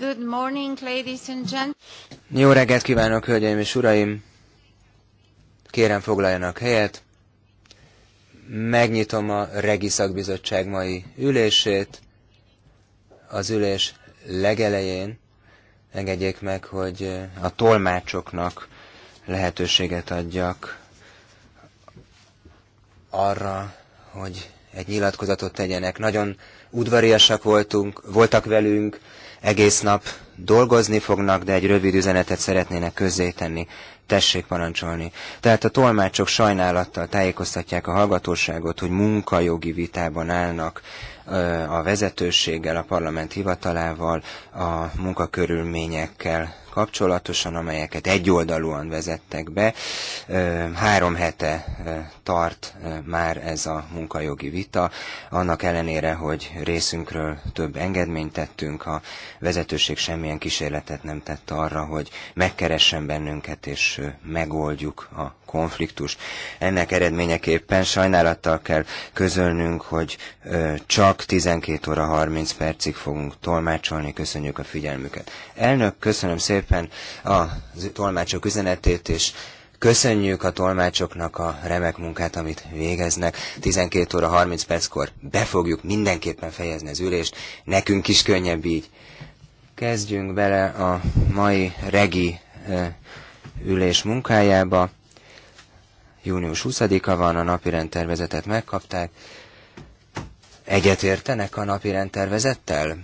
Good morning, ladies and gentlemen. Jó reggelt kívánok, hölgyeim és uraim! Kérem, foglaljanak helyet. Megnyitom a Regi Szakbizottság mai ülését. Az ülés legelején engedjék meg, hogy a tolmácsoknak lehetőséget adjak arra, hogy egy nyilatkozatot tegyenek. Nagyon udvariasak voltunk, voltak velünk, egész nap dolgozni fognak, de egy rövid üzenetet szeretnének közzétenni. Tessék parancsolni. Tehát a tolmácsok sajnálattal tájékoztatják a hallgatóságot, hogy munkajogi vitában állnak a vezetőséggel, a parlament hivatalával, a munkakörülményekkel kapcsolatosan, amelyeket egyoldalúan vezettek be. Három hete tart már ez a munkajogi vita, annak ellenére, hogy részünkről több engedményt tettünk, a vezetőség semmilyen kísérletet nem tett arra, hogy megkeressen bennünket és megoldjuk a konfliktus. Ennek eredményeképpen sajnálattal kell közölnünk, hogy csak 12 óra 30 percig fogunk tolmácsolni. Köszönjük a figyelmüket. Elnök, köszönöm szépen! szépen a tolmácsok üzenetét, és köszönjük a tolmácsoknak a remek munkát, amit végeznek. 12 óra 30 perckor be fogjuk mindenképpen fejezni az ülést, nekünk is könnyebb így. Kezdjünk bele a mai regi ülés munkájába. Június 20-a van, a napirend tervezetet megkapták. Egyetértenek a napi rendtervezettel?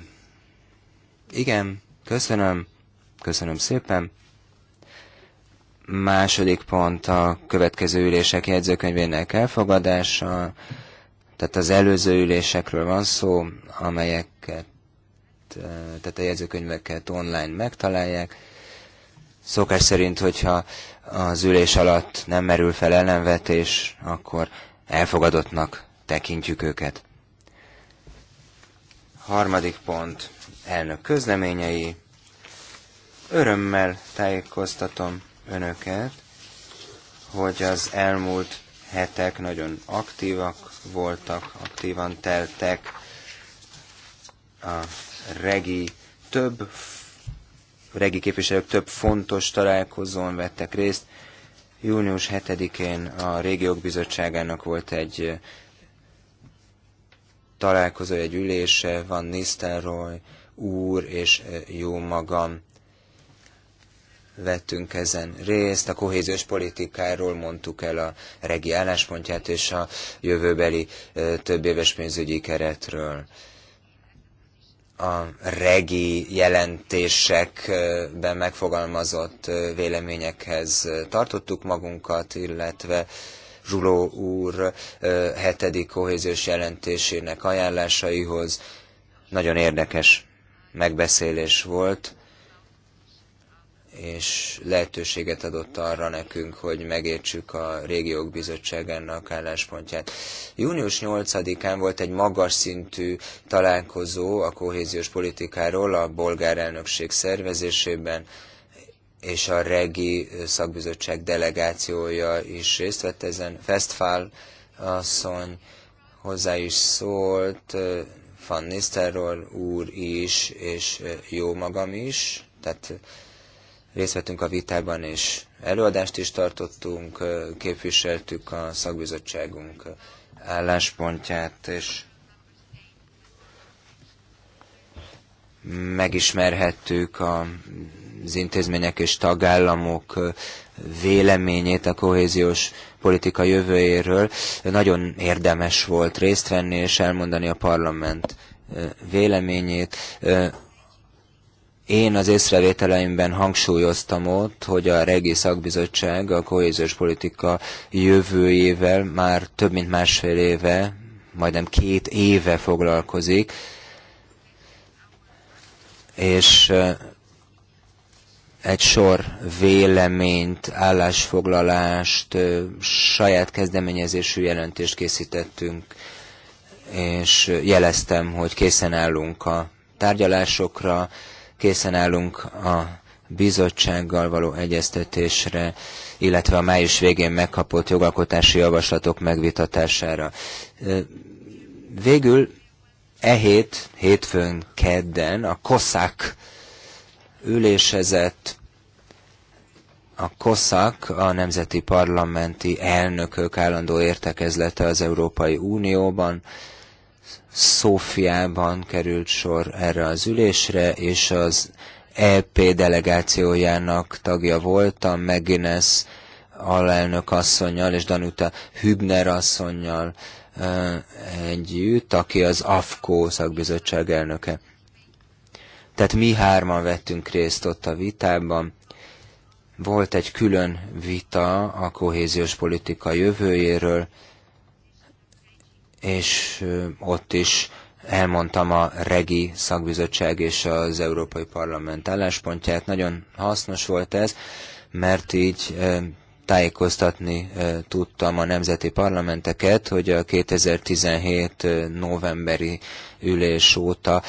Igen, köszönöm. Köszönöm szépen. Második pont a következő ülések jegyzőkönyvének elfogadása. Tehát az előző ülésekről van szó, amelyeket, eh, tehát a jegyzőkönyveket online megtalálják. Szokás szerint, hogyha az ülés alatt nem merül fel ellenvetés, akkor elfogadottnak tekintjük őket. Harmadik pont, elnök közleményei. Örömmel tájékoztatom önöket, hogy az elmúlt hetek nagyon aktívak voltak, aktívan teltek. A regi több regi képviselők több fontos találkozón vettek részt. Június 7-én a Régiók Bizottságának volt egy találkozó, egy ülése, Van Nistelrooy úr és eh, jó magam vettünk ezen részt, a kohéziós politikáról mondtuk el a regi álláspontját és a jövőbeli több éves pénzügyi keretről. A regi jelentésekben megfogalmazott véleményekhez tartottuk magunkat, illetve Zsuló úr hetedik kohéziós jelentésének ajánlásaihoz. Nagyon érdekes megbeszélés volt és lehetőséget adott arra nekünk, hogy megértsük a régiók bizottságának álláspontját. Június 8-án volt egy magas szintű találkozó a kohéziós politikáról a bolgár elnökség szervezésében, és a regi szakbizottság delegációja is részt vett ezen. Festfál asszony hozzá is szólt, Van Nistelrooy úr is, és jó magam is, tehát részt vettünk a vitában, és előadást is tartottunk, képviseltük a szakbizottságunk álláspontját, és megismerhettük az intézmények és tagállamok véleményét a kohéziós politika jövőjéről. Nagyon érdemes volt részt venni és elmondani a parlament véleményét. Én az észrevételeimben hangsúlyoztam ott, hogy a Regi Szakbizottság a kohéziós politika jövőjével már több mint másfél éve, majdnem két éve foglalkozik, és egy sor véleményt, állásfoglalást, saját kezdeményezésű jelentést készítettünk, és jeleztem, hogy készen állunk a tárgyalásokra, Készen állunk a bizottsággal való egyeztetésre, illetve a május végén megkapott jogalkotási javaslatok megvitatására. Végül e hét, hétfőn, kedden a koszák ülésezett, a koszák a Nemzeti Parlamenti Elnökök állandó értekezlete az Európai Unióban, Szófiában került sor erre az ülésre, és az EP delegációjának tagja voltam, McGuinness alelnök asszonynal és Danuta Hübner asszonynal együtt, aki az AFKO szakbizottság elnöke. Tehát mi hárman vettünk részt ott a vitában. Volt egy külön vita a kohéziós politika jövőjéről, és ott is elmondtam a REGI szakbizottság és az Európai Parlament álláspontját. Nagyon hasznos volt ez, mert így tájékoztatni tudtam a nemzeti parlamenteket, hogy a 2017 novemberi ülés óta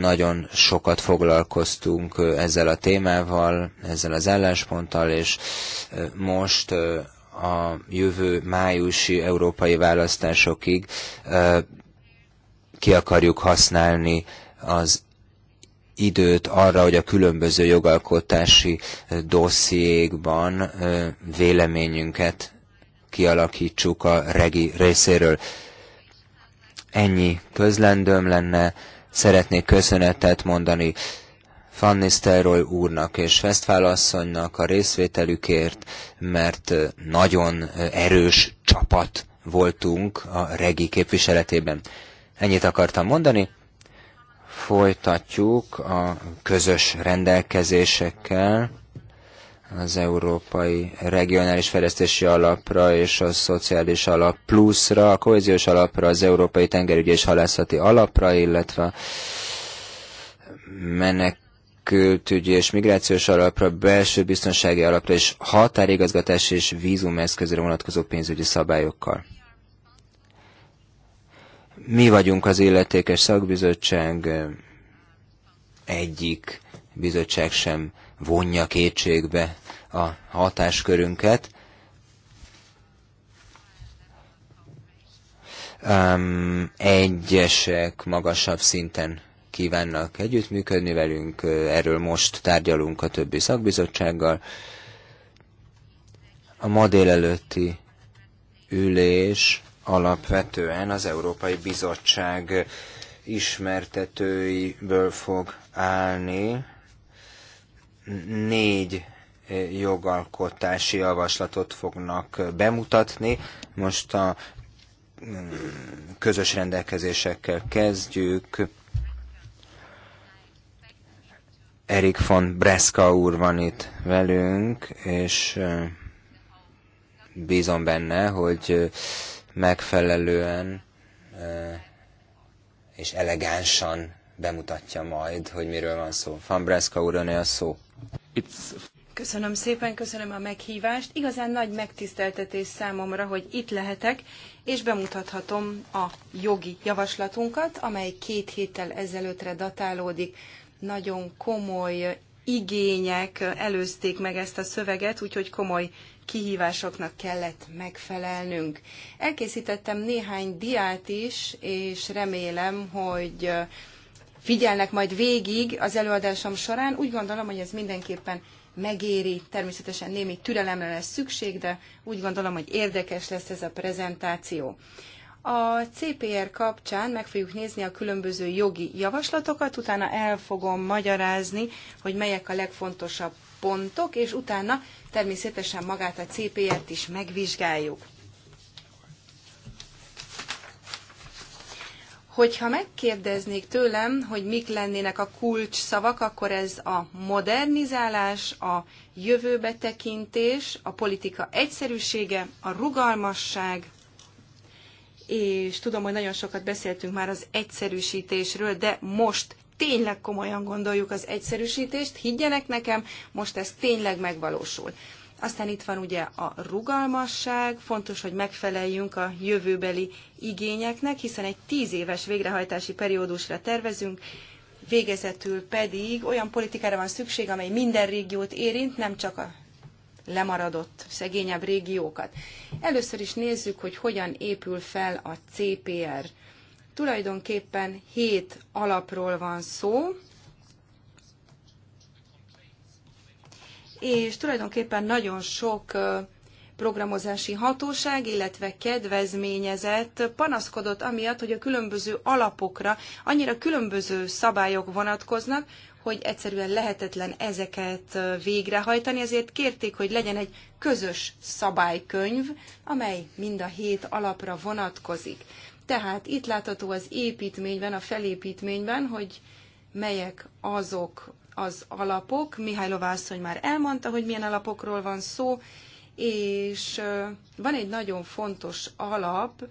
nagyon sokat foglalkoztunk ezzel a témával, ezzel az állásponttal, és most a jövő májusi európai választásokig ki akarjuk használni az időt arra, hogy a különböző jogalkotási dossziékban véleményünket kialakítsuk a regi részéről. Ennyi közlendőm lenne, szeretnék köszönetet mondani van Nistelrooy úrnak és Westphal asszonynak a részvételükért, mert nagyon erős csapat voltunk a regi képviseletében. Ennyit akartam mondani. Folytatjuk a közös rendelkezésekkel az Európai Regionális Fejlesztési Alapra és a Szociális Alap Pluszra, a Kohéziós Alapra, az Európai Tengerügyi és Halászati Alapra, illetve menek külügyi és migrációs alapra, belső biztonsági alapra és határigazgatási és vízumeszközre vonatkozó pénzügyi szabályokkal. Mi vagyunk az illetékes szakbizottság, egyik bizottság sem vonja kétségbe a hatáskörünket. Um, egyesek magasabb szinten kívánnak együttműködni velünk, erről most tárgyalunk a többi szakbizottsággal. A ma délelőtti ülés alapvetően az Európai Bizottság ismertetőiből fog állni. Négy jogalkotási javaslatot fognak bemutatni. Most a mm, közös rendelkezésekkel kezdjük. Erik von Breska úr van itt velünk, és bízom benne, hogy megfelelően és elegánsan bemutatja majd, hogy miről van szó. Van Breska úr, a szó. It's... Köszönöm szépen, köszönöm a meghívást. Igazán nagy megtiszteltetés számomra, hogy itt lehetek, és bemutathatom a jogi javaslatunkat, amely két héttel ezelőttre datálódik nagyon komoly igények előzték meg ezt a szöveget, úgyhogy komoly kihívásoknak kellett megfelelnünk. Elkészítettem néhány diát is, és remélem, hogy figyelnek majd végig az előadásom során. Úgy gondolom, hogy ez mindenképpen megéri. Természetesen némi türelemre lesz szükség, de úgy gondolom, hogy érdekes lesz ez a prezentáció. A CPR kapcsán meg fogjuk nézni a különböző jogi javaslatokat, utána el fogom magyarázni, hogy melyek a legfontosabb pontok, és utána természetesen magát a CPR-t is megvizsgáljuk. Hogyha megkérdeznék tőlem, hogy mik lennének a kulcs szavak, akkor ez a modernizálás, a jövőbe tekintés, a politika egyszerűsége, a rugalmasság, és tudom, hogy nagyon sokat beszéltünk már az egyszerűsítésről, de most tényleg komolyan gondoljuk az egyszerűsítést, higgyenek nekem, most ez tényleg megvalósul. Aztán itt van ugye a rugalmasság, fontos, hogy megfeleljünk a jövőbeli igényeknek, hiszen egy tíz éves végrehajtási periódusra tervezünk, végezetül pedig olyan politikára van szükség, amely minden régiót érint, nem csak a lemaradott, szegényebb régiókat. Először is nézzük, hogy hogyan épül fel a CPR. Tulajdonképpen hét alapról van szó, és tulajdonképpen nagyon sok programozási hatóság, illetve kedvezményezett panaszkodott amiatt, hogy a különböző alapokra annyira különböző szabályok vonatkoznak, hogy egyszerűen lehetetlen ezeket végrehajtani, ezért kérték, hogy legyen egy közös szabálykönyv, amely mind a hét alapra vonatkozik. Tehát itt látható az építményben, a felépítményben, hogy melyek azok az alapok. Mihály asszony már elmondta, hogy milyen alapokról van szó, és van egy nagyon fontos alap,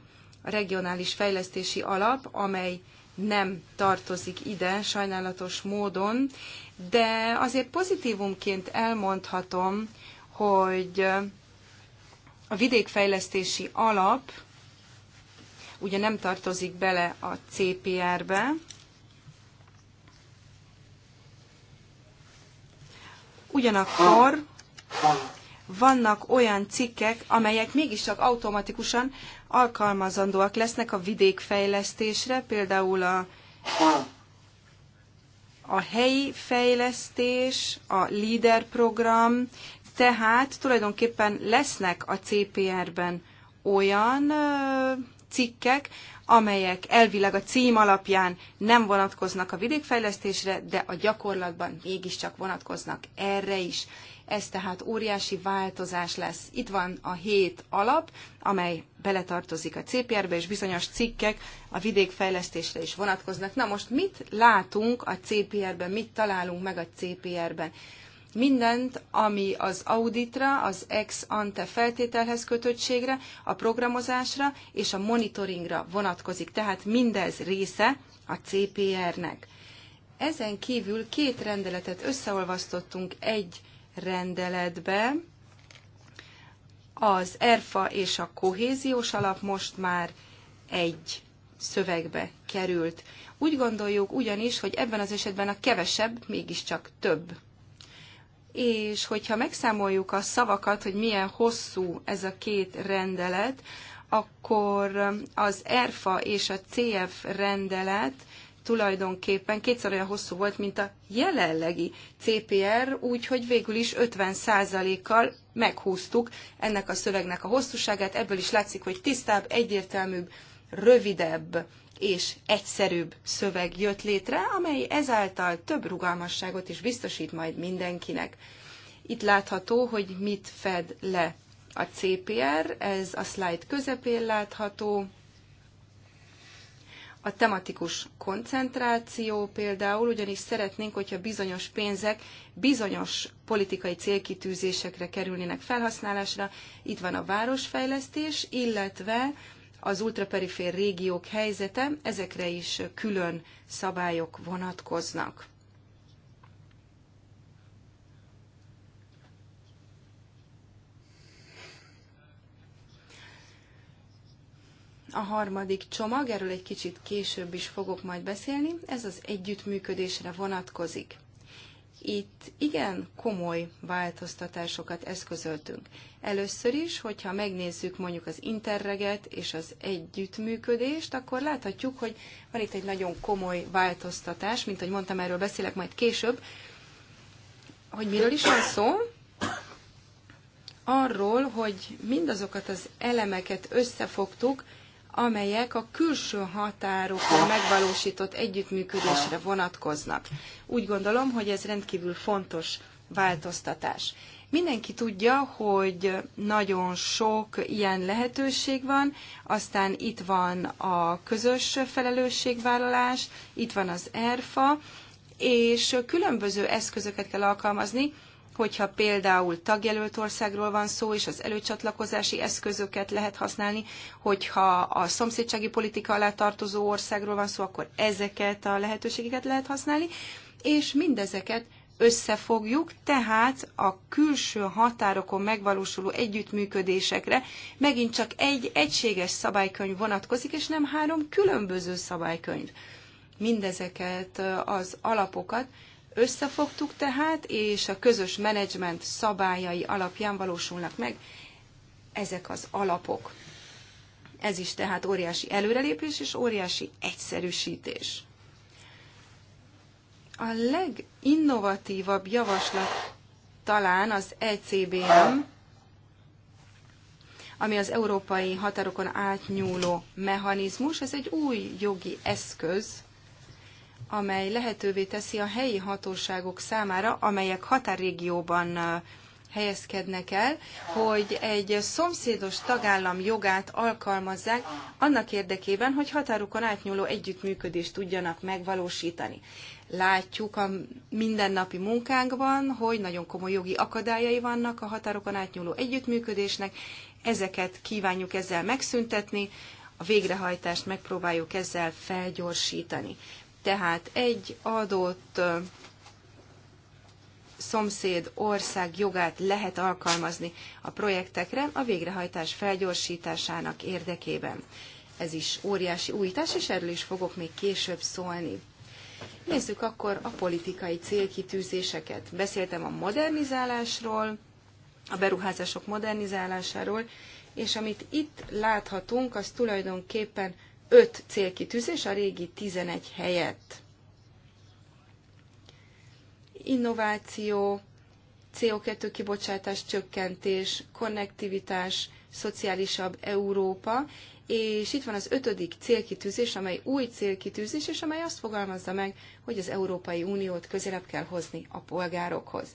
a regionális fejlesztési alap, amely nem tartozik ide sajnálatos módon, de azért pozitívumként elmondhatom, hogy a vidékfejlesztési alap ugye nem tartozik bele a CPR-be, ugyanakkor vannak olyan cikkek, amelyek mégiscsak automatikusan alkalmazandóak lesznek a vidékfejlesztésre, például a, a helyi fejlesztés, a LEADER program, tehát tulajdonképpen lesznek a CPR-ben olyan cikkek, amelyek elvileg a cím alapján nem vonatkoznak a vidékfejlesztésre, de a gyakorlatban mégiscsak vonatkoznak erre is. Ez tehát óriási változás lesz. Itt van a hét alap, amely beletartozik a CPR-be, és bizonyos cikkek a vidékfejlesztésre is vonatkoznak. Na most mit látunk a CPR-ben, mit találunk meg a CPR-ben? mindent, ami az auditra, az ex ante feltételhez kötöttségre, a programozásra és a monitoringra vonatkozik. Tehát mindez része a CPR-nek. Ezen kívül két rendeletet összeolvasztottunk egy rendeletbe. Az ERFA és a kohéziós alap most már egy szövegbe került. Úgy gondoljuk ugyanis, hogy ebben az esetben a kevesebb mégiscsak több. És hogyha megszámoljuk a szavakat, hogy milyen hosszú ez a két rendelet, akkor az ERFA és a CF rendelet tulajdonképpen kétszer olyan hosszú volt, mint a jelenlegi CPR, úgyhogy végül is 50%-kal meghúztuk ennek a szövegnek a hosszúságát. Ebből is látszik, hogy tisztább, egyértelműbb, rövidebb és egyszerűbb szöveg jött létre, amely ezáltal több rugalmasságot is biztosít majd mindenkinek. Itt látható, hogy mit fed le a CPR, ez a slide közepén látható, a tematikus koncentráció például, ugyanis szeretnénk, hogyha bizonyos pénzek bizonyos politikai célkitűzésekre kerülnének felhasználásra. Itt van a városfejlesztés, illetve az ultraperifér régiók helyzete, ezekre is külön szabályok vonatkoznak. a harmadik csomag, erről egy kicsit később is fogok majd beszélni, ez az együttműködésre vonatkozik. Itt igen komoly változtatásokat eszközöltünk. Először is, hogyha megnézzük mondjuk az interreget és az együttműködést, akkor láthatjuk, hogy van itt egy nagyon komoly változtatás, mint ahogy mondtam, erről beszélek majd később, hogy miről is van szó, arról, hogy mindazokat az elemeket összefogtuk, amelyek a külső határokon megvalósított együttműködésre vonatkoznak. Úgy gondolom, hogy ez rendkívül fontos változtatás. Mindenki tudja, hogy nagyon sok ilyen lehetőség van, aztán itt van a közös felelősségvállalás, itt van az ERFA, és különböző eszközöket kell alkalmazni, hogyha például tagjelölt országról van szó, és az előcsatlakozási eszközöket lehet használni, hogyha a szomszédsági politika alá tartozó országról van szó, akkor ezeket a lehetőségeket lehet használni, és mindezeket összefogjuk, tehát a külső határokon megvalósuló együttműködésekre megint csak egy egységes szabálykönyv vonatkozik, és nem három különböző szabálykönyv. Mindezeket az alapokat Összefogtuk tehát, és a közös menedzsment szabályai alapján valósulnak meg ezek az alapok. Ez is tehát óriási előrelépés és óriási egyszerűsítés. A leginnovatívabb javaslat talán az ECBM, ami az európai határokon átnyúló mechanizmus, ez egy új jogi eszköz, amely lehetővé teszi a helyi hatóságok számára, amelyek határrégióban helyezkednek el, hogy egy szomszédos tagállam jogát alkalmazzák annak érdekében, hogy határukon átnyúló együttműködést tudjanak megvalósítani. Látjuk a mindennapi munkánkban, hogy nagyon komoly jogi akadályai vannak a határokon átnyúló együttműködésnek, ezeket kívánjuk ezzel megszüntetni, a végrehajtást megpróbáljuk ezzel felgyorsítani. Tehát egy adott szomszéd ország jogát lehet alkalmazni a projektekre a végrehajtás felgyorsításának érdekében. Ez is óriási újítás, és erről is fogok még később szólni. Nézzük akkor a politikai célkitűzéseket. Beszéltem a modernizálásról, a beruházások modernizálásáról, és amit itt láthatunk, az tulajdonképpen 5 célkitűzés a régi 11 helyett. Innováció, CO2 kibocsátás csökkentés, konnektivitás, szociálisabb Európa, és itt van az ötödik célkitűzés, amely új célkitűzés, és amely azt fogalmazza meg, hogy az Európai Uniót közelebb kell hozni a polgárokhoz.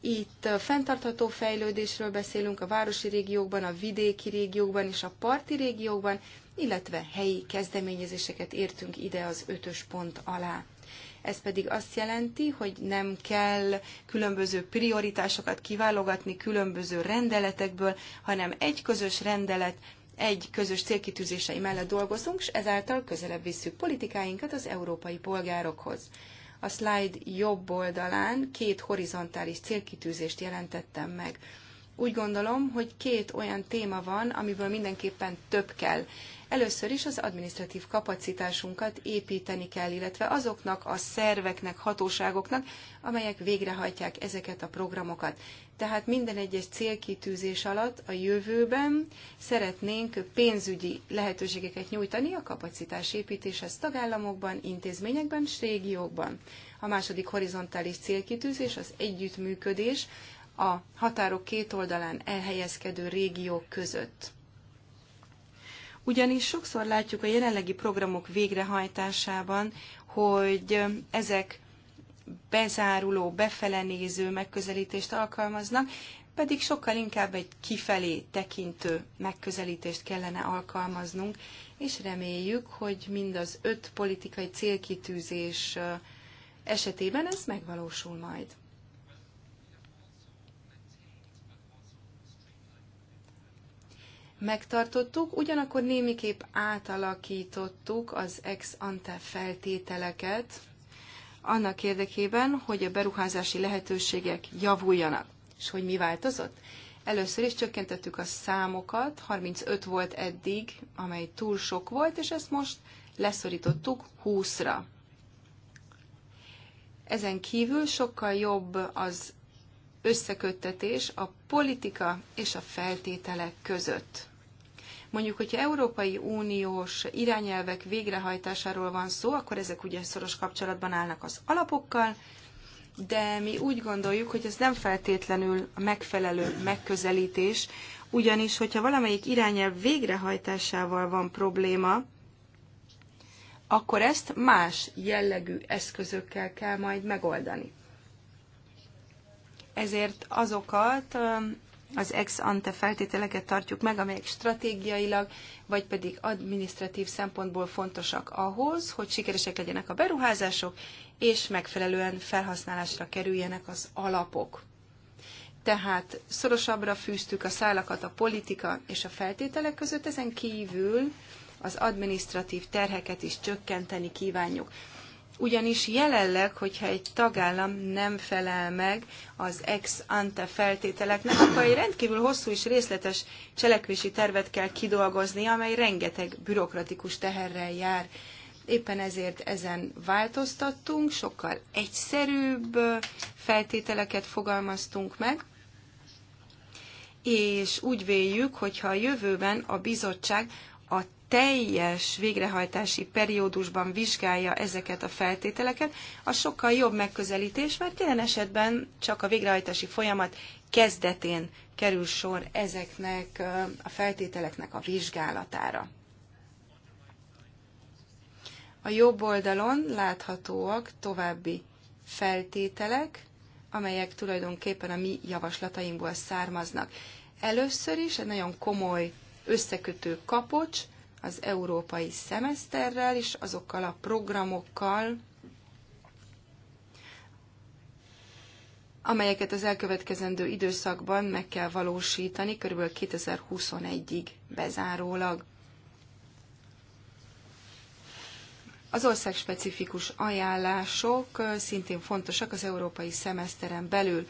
Itt fenntartható fejlődésről beszélünk a városi régiókban, a vidéki régiókban és a parti régiókban, illetve helyi kezdeményezéseket értünk ide az ötös pont alá. Ez pedig azt jelenti, hogy nem kell különböző prioritásokat kiválogatni különböző rendeletekből, hanem egy közös rendelet, egy közös célkitűzései mellett dolgozunk, és ezáltal közelebb visszük politikáinkat az európai polgárokhoz. A slide jobb oldalán két horizontális célkitűzést jelentettem meg. Úgy gondolom, hogy két olyan téma van, amiből mindenképpen több kell. Először is az administratív kapacitásunkat építeni kell, illetve azoknak a szerveknek, hatóságoknak, amelyek végrehajtják ezeket a programokat. Tehát minden egyes célkitűzés alatt a jövőben szeretnénk pénzügyi lehetőségeket nyújtani a kapacitás építéshez tagállamokban, intézményekben és régiókban. A második horizontális célkitűzés az együttműködés a határok két oldalán elhelyezkedő régiók között. Ugyanis sokszor látjuk a jelenlegi programok végrehajtásában, hogy ezek bezáruló, befele néző megközelítést alkalmaznak, pedig sokkal inkább egy kifelé tekintő megközelítést kellene alkalmaznunk, és reméljük, hogy mind az öt politikai célkitűzés esetében ez megvalósul majd. megtartottuk, ugyanakkor némiképp átalakítottuk az ex ante feltételeket annak érdekében, hogy a beruházási lehetőségek javuljanak. És hogy mi változott? Először is csökkentettük a számokat, 35 volt eddig, amely túl sok volt, és ezt most leszorítottuk 20-ra. Ezen kívül sokkal jobb az összeköttetés a politika és a feltételek között. Mondjuk, hogyha Európai Uniós irányelvek végrehajtásáról van szó, akkor ezek ugye szoros kapcsolatban állnak az alapokkal, de mi úgy gondoljuk, hogy ez nem feltétlenül a megfelelő megközelítés, ugyanis, hogyha valamelyik irányelv végrehajtásával van probléma, akkor ezt más jellegű eszközökkel kell majd megoldani. Ezért azokat az ex ante feltételeket tartjuk meg, amelyek stratégiailag vagy pedig administratív szempontból fontosak ahhoz, hogy sikeresek legyenek a beruházások, és megfelelően felhasználásra kerüljenek az alapok. Tehát szorosabbra fűztük a szálakat a politika és a feltételek között, ezen kívül az administratív terheket is csökkenteni kívánjuk ugyanis jelenleg, hogyha egy tagállam nem felel meg az ex ante feltételeknek, akkor egy rendkívül hosszú és részletes cselekvési tervet kell kidolgozni, amely rengeteg bürokratikus teherrel jár. Éppen ezért ezen változtattunk, sokkal egyszerűbb feltételeket fogalmaztunk meg, és úgy véljük, hogyha a jövőben a bizottság a teljes végrehajtási periódusban vizsgálja ezeket a feltételeket, az sokkal jobb megközelítés, mert jelen esetben csak a végrehajtási folyamat kezdetén kerül sor ezeknek a feltételeknek a vizsgálatára. A jobb oldalon láthatóak további feltételek, amelyek tulajdonképpen a mi javaslatainkból származnak. Először is egy nagyon komoly összekötő kapocs, az európai szemeszterrel és azokkal a programokkal, amelyeket az elkövetkezendő időszakban meg kell valósítani, kb. 2021-ig bezárólag. Az országspecifikus ajánlások szintén fontosak az európai szemeszteren belül.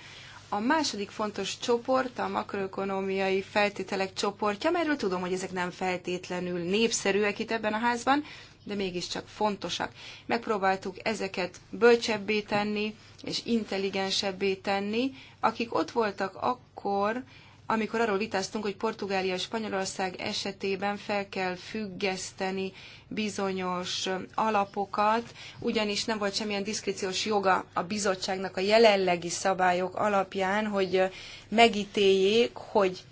A második fontos csoport a makroökonomiai feltételek csoportja, mert tudom, hogy ezek nem feltétlenül népszerűek itt ebben a házban, de mégiscsak fontosak. Megpróbáltuk ezeket bölcsebbé tenni és intelligensebbé tenni. Akik ott voltak akkor, amikor arról vitáztunk, hogy Portugália és Spanyolország esetében fel kell függeszteni bizonyos alapokat, ugyanis nem volt semmilyen diszkreciós joga a bizottságnak a jelenlegi szabályok alapján, hogy megítéljék, hogy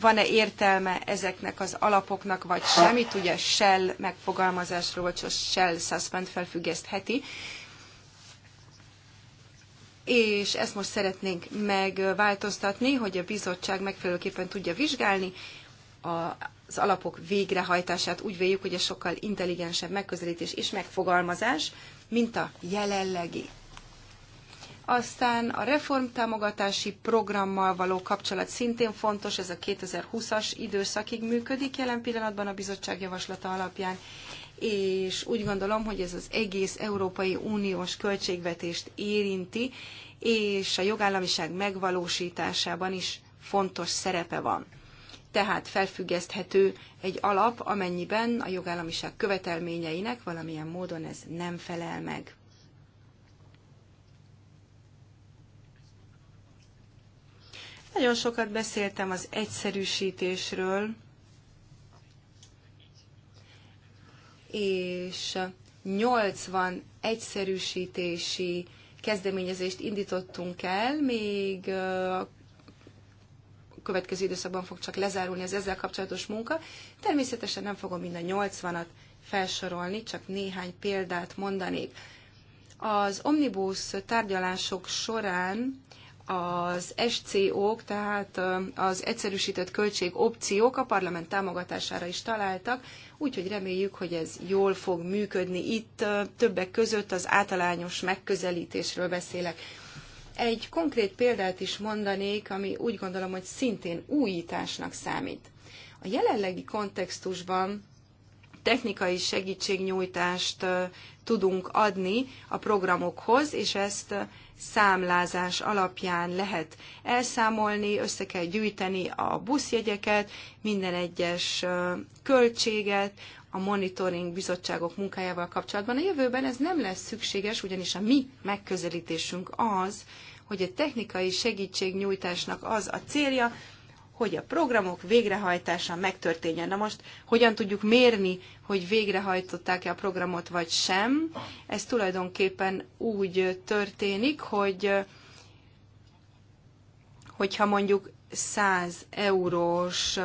van-e értelme ezeknek az alapoknak, vagy semmit, ugye shell megfogalmazásról, vagy shell suspend felfüggesztheti, és ezt most szeretnénk megváltoztatni, hogy a bizottság megfelelőképpen tudja vizsgálni az alapok végrehajtását. Úgy véljük, hogy ez sokkal intelligensebb megközelítés és megfogalmazás, mint a jelenlegi. Aztán a reformtámogatási programmal való kapcsolat szintén fontos, ez a 2020-as időszakig működik jelen pillanatban a bizottság javaslata alapján, és úgy gondolom, hogy ez az egész Európai Uniós költségvetést érinti, és a jogállamiság megvalósításában is fontos szerepe van. Tehát felfüggeszthető egy alap, amennyiben a jogállamiság követelményeinek valamilyen módon ez nem felel meg. Nagyon sokat beszéltem az egyszerűsítésről, és 80 egyszerűsítési kezdeményezést indítottunk el, még a következő időszakban fog csak lezárulni az ezzel kapcsolatos munka. Természetesen nem fogom mind a 80-at felsorolni, csak néhány példát mondanék. Az omnibus tárgyalások során az SCO-k, tehát az egyszerűsített költség opciók a parlament támogatására is találtak, úgyhogy reméljük, hogy ez jól fog működni. Itt többek között az általányos megközelítésről beszélek. Egy konkrét példát is mondanék, ami úgy gondolom, hogy szintén újításnak számít. A jelenlegi kontextusban technikai segítségnyújtást tudunk adni a programokhoz, és ezt számlázás alapján lehet elszámolni, össze kell gyűjteni a buszjegyeket, minden egyes költséget, a monitoring bizottságok munkájával kapcsolatban. A jövőben ez nem lesz szükséges, ugyanis a mi megközelítésünk az, hogy a technikai segítségnyújtásnak az a célja, hogy a programok végrehajtása megtörténjen. Na most hogyan tudjuk mérni, hogy végrehajtották-e a programot vagy sem? Ez tulajdonképpen úgy történik, hogy hogyha mondjuk 100 eurós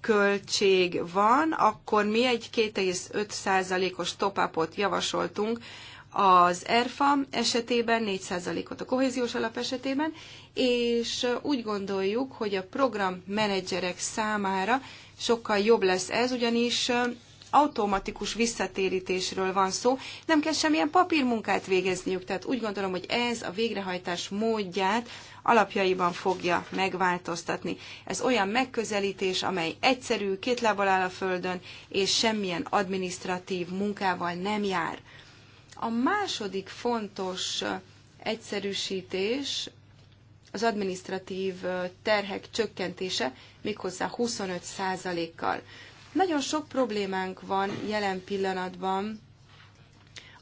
költség van, akkor mi egy 2,5%-os topapot javasoltunk az ERFA esetében, 4%-ot a kohéziós alap esetében, és úgy gondoljuk, hogy a program menedzserek számára sokkal jobb lesz ez, ugyanis automatikus visszatérítésről van szó, nem kell semmilyen papírmunkát végezniük, tehát úgy gondolom, hogy ez a végrehajtás módját alapjaiban fogja megváltoztatni. Ez olyan megközelítés, amely egyszerű, két lábbal áll a földön, és semmilyen administratív munkával nem jár. A második fontos egyszerűsítés az administratív terhek csökkentése, méghozzá 25%-kal. Nagyon sok problémánk van jelen pillanatban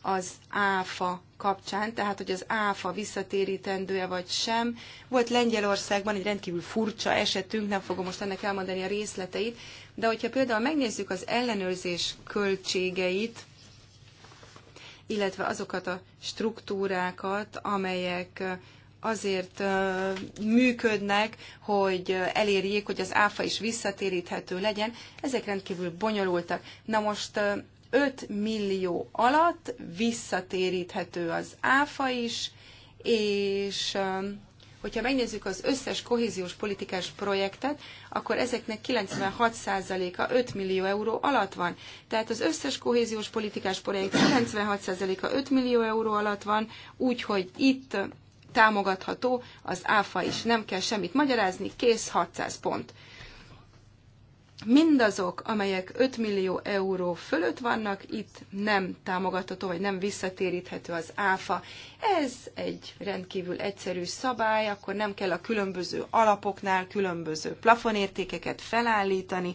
az áfa kapcsán, tehát hogy az áfa visszatérítendő-e vagy sem. Volt Lengyelországban egy rendkívül furcsa esetünk, nem fogom most ennek elmondani a részleteit, de hogyha például megnézzük az ellenőrzés költségeit, illetve azokat a struktúrákat, amelyek azért működnek, hogy elérjék, hogy az áfa is visszatéríthető legyen, ezek rendkívül bonyolultak. Na most 5 millió alatt visszatéríthető az áfa is, és Hogyha megnézzük az összes kohéziós politikás projektet, akkor ezeknek 96%-a 5 millió euró alatt van. Tehát az összes kohéziós politikás projekt 96%-a 5 millió euró alatt van, úgyhogy itt támogatható az áfa is. Nem kell semmit magyarázni, kész 600 pont mindazok, amelyek 5 millió euró fölött vannak, itt nem támogatható, vagy nem visszatéríthető az áfa. Ez egy rendkívül egyszerű szabály, akkor nem kell a különböző alapoknál különböző plafonértékeket felállítani,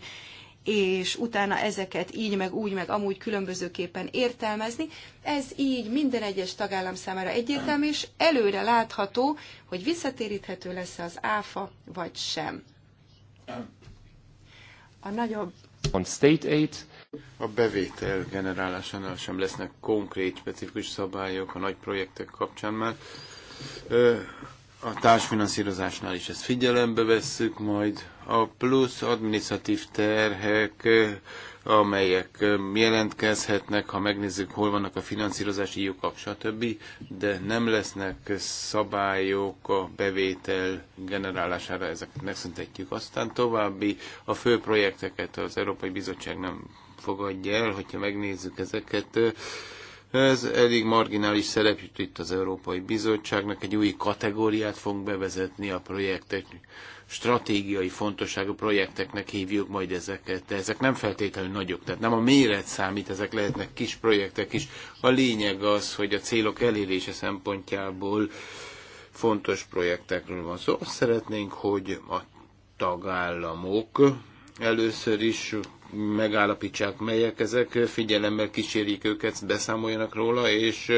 és utána ezeket így, meg úgy, meg amúgy különbözőképpen értelmezni. Ez így minden egyes tagállam számára egyértelmű, és előre látható, hogy visszatéríthető lesz az áfa, vagy sem a nagyobb on state aid. A bevétel generálásánál sem lesznek konkrét, specifikus szabályok a nagy projektek kapcsán már. A társfinanszírozásnál is ezt figyelembe vesszük majd. A plusz administratív terhek amelyek jelentkezhetnek, ha megnézzük, hol vannak a finanszírozási lyukak, stb., de nem lesznek szabályok a bevétel generálására, ezeket megszüntetjük. Aztán további a fő projekteket az Európai Bizottság nem fogadja el, hogyha megnézzük ezeket. Ez elég marginális szerep jut itt az Európai Bizottságnak, egy új kategóriát fogunk bevezetni a projektek stratégiai fontosságú projekteknek hívjuk majd ezeket, de ezek nem feltétlenül nagyok, tehát nem a méret számít, ezek lehetnek kis projektek is. A lényeg az, hogy a célok elérése szempontjából fontos projektekről van szó. Szóval azt szeretnénk, hogy a tagállamok először is megállapítsák, melyek ezek, figyelemmel kísérjék őket, beszámoljanak róla, és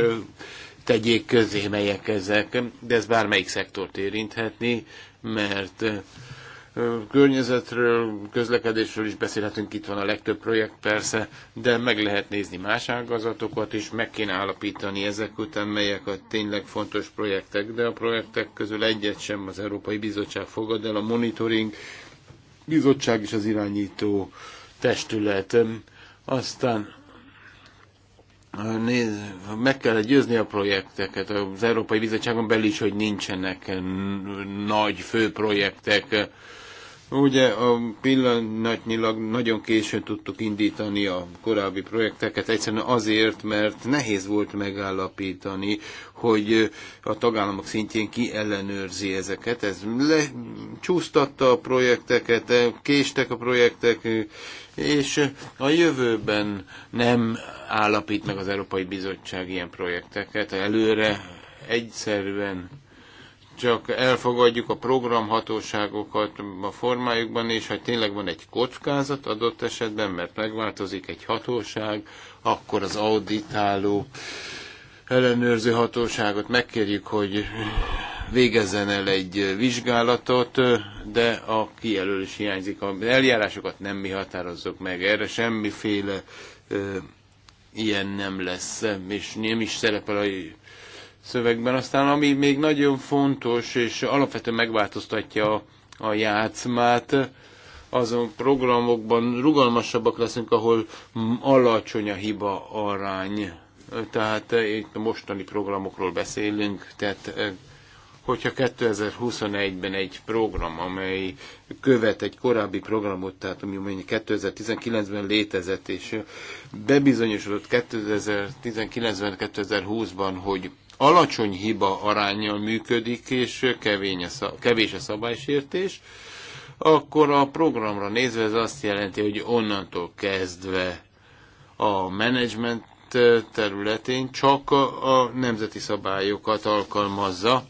tegyék közé, melyek ezek, de ez bármelyik szektort érinthetni, mert környezetről, közlekedésről is beszélhetünk, itt van a legtöbb projekt persze, de meg lehet nézni más ágazatokat is, meg kéne állapítani ezek után, melyek a tényleg fontos projektek, de a projektek közül egyet sem az Európai Bizottság fogad el, a monitoring bizottság is az irányító testület. Aztán Nézd, meg kell győzni a projekteket. Az Európai Bizottságon belül is, hogy nincsenek nagy főprojektek. Ugye a pillanatnyilag nagyon későn tudtuk indítani a korábbi projekteket, egyszerűen azért, mert nehéz volt megállapítani, hogy a tagállamok szintjén ki ellenőrzi ezeket. Ez lecsúsztatta a projekteket, késtek a projektek, és a jövőben nem állapít meg az Európai Bizottság ilyen projekteket. Előre egyszerűen csak elfogadjuk a programhatóságokat a formájukban, és ha tényleg van egy kockázat adott esetben, mert megváltozik egy hatóság, akkor az auditáló ellenőrző hatóságot megkérjük, hogy végezzen el egy vizsgálatot, de a kijelölés hiányzik. a eljárásokat nem mi határozzuk meg, erre semmiféle ö, ilyen nem lesz, és nem is szerepel a szövegben. Aztán ami még nagyon fontos, és alapvetően megváltoztatja a, a játszmát, azon programokban rugalmasabbak leszünk, ahol alacsony a hiba arány tehát eh, itt a mostani programokról beszélünk, tehát eh, hogyha 2021-ben egy program, amely követ egy korábbi programot, tehát ami mondjuk 2019-ben létezett, és bebizonyosodott 2019-ben, 2020-ban, hogy alacsony hiba arányjal működik, és kevés a szabálysértés, akkor a programra nézve ez azt jelenti, hogy onnantól kezdve a menedzsment területén csak a nemzeti szabályokat alkalmazza,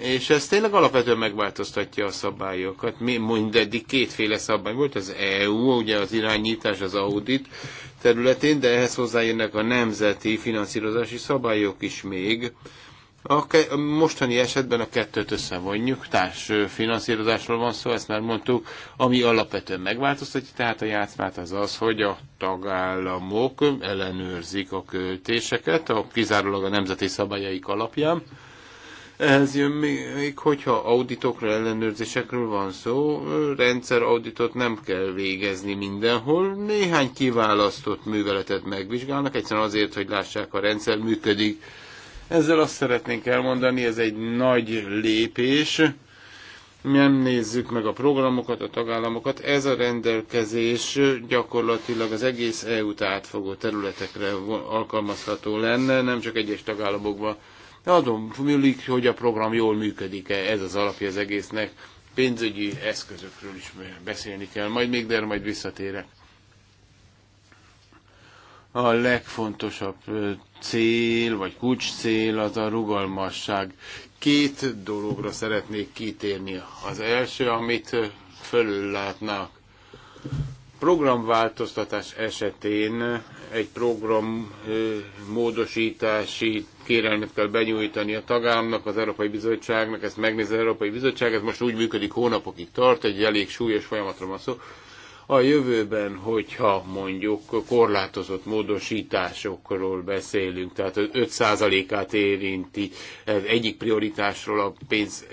és ez tényleg alapvetően megváltoztatja a szabályokat. Mi mindeddig kétféle szabály volt, az EU, ugye az irányítás, az audit területén, de ehhez hozzájönnek a nemzeti finanszírozási szabályok is még, a ke- mostani esetben a kettőt összevonjuk, társ finanszírozásról van szó, ezt már mondtuk, ami alapvetően megváltoztatja, tehát a játszmát az az, hogy a tagállamok ellenőrzik a költéseket, a kizárólag a nemzeti szabályaik alapján. Ez jön még, hogyha auditokra, ellenőrzésekről van szó, rendszer auditot nem kell végezni mindenhol, néhány kiválasztott műveletet megvizsgálnak, egyszerűen azért, hogy lássák, a rendszer működik, ezzel azt szeretnénk elmondani, ez egy nagy lépés. Nem nézzük meg a programokat, a tagállamokat. Ez a rendelkezés gyakorlatilag az egész EU-t átfogó területekre alkalmazható lenne, nem csak egyes tagállamokban. Azon múlik, hogy a program jól működik-e, ez az alapja az egésznek. Pénzügyi eszközökről is beszélni kell, majd még, de majd visszatérek a legfontosabb cél, vagy kulcs cél az a rugalmasság. Két dologra szeretnék kitérni. Az első, amit fölül látnak. Programváltoztatás esetén egy program módosítási kérelmet kell benyújtani a tagállamnak, az Európai Bizottságnak, ezt megnézi az Európai Bizottság, ez most úgy működik, hónapokig tart, egy elég súlyos folyamatra van szó. Szóval a jövőben, hogyha mondjuk korlátozott módosításokról beszélünk, tehát az 5%-át érinti, egyik prioritásról a pénz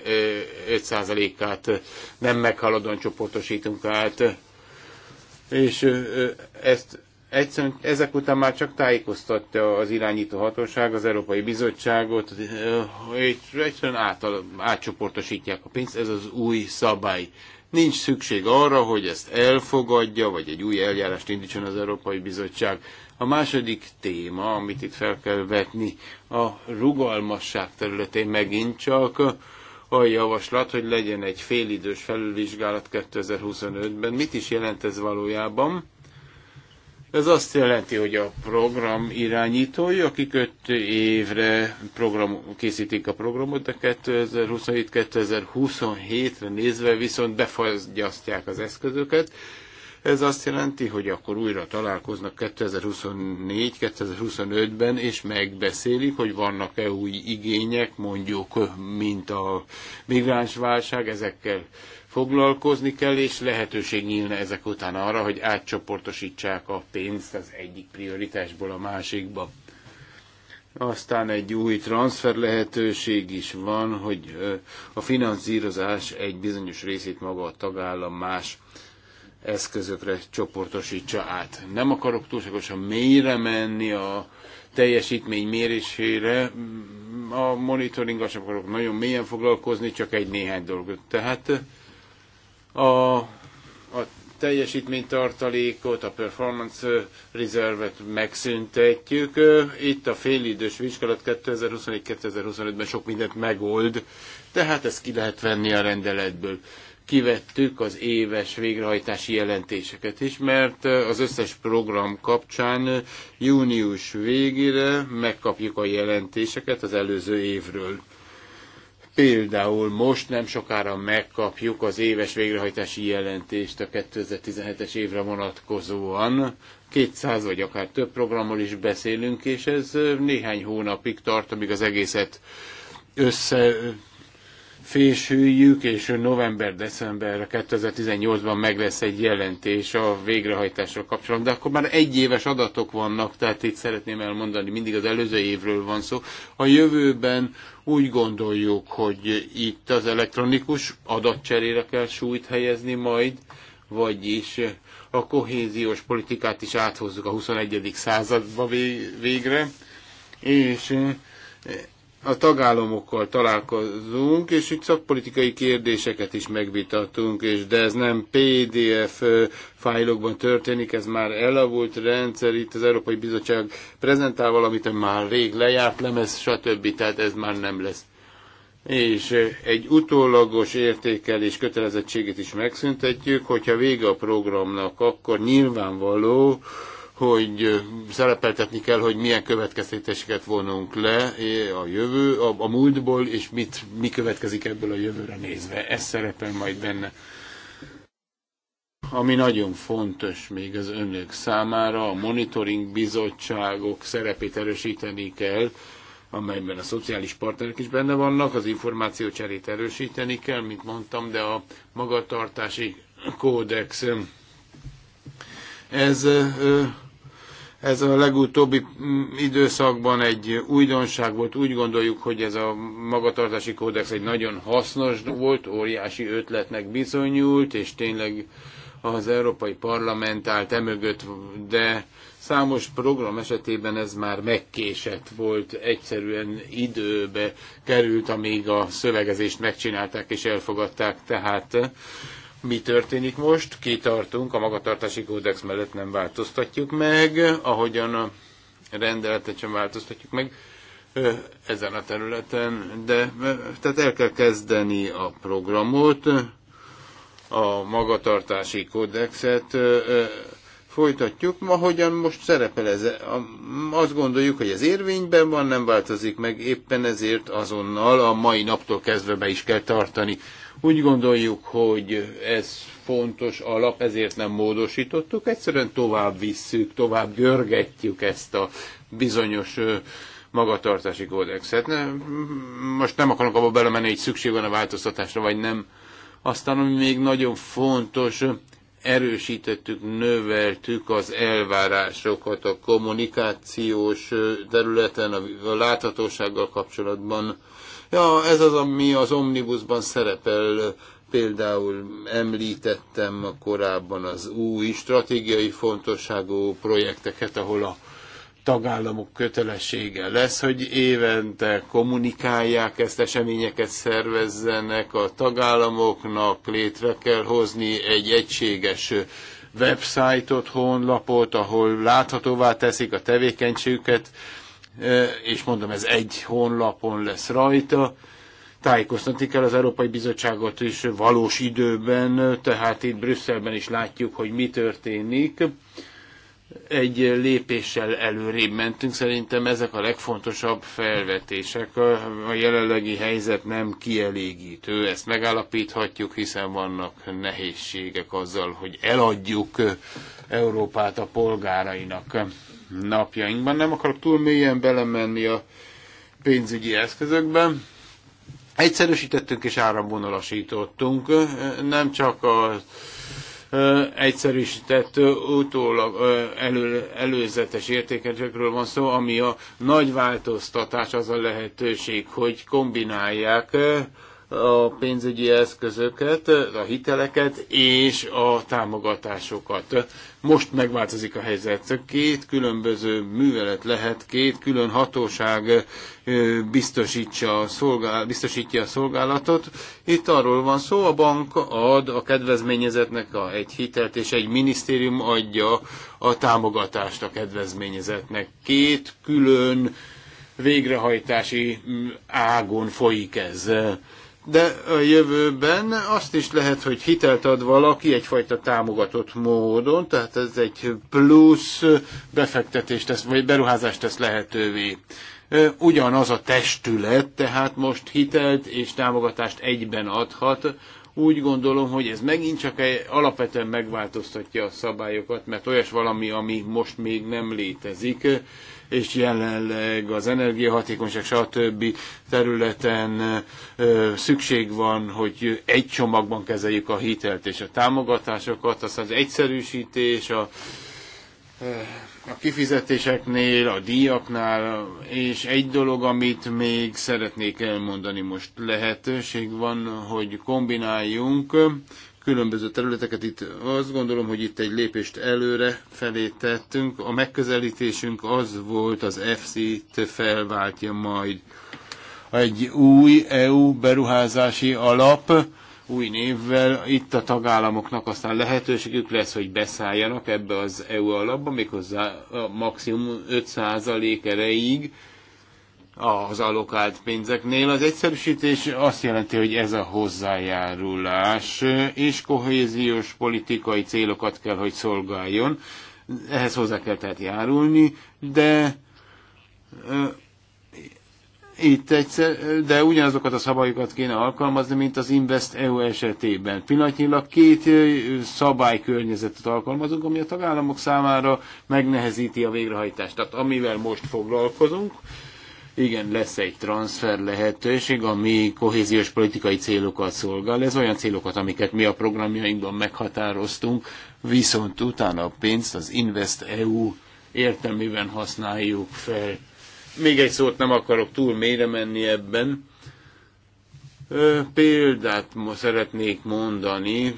5%-át nem meghaladóan csoportosítunk át, és ezt egyszerűen ezek után már csak tájékoztatja az irányító hatóság, az Európai Bizottságot, hogy egyszerűen átal, átcsoportosítják a pénzt, ez az új szabály. Nincs szükség arra, hogy ezt elfogadja, vagy egy új eljárást indítson az Európai Bizottság. A második téma, amit itt fel kell vetni, a rugalmasság területén megint csak a javaslat, hogy legyen egy félidős felülvizsgálat 2025-ben. Mit is jelent ez valójában? Ez azt jelenti, hogy a program irányítói, akik öt évre program, készítik a programot, de 2027-2027-re nézve viszont befagyasztják az eszközöket. Ez azt jelenti, hogy akkor újra találkoznak 2024-2025-ben, és megbeszélik, hogy vannak-e új igények, mondjuk, mint a migránsválság, ezekkel foglalkozni kell, és lehetőség nyílna ezek után arra, hogy átcsoportosítsák a pénzt az egyik prioritásból a másikba. Aztán egy új transfer lehetőség is van, hogy a finanszírozás egy bizonyos részét maga a tagállam más eszközökre csoportosítsa át. Nem akarok túlságosan mélyre menni a teljesítmény mérésére, a monitoringgal sem akarok nagyon mélyen foglalkozni, csak egy néhány dolgot. Tehát a, a teljesítménytartalékot, a performance reservet megszüntetjük. Itt a félidős vizsgálat 2021-2025-ben sok mindent megold, tehát ezt ki lehet venni a rendeletből. Kivettük az éves végrehajtási jelentéseket is, mert az összes program kapcsán június végére megkapjuk a jelentéseket az előző évről Például most nem sokára megkapjuk az éves végrehajtási jelentést a 2017-es évre vonatkozóan. 200 vagy akár több programmal is beszélünk, és ez néhány hónapig tart, amíg az egészet össze fésüljük, és november-december 2018-ban meg lesz egy jelentés a végrehajtással kapcsolatban, de akkor már egyéves adatok vannak, tehát itt szeretném elmondani, mindig az előző évről van szó. A jövőben úgy gondoljuk, hogy itt az elektronikus adatcserére kell súlyt helyezni majd, vagyis a kohéziós politikát is áthozzuk a 21. századba végre, és a tagállamokkal találkozunk, és úgy szakpolitikai kérdéseket is megvitatunk, és de ez nem PDF fájlokban történik, ez már elavult rendszer, itt az Európai Bizottság prezentál valamit, ami már rég lejárt lemez, stb. Tehát ez már nem lesz. És egy utólagos értékelés kötelezettségét is megszüntetjük, hogyha vége a programnak, akkor nyilvánvaló, hogy szerepeltetni kell, hogy milyen következtetéseket vonunk le a jövő, a, a múltból, és mit, mi következik ebből a jövőre nézve. Ez szerepel majd benne. Ami nagyon fontos még az önök számára, a monitoring bizottságok szerepét erősíteni kell, amelyben a szociális partnerek is benne vannak, az információcserét erősíteni kell, mint mondtam, de a magatartási kódex ez ez a legutóbbi mm, időszakban egy újdonság volt. Úgy gondoljuk, hogy ez a magatartási kódex egy nagyon hasznos volt, óriási ötletnek bizonyult, és tényleg az Európai Parlament állt emögött, de számos program esetében ez már megkésett volt, egyszerűen időbe került, amíg a szövegezést megcsinálták és elfogadták. Tehát mi történik most, kitartunk, a magatartási kódex mellett nem változtatjuk meg, ahogyan a rendeletet sem változtatjuk meg ezen a területen, de tehát el kell kezdeni a programot, a magatartási kódexet folytatjuk, hogyan most szerepel ez. Azt gondoljuk, hogy ez érvényben van, nem változik meg, éppen ezért azonnal a mai naptól kezdve be is kell tartani úgy gondoljuk, hogy ez fontos alap, ezért nem módosítottuk, egyszerűen tovább visszük, tovább görgetjük ezt a bizonyos magatartási kódexet. Most nem akarok abba belemenni, hogy szükség van a változtatásra, vagy nem. Aztán, ami még nagyon fontos, erősítettük, növeltük az elvárásokat a kommunikációs területen, a láthatósággal kapcsolatban, Ja, ez az, ami az Omnibusban szerepel, például említettem korábban az új stratégiai fontosságú projekteket, ahol a tagállamok kötelessége lesz, hogy évente kommunikálják ezt, eseményeket szervezzenek a tagállamoknak, létre kell hozni egy egységes websájtot, honlapot, ahol láthatóvá teszik a tevékenységüket, és mondom, ez egy honlapon lesz rajta, tájékoztatni kell az Európai Bizottságot is valós időben, tehát itt Brüsszelben is látjuk, hogy mi történik. Egy lépéssel előrébb mentünk, szerintem ezek a legfontosabb felvetések. A jelenlegi helyzet nem kielégítő, ezt megállapíthatjuk, hiszen vannak nehézségek azzal, hogy eladjuk Európát a polgárainak napjainkban. Nem akarok túl mélyen belemenni a pénzügyi eszközökben. Egyszerűsítettünk és áramvonalasítottunk, nem csak a egyszerűsített utólag elő, előzetes értékelésekről van szó, ami a nagy változtatás az a lehetőség, hogy kombinálják a pénzügyi eszközöket, a hiteleket és a támogatásokat. Most megváltozik a helyzet. Két különböző művelet lehet, két külön hatóság biztosítja a, szolgál, biztosítja a szolgálatot. Itt arról van szó, a bank ad a kedvezményezetnek a, egy hitelt, és egy minisztérium adja a támogatást a kedvezményezetnek. Két külön végrehajtási ágon folyik ez de a jövőben azt is lehet, hogy hitelt ad valaki egyfajta támogatott módon, tehát ez egy plusz befektetést tesz, vagy beruházást tesz lehetővé. Ugyanaz a testület, tehát most hitelt és támogatást egyben adhat, úgy gondolom, hogy ez megint csak alapvetően megváltoztatja a szabályokat, mert olyas valami, ami most még nem létezik, és jelenleg az energiahatékonyság, stb. területen szükség van, hogy egy csomagban kezeljük a hitelt és a támogatásokat, aztán az egyszerűsítés, a, a kifizetéseknél, a díjaknál, és egy dolog, amit még szeretnék elmondani most, lehetőség van, hogy kombináljunk különböző területeket. Itt azt gondolom, hogy itt egy lépést előre felé tettünk. A megközelítésünk az volt, az FC-t felváltja majd egy új EU beruházási alap, új névvel. Itt a tagállamoknak aztán lehetőségük lesz, hogy beszálljanak ebbe az EU alapba, méghozzá a maximum 5% erejéig az alokált pénzeknél. Az egyszerűsítés azt jelenti, hogy ez a hozzájárulás és kohéziós politikai célokat kell, hogy szolgáljon. Ehhez hozzá kell tehát járulni, de itt egyszer, de ugyanazokat a szabályokat kéne alkalmazni, mint az Invest EU esetében. Pillanatnyilag két szabálykörnyezetet alkalmazunk, ami a tagállamok számára megnehezíti a végrehajtást. Tehát amivel most foglalkozunk, igen, lesz egy transfer lehetőség, ami kohéziós politikai célokat szolgál. Ez olyan célokat, amiket mi a programjainkban meghatároztunk, viszont utána a pénzt az Invest EU értelmében használjuk fel. Még egy szót nem akarok túl mélyre menni ebben. Példát szeretnék mondani,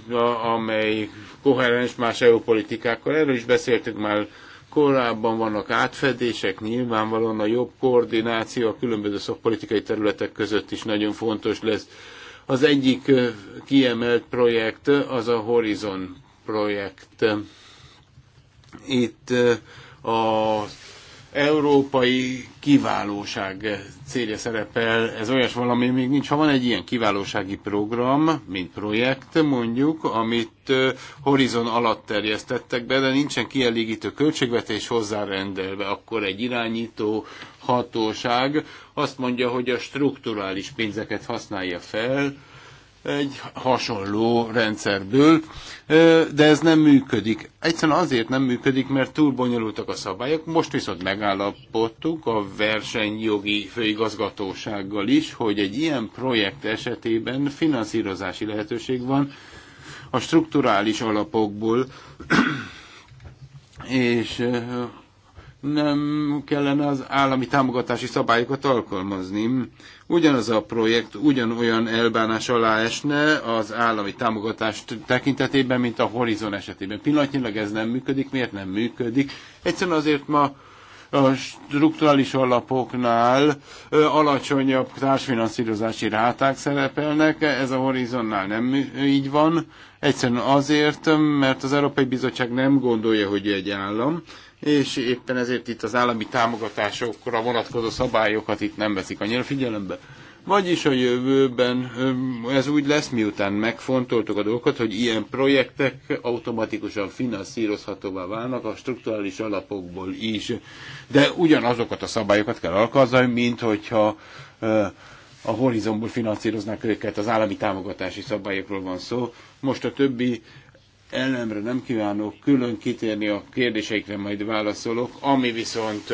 amely koherens más EU politikákkal. Erről is beszéltük már korábban vannak átfedések, nyilvánvalóan a jobb koordináció a különböző szakpolitikai területek között is nagyon fontos lesz. Az egyik kiemelt projekt az a Horizon projekt. Itt a európai kiválóság célja szerepel, ez olyas valami még nincs. Ha van egy ilyen kiválósági program, mint projekt mondjuk, amit horizon alatt terjesztettek be, de nincsen kielégítő költségvetés hozzárendelve, akkor egy irányító hatóság azt mondja, hogy a strukturális pénzeket használja fel, egy hasonló rendszerből, de ez nem működik. Egyszerűen azért nem működik, mert túl bonyolultak a szabályok. Most viszont megállapodtuk a versenyjogi főigazgatósággal is, hogy egy ilyen projekt esetében finanszírozási lehetőség van a strukturális alapokból, és nem kellene az állami támogatási szabályokat alkalmazni. Ugyanaz a projekt ugyanolyan elbánás alá esne az állami támogatás tekintetében, mint a Horizon esetében. Pillanatnyilag ez nem működik. Miért nem működik? Egyszerűen azért ma a strukturális alapoknál alacsonyabb társfinanszírozási ráták szerepelnek, ez a Horizonnál nem így van. Egyszerűen azért, mert az Európai Bizottság nem gondolja, hogy egy állam, és éppen ezért itt az állami támogatásokra vonatkozó szabályokat itt nem veszik annyira figyelembe. Vagyis a jövőben ez úgy lesz, miután megfontoltuk a dolgokat, hogy ilyen projektek automatikusan finanszírozhatóvá válnak a strukturális alapokból is. De ugyanazokat a szabályokat kell alkalmazni, mint hogyha a horizontból finanszíroznak őket, az állami támogatási szabályokról van szó. Most a többi Ellenemre nem kívánok külön kitérni a kérdéseikre, majd válaszolok. Ami viszont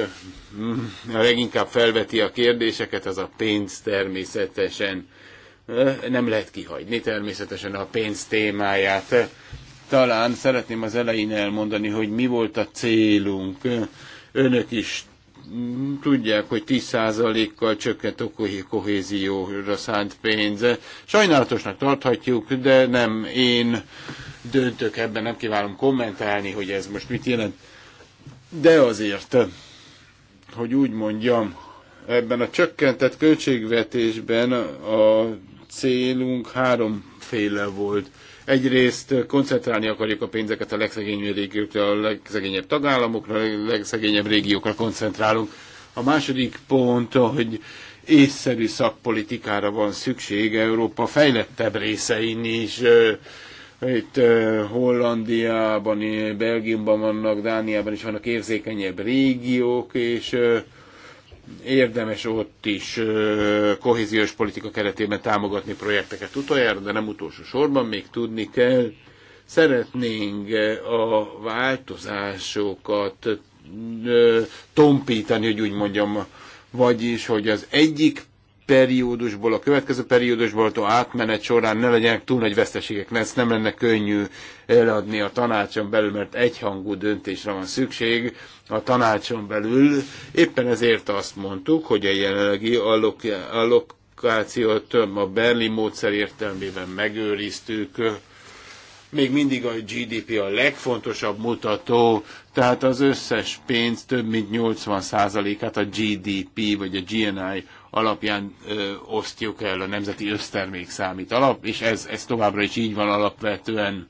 mm, leginkább felveti a kérdéseket, az a pénz természetesen. Nem lehet kihagyni természetesen a pénz témáját. Talán szeretném az elején elmondani, hogy mi volt a célunk. Önök is tudják, hogy 10%-kal csökkent a kohézióra szánt pénze. Sajnálatosnak tarthatjuk, de nem én döntök ebben, nem kívánom kommentálni, hogy ez most mit jelent. De azért, hogy úgy mondjam, ebben a csökkentett költségvetésben a célunk háromféle volt – Egyrészt koncentrálni akarjuk a pénzeket a legszegényebb régiókra, a legszegényebb tagállamokra, a legszegényebb régiókra koncentrálunk. A második pont, hogy észszerű szakpolitikára van szükség Európa fejlettebb részein is. Itt Hollandiában, Belgiumban vannak, Dániában is vannak érzékenyebb régiók, és érdemes ott is kohéziós politika keretében támogatni projekteket utoljára, de nem utolsó sorban még tudni kell. Szeretnénk a változásokat tompítani, hogy úgy mondjam, vagyis, hogy az egyik periódusból, a következő periódusból a átmenet során ne legyenek túl nagy veszteségek, mert ezt nem lenne könnyű eladni a tanácson belül, mert egyhangú döntésre van szükség a tanácson belül. Éppen ezért azt mondtuk, hogy a jelenlegi allok, allokációt a Berlin módszer értelmében megőriztük, még mindig a GDP a legfontosabb mutató, tehát az összes pénz több mint 80%-át a GDP vagy a GNI alapján ö, osztjuk el a nemzeti össztermék számít alap, és ez, ez továbbra is így van alapvetően.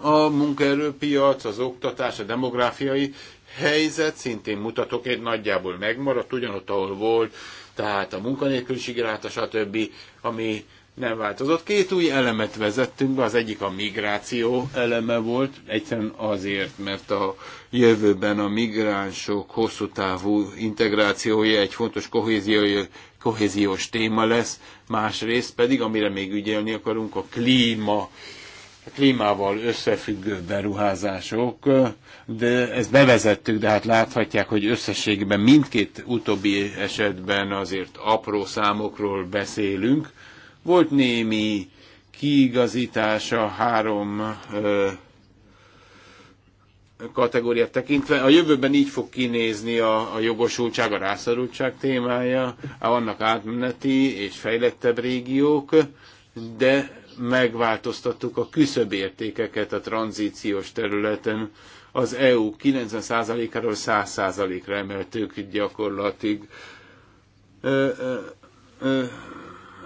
A munkaerőpiac, az oktatás, a demográfiai helyzet szintén mutatok, egy nagyjából megmaradt, ugyanott, ahol volt, tehát a munkanélküliség ráta, stb., ami nem változott. Két új elemet vezettünk be, az egyik a migráció eleme volt, egyszerűen azért, mert a jövőben a migránsok hosszú távú integrációja egy fontos kohéziói, kohéziós téma lesz, másrészt pedig, amire még ügyelni akarunk, a klíma a klímával összefüggő beruházások, de ezt bevezettük, de hát láthatják, hogy összességben mindkét utóbbi esetben azért apró számokról beszélünk, volt némi kiigazítás a három ö, kategóriát tekintve. A jövőben így fog kinézni a, a jogosultság, a rászorultság témája, vannak átmeneti és fejlettebb régiók, de megváltoztattuk a küszöbértékeket a tranzíciós területen. Az EU 90%-áról 100%-ra emeltük gyakorlatig. Ö, ö, ö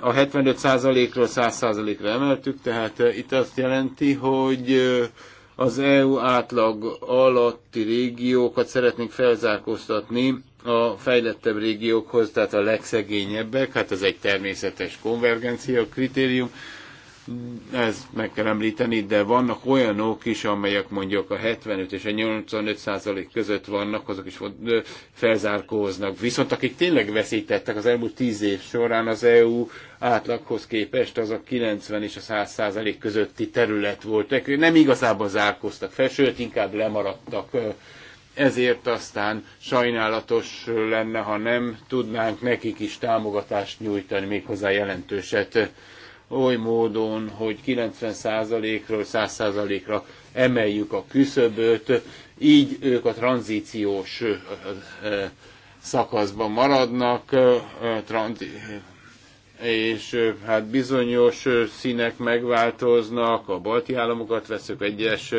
a 75%-ról 100%-ra emeltük, tehát itt azt jelenti, hogy az EU átlag alatti régiókat szeretnénk felzárkóztatni a fejlettebb régiókhoz, tehát a legszegényebbek, hát ez egy természetes konvergencia kritérium, ez meg kell említeni, de vannak olyanok is, amelyek mondjuk a 75 és a 85 százalék között vannak, azok is felzárkóznak. Viszont akik tényleg veszítettek az elmúlt 10 év során az EU átlaghoz képest, az a 90 és a 100 százalék közötti terület volt. nem igazából zárkóztak fel, sőt inkább lemaradtak ezért aztán sajnálatos lenne, ha nem tudnánk nekik is támogatást nyújtani, méghozzá jelentőset oly módon, hogy 90%-ról 100%-ra emeljük a küszöböt, így ők a tranzíciós szakaszban maradnak, és hát bizonyos színek megváltoznak, a balti államokat veszük egyes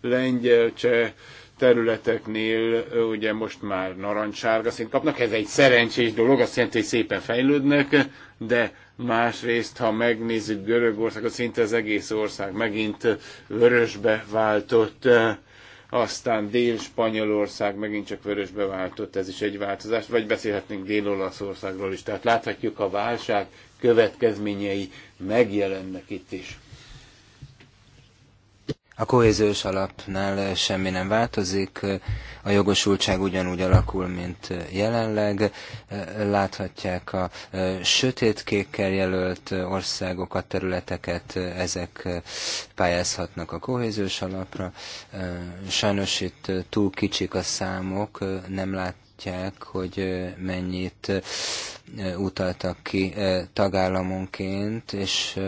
lengyel, cseh, területeknél ugye most már narancssárga szint kapnak, ez egy szerencsés dolog, azt jelenti, hogy szépen fejlődnek, de Másrészt, ha megnézzük Görögországot, szinte az egész ország megint vörösbe váltott, aztán Dél-Spanyolország megint csak vörösbe váltott, ez is egy változás, vagy beszélhetnénk Dél-Olaszországról is. Tehát láthatjuk, a válság következményei megjelennek itt is. A kohéziós alapnál semmi nem változik, a jogosultság ugyanúgy alakul, mint jelenleg. Láthatják a sötétkékkel jelölt országokat, területeket, ezek pályázhatnak a kohéziós alapra. Sajnos itt túl kicsik a számok, nem lát mutatják, hogy mennyit utaltak ki tagállamonként, és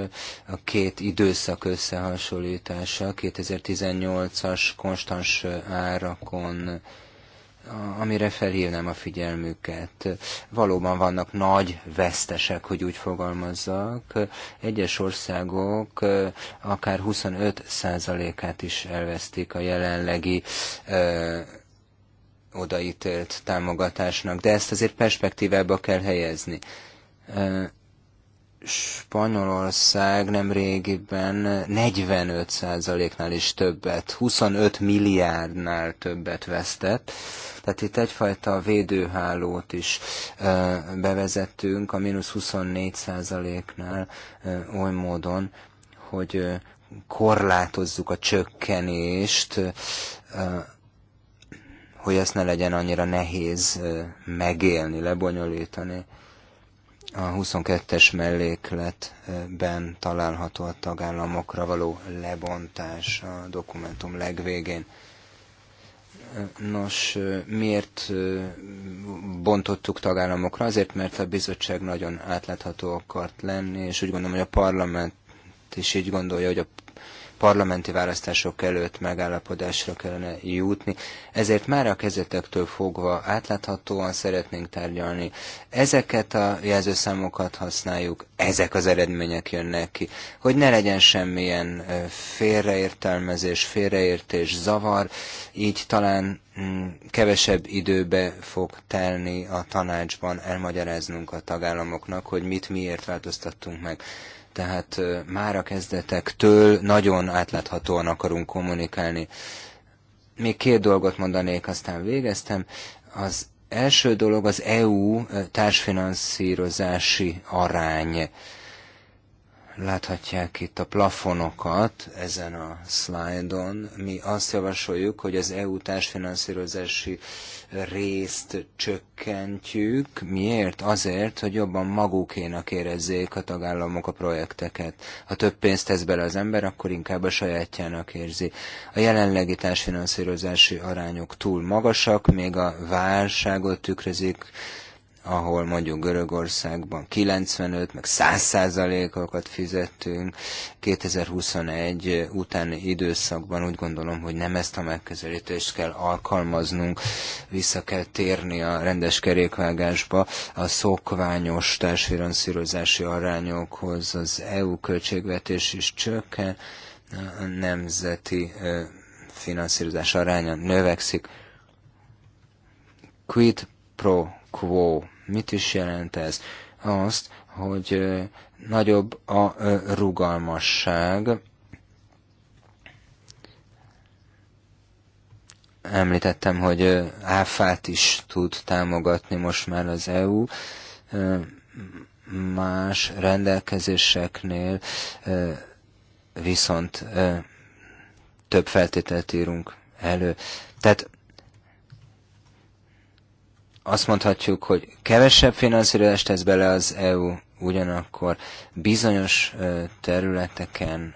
a két időszak összehasonlítása 2018-as konstans árakon amire felhívnám a figyelmüket. Valóban vannak nagy vesztesek, hogy úgy fogalmazzak. Egyes országok akár 25%-át is elvesztik a jelenlegi odaítélt támogatásnak, de ezt azért perspektívába kell helyezni. Spanyolország nem régiben 45%-nál is többet, 25 milliárdnál többet vesztett. Tehát itt egyfajta védőhálót is bevezettünk a mínusz 24%-nál oly módon, hogy korlátozzuk a csökkenést hogy ezt ne legyen annyira nehéz megélni, lebonyolítani. A 22-es mellékletben található a tagállamokra való lebontás a dokumentum legvégén. Nos, miért bontottuk tagállamokra? Azért, mert a bizottság nagyon átlátható akart lenni, és úgy gondolom, hogy a parlament is így gondolja, hogy a parlamenti választások előtt megállapodásra kellene jutni. Ezért már a kezetektől fogva átláthatóan szeretnénk tárgyalni. Ezeket a jelzőszámokat használjuk, ezek az eredmények jönnek ki. Hogy ne legyen semmilyen félreértelmezés, félreértés, zavar, így talán mm, kevesebb időbe fog telni a tanácsban elmagyaráznunk a tagállamoknak, hogy mit miért változtattunk meg tehát már a kezdetektől nagyon átláthatóan akarunk kommunikálni. Még két dolgot mondanék, aztán végeztem. Az első dolog az EU társfinanszírozási arány Láthatják itt a plafonokat ezen a szlájdon. Mi azt javasoljuk, hogy az EU társfinanszírozási részt csökkentjük. Miért? Azért, hogy jobban magukénak érezzék a tagállamok a projekteket. Ha több pénzt tesz bele az ember, akkor inkább a sajátjának érzi. A jelenlegi társfinanszírozási arányok túl magasak, még a válságot tükrözik, ahol mondjuk Görögországban 95, meg 100 százalékokat fizettünk, 2021 utáni időszakban úgy gondolom, hogy nem ezt a megközelítést kell alkalmaznunk, vissza kell térni a rendes kerékvágásba, a szokványos társfinanszírozási arányokhoz az EU költségvetés is csökken, a nemzeti finanszírozás aránya növekszik. Quid pro quo. Mit is jelent ez? Azt, hogy nagyobb a rugalmasság. Említettem, hogy áfát is tud támogatni most már az EU más rendelkezéseknél viszont több feltételt írunk elő. Tehát azt mondhatjuk, hogy kevesebb finanszírozást tesz bele az EU, ugyanakkor bizonyos területeken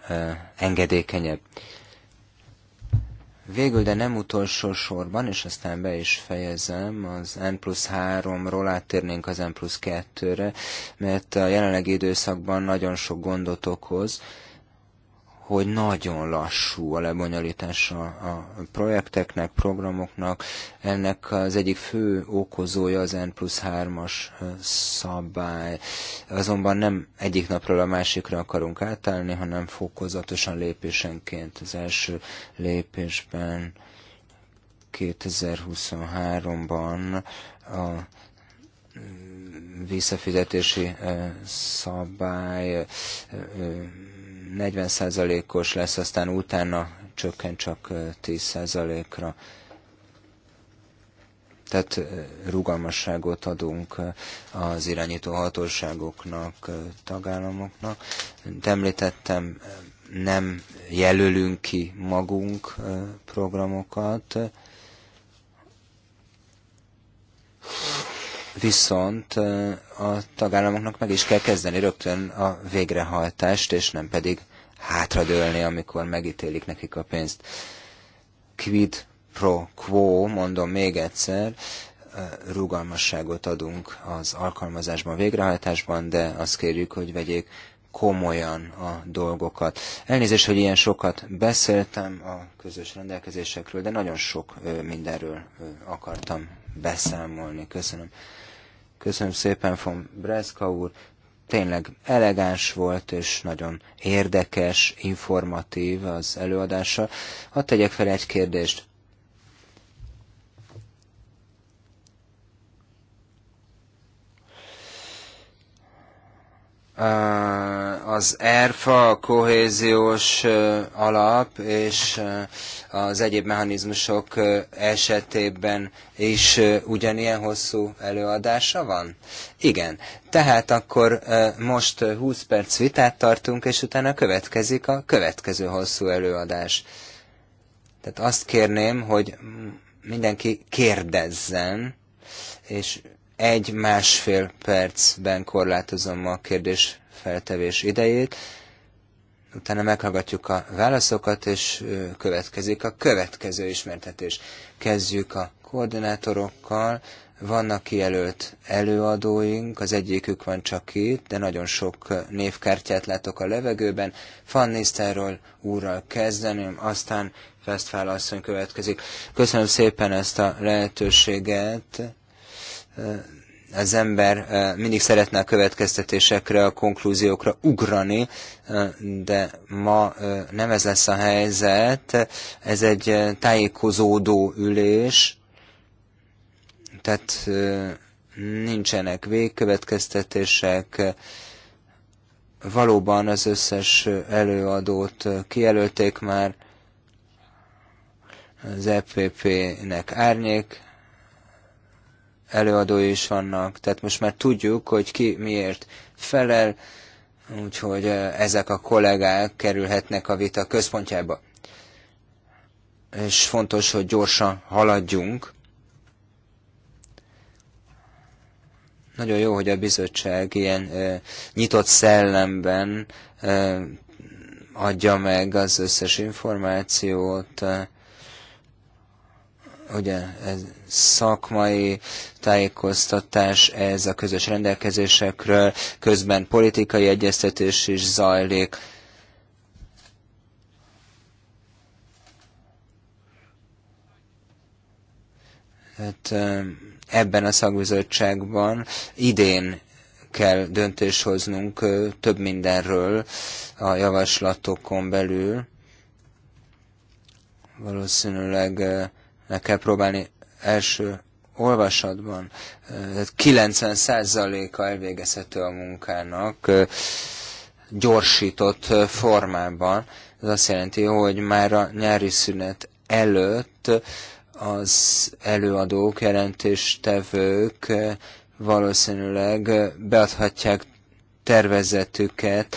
engedékenyebb. Végül, de nem utolsó sorban, és aztán be is fejezem, az N plusz 3-ról áttérnénk az N plusz 2-re, mert a jelenlegi időszakban nagyon sok gondot okoz, hogy nagyon lassú a lebonyolítása a projekteknek, programoknak. Ennek az egyik fő okozója az N plusz 3-as szabály. Azonban nem egyik napról a másikra akarunk átállni, hanem fokozatosan lépésenként az első lépésben 2023-ban a visszafizetési szabály 40%-os lesz, aztán utána csökken csak 10%-ra. Tehát rugalmasságot adunk az irányító hatóságoknak, tagállamoknak. De említettem, nem jelölünk ki magunk programokat viszont eh, a tagállamoknak meg is kell kezdeni rögtön a végrehajtást, és nem pedig hátradőlni, amikor megítélik nekik a pénzt. Quid pro quo, mondom még egyszer, eh, rugalmasságot adunk az alkalmazásban, végrehajtásban, de azt kérjük, hogy vegyék komolyan a dolgokat. Elnézést, hogy ilyen sokat beszéltem a közös rendelkezésekről, de nagyon sok eh, mindenről akartam beszámolni. Köszönöm. Köszönöm szépen, von Breszka úr. Tényleg elegáns volt, és nagyon érdekes, informatív az előadása. Hadd tegyek fel egy kérdést. Uh, az ERFA, a kohéziós uh, alap és uh, az egyéb mechanizmusok esetében is ugyanilyen hosszú előadása van? Igen. Tehát akkor most 20 perc vitát tartunk, és utána következik a következő hosszú előadás. Tehát azt kérném, hogy mindenki kérdezzen, és egy-másfél percben korlátozom a kérdés feltevés idejét, utána meghallgatjuk a válaszokat, és következik a következő ismertetés. Kezdjük a koordinátorokkal, vannak kijelölt előadóink, az egyikük van csak itt, de nagyon sok névkártyát látok a levegőben. Fannisztáról úrral kezdeném, aztán Westphal asszony következik. Köszönöm szépen ezt a lehetőséget az ember mindig szeretne a következtetésekre, a konklúziókra ugrani, de ma nem ez lesz a helyzet. Ez egy tájékozódó ülés, tehát nincsenek végkövetkeztetések, valóban az összes előadót kijelölték már, az EPP-nek árnyék előadó is vannak, tehát most már tudjuk, hogy ki miért felel, úgyhogy ezek a kollégák kerülhetnek a vita központjába. És fontos, hogy gyorsan haladjunk. Nagyon jó, hogy a bizottság ilyen e, nyitott szellemben e, adja meg az összes információt, e, ugye ez szakmai tájékoztatás, ez a közös rendelkezésekről, közben politikai egyeztetés is zajlik. Hát, ebben a szakbizottságban idén kell döntés hoznunk több mindenről a javaslatokon belül. Valószínűleg meg kell próbálni első olvasatban. 90%-a elvégezhető a munkának gyorsított formában. Ez azt jelenti, hogy már a nyári szünet előtt az előadók, jelentéstevők valószínűleg beadhatják tervezetüket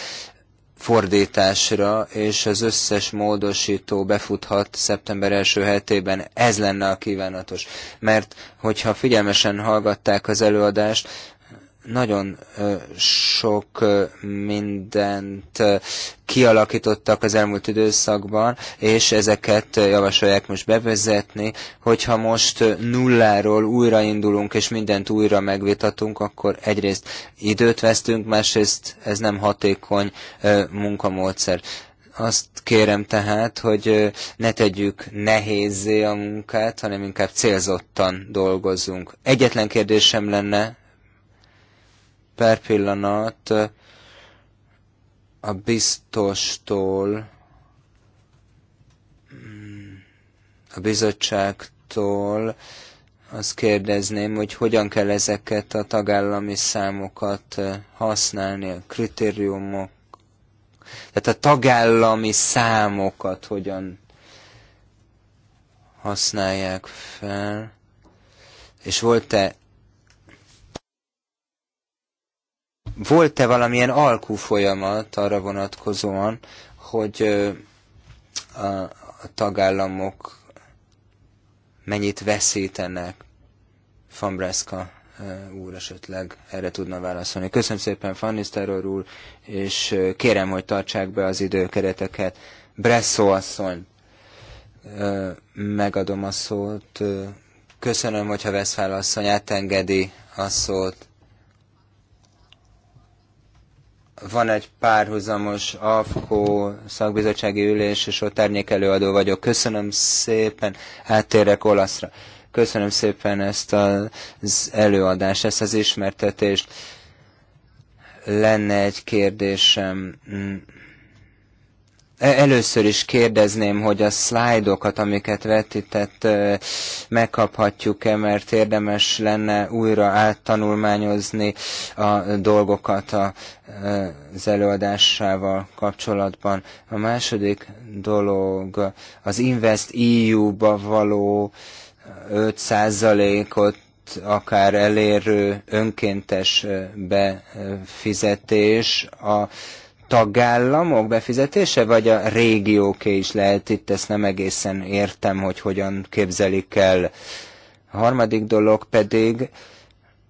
fordításra, és az összes módosító befuthat szeptember első hetében. Ez lenne a kívánatos. Mert hogyha figyelmesen hallgatták az előadást, nagyon sok mindent kialakítottak az elmúlt időszakban, és ezeket javasolják most bevezetni. Hogyha most nulláról újraindulunk, és mindent újra megvitatunk, akkor egyrészt időt vesztünk, másrészt ez nem hatékony munkamódszer. Azt kérem tehát, hogy ne tegyük nehézé a munkát, hanem inkább célzottan dolgozzunk. Egyetlen kérdésem lenne per pillanat a biztostól, mm, a bizottságtól azt kérdezném, hogy hogyan kell ezeket a tagállami számokat használni, a kritériumok, tehát a tagállami számokat hogyan használják fel, és volt-e volt-e valamilyen alkú folyamat arra vonatkozóan, hogy a tagállamok mennyit veszítenek? Fambreszka úr esetleg erre tudna válaszolni. Köszönöm szépen Fannisteror úr, és kérem, hogy tartsák be az időkereteket. Bresszó asszony, megadom a szót. Köszönöm, hogyha fel asszony átengedi a szót. van egy párhuzamos AFKO szakbizottsági ülés, és ott termékelőadó vagyok. Köszönöm szépen, áttérek olaszra. Köszönöm szépen ezt az előadást, ezt az ismertetést. Lenne egy kérdésem E, először is kérdezném, hogy a szlájdokat, amiket vetített, megkaphatjuk-e, mert érdemes lenne újra áttanulmányozni a dolgokat az előadásával kapcsolatban. A második dolog az Invest EU-ba való 5%-ot akár elérő önkéntes befizetés a tagállamok befizetése, vagy a régióké is lehet itt, ezt nem egészen értem, hogy hogyan képzelik el. A harmadik dolog pedig,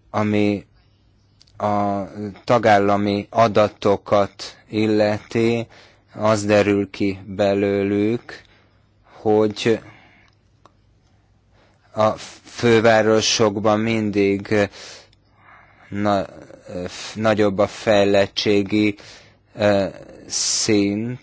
ami a tagállami adatokat illeti, az derül ki belőlük, hogy a fővárosokban mindig na, nagyobb a fejlettségi szint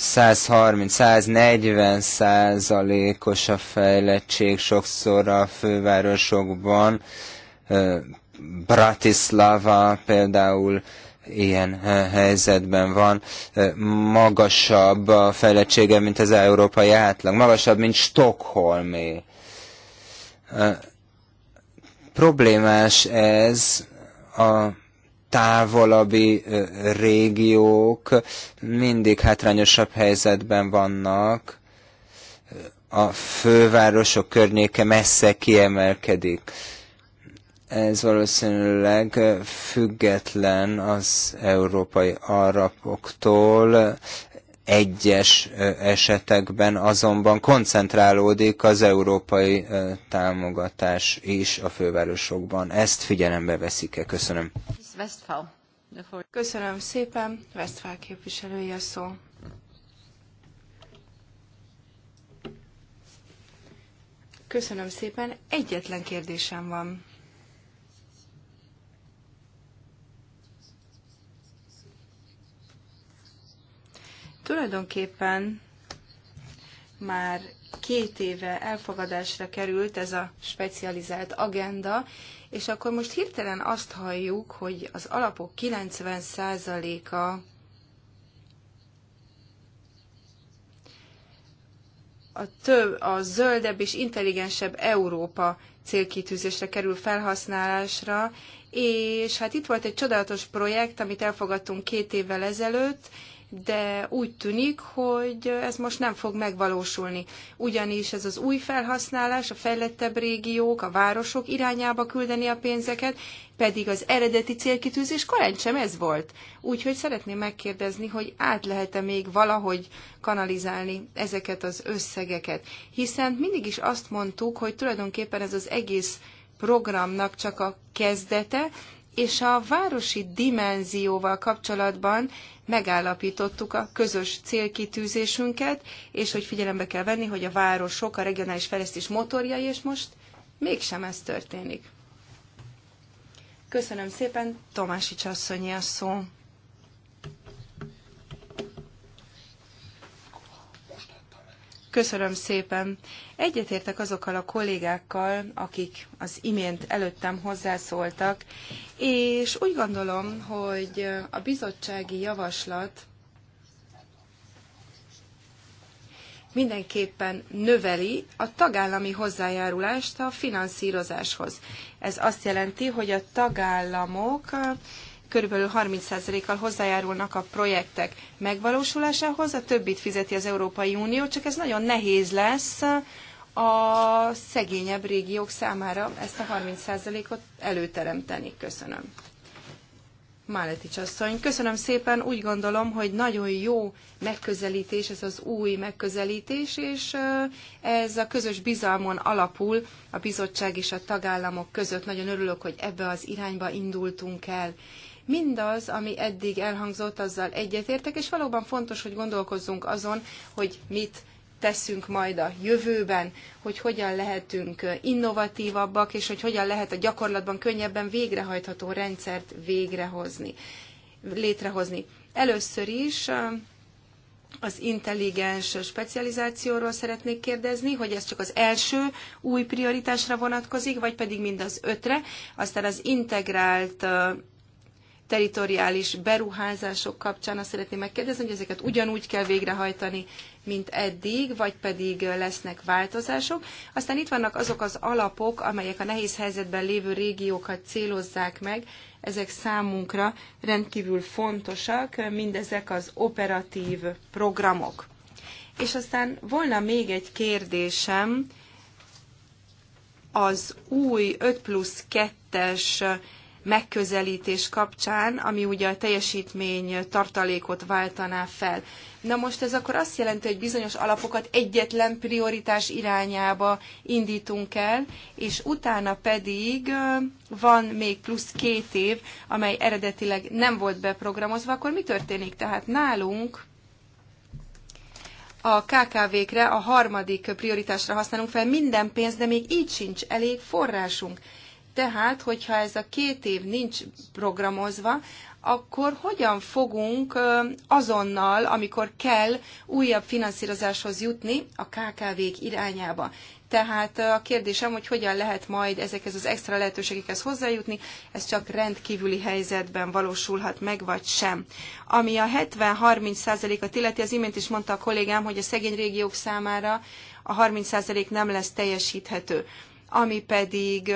130-140 százalékos a fejlettség sokszor a fővárosokban. Bratislava például ilyen helyzetben van, magasabb a fejlettsége, mint az európai átlag, magasabb, mint Stockholmé. Problémás ez a távolabbi régiók mindig hátrányosabb helyzetben vannak, a fővárosok környéke messze kiemelkedik. Ez valószínűleg független az európai arapoktól, egyes esetekben azonban koncentrálódik az európai támogatás is a fővárosokban. Ezt figyelembe veszik-e? Köszönöm. Köszönöm szépen. Westfál képviselője a szó. Köszönöm szépen. Egyetlen kérdésem van. Tulajdonképpen már két éve elfogadásra került ez a specializált agenda, és akkor most hirtelen azt halljuk, hogy az alapok 90%-a a több, a zöldebb és intelligensebb Európa célkitűzésre kerül felhasználásra, és hát itt volt egy csodálatos projekt, amit elfogadtunk két évvel ezelőtt, de úgy tűnik, hogy ez most nem fog megvalósulni. Ugyanis ez az új felhasználás, a fejlettebb régiók, a városok irányába küldeni a pénzeket, pedig az eredeti célkitűzés korán sem ez volt. Úgyhogy szeretném megkérdezni, hogy át lehet-e még valahogy kanalizálni ezeket az összegeket. Hiszen mindig is azt mondtuk, hogy tulajdonképpen ez az egész programnak csak a kezdete, és a városi dimenzióval kapcsolatban megállapítottuk a közös célkitűzésünket, és hogy figyelembe kell venni, hogy a városok a regionális fejlesztés motorjai, és most mégsem ez történik. Köszönöm szépen, Tomási Csasszonyi a szó. Köszönöm szépen. Egyetértek azokkal a kollégákkal, akik az imént előttem hozzászóltak, és úgy gondolom, hogy a bizottsági javaslat mindenképpen növeli a tagállami hozzájárulást a finanszírozáshoz. Ez azt jelenti, hogy a tagállamok körülbelül 30%-kal hozzájárulnak a projektek megvalósulásához, a többit fizeti az Európai Unió, csak ez nagyon nehéz lesz a szegényebb régiók számára ezt a 30%-ot előteremteni. Köszönöm. Máletics asszony, köszönöm szépen, úgy gondolom, hogy nagyon jó megközelítés, ez az új megközelítés, és ez a közös bizalmon alapul a bizottság és a tagállamok között. Nagyon örülök, hogy ebbe az irányba indultunk el. Mindaz, ami eddig elhangzott, azzal egyetértek, és valóban fontos, hogy gondolkozzunk azon, hogy mit teszünk majd a jövőben, hogy hogyan lehetünk innovatívabbak, és hogy hogyan lehet a gyakorlatban könnyebben végrehajtható rendszert végrehozni, létrehozni. Először is az intelligens specializációról szeretnék kérdezni, hogy ez csak az első új prioritásra vonatkozik, vagy pedig mind az ötre, aztán az integrált teritoriális beruházások kapcsán azt szeretném megkérdezni, hogy ezeket ugyanúgy kell végrehajtani, mint eddig, vagy pedig lesznek változások. Aztán itt vannak azok az alapok, amelyek a nehéz helyzetben lévő régiókat célozzák meg. Ezek számunkra rendkívül fontosak, mindezek az operatív programok. És aztán volna még egy kérdésem, az új 5 plusz 2-es megközelítés kapcsán, ami ugye a teljesítmény tartalékot váltaná fel. Na most ez akkor azt jelenti, hogy bizonyos alapokat egyetlen prioritás irányába indítunk el, és utána pedig van még plusz két év, amely eredetileg nem volt beprogramozva, akkor mi történik? Tehát nálunk a KKV-kre, a harmadik prioritásra használunk fel minden pénzt, de még így sincs elég forrásunk. Tehát, hogyha ez a két év nincs programozva, akkor hogyan fogunk azonnal, amikor kell, újabb finanszírozáshoz jutni a KKV-k irányába? Tehát a kérdésem, hogy hogyan lehet majd ezekhez az extra lehetőségekhez hozzájutni, ez csak rendkívüli helyzetben valósulhat meg, vagy sem. Ami a 70-30%-at illeti, az imént is mondta a kollégám, hogy a szegény régiók számára a 30% nem lesz teljesíthető ami pedig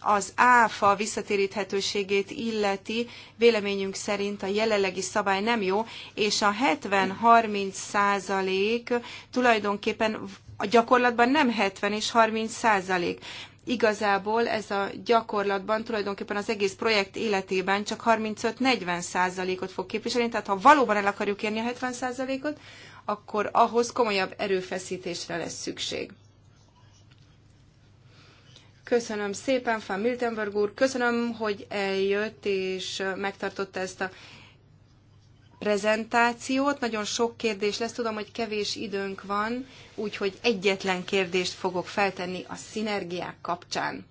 az áfa visszatéríthetőségét illeti, véleményünk szerint a jelenlegi szabály nem jó, és a 70-30 százalék tulajdonképpen a gyakorlatban nem 70 és 30 százalék igazából ez a gyakorlatban tulajdonképpen az egész projekt életében csak 35-40 százalékot fog képviselni, tehát ha valóban el akarjuk érni a 70 százalékot, akkor ahhoz komolyabb erőfeszítésre lesz szükség. Köszönöm szépen, Van Miltenberg úr, köszönöm, hogy eljött és megtartotta ezt a prezentációt. Nagyon sok kérdés lesz, tudom, hogy kevés időnk van, úgyhogy egyetlen kérdést fogok feltenni a szinergiák kapcsán.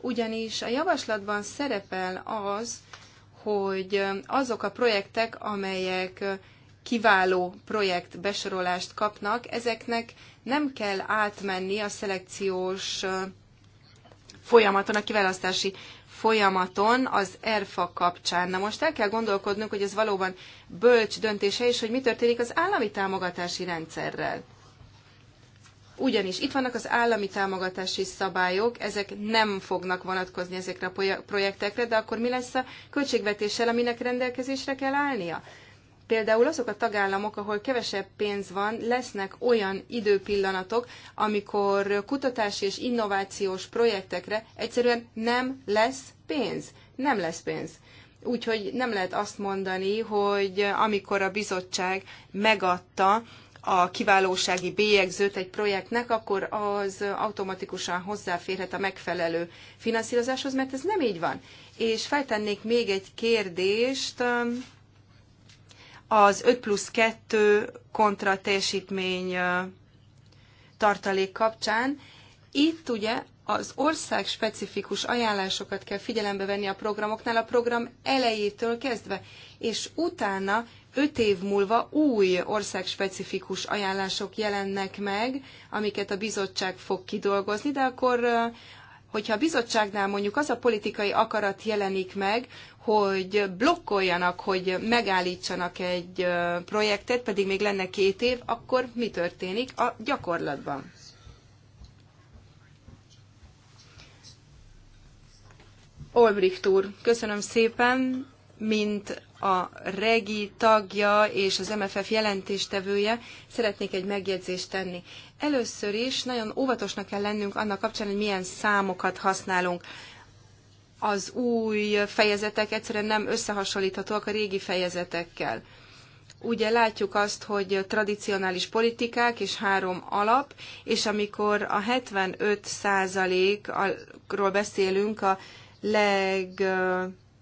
Ugyanis a javaslatban szerepel az, hogy azok a projektek, amelyek kiváló projekt besorolást kapnak, ezeknek nem kell átmenni a szelekciós folyamaton, a kiválasztási folyamaton az ERFA kapcsán. Na most el kell gondolkodnunk, hogy ez valóban bölcs döntése, és hogy mi történik az állami támogatási rendszerrel. Ugyanis itt vannak az állami támogatási szabályok, ezek nem fognak vonatkozni ezekre a projektekre, de akkor mi lesz a költségvetéssel, aminek rendelkezésre kell állnia? Például azok a tagállamok, ahol kevesebb pénz van, lesznek olyan időpillanatok, amikor kutatási és innovációs projektekre egyszerűen nem lesz pénz. Nem lesz pénz. Úgyhogy nem lehet azt mondani, hogy amikor a bizottság megadta a kiválósági bélyegzőt egy projektnek, akkor az automatikusan hozzáférhet a megfelelő finanszírozáshoz, mert ez nem így van. És feltennék még egy kérdést um, az 5 plusz 2 kontra teljesítmény tartalék kapcsán. Itt ugye az ország specifikus ajánlásokat kell figyelembe venni a programoknál a program elejétől kezdve, és utána 5 év múlva új országspecifikus ajánlások jelennek meg, amiket a bizottság fog kidolgozni, de akkor hogyha a bizottságnál mondjuk az a politikai akarat jelenik meg, hogy blokkoljanak, hogy megállítsanak egy projektet, pedig még lenne két év, akkor mi történik a gyakorlatban? Olbricht úr, köszönöm szépen, mint a regi tagja és az MFF jelentéstevője, szeretnék egy megjegyzést tenni. Először is nagyon óvatosnak kell lennünk annak kapcsán, hogy milyen számokat használunk az új fejezetek egyszerűen nem összehasonlíthatóak a régi fejezetekkel. Ugye látjuk azt, hogy tradicionális politikák és három alap, és amikor a 75%-ról beszélünk a leg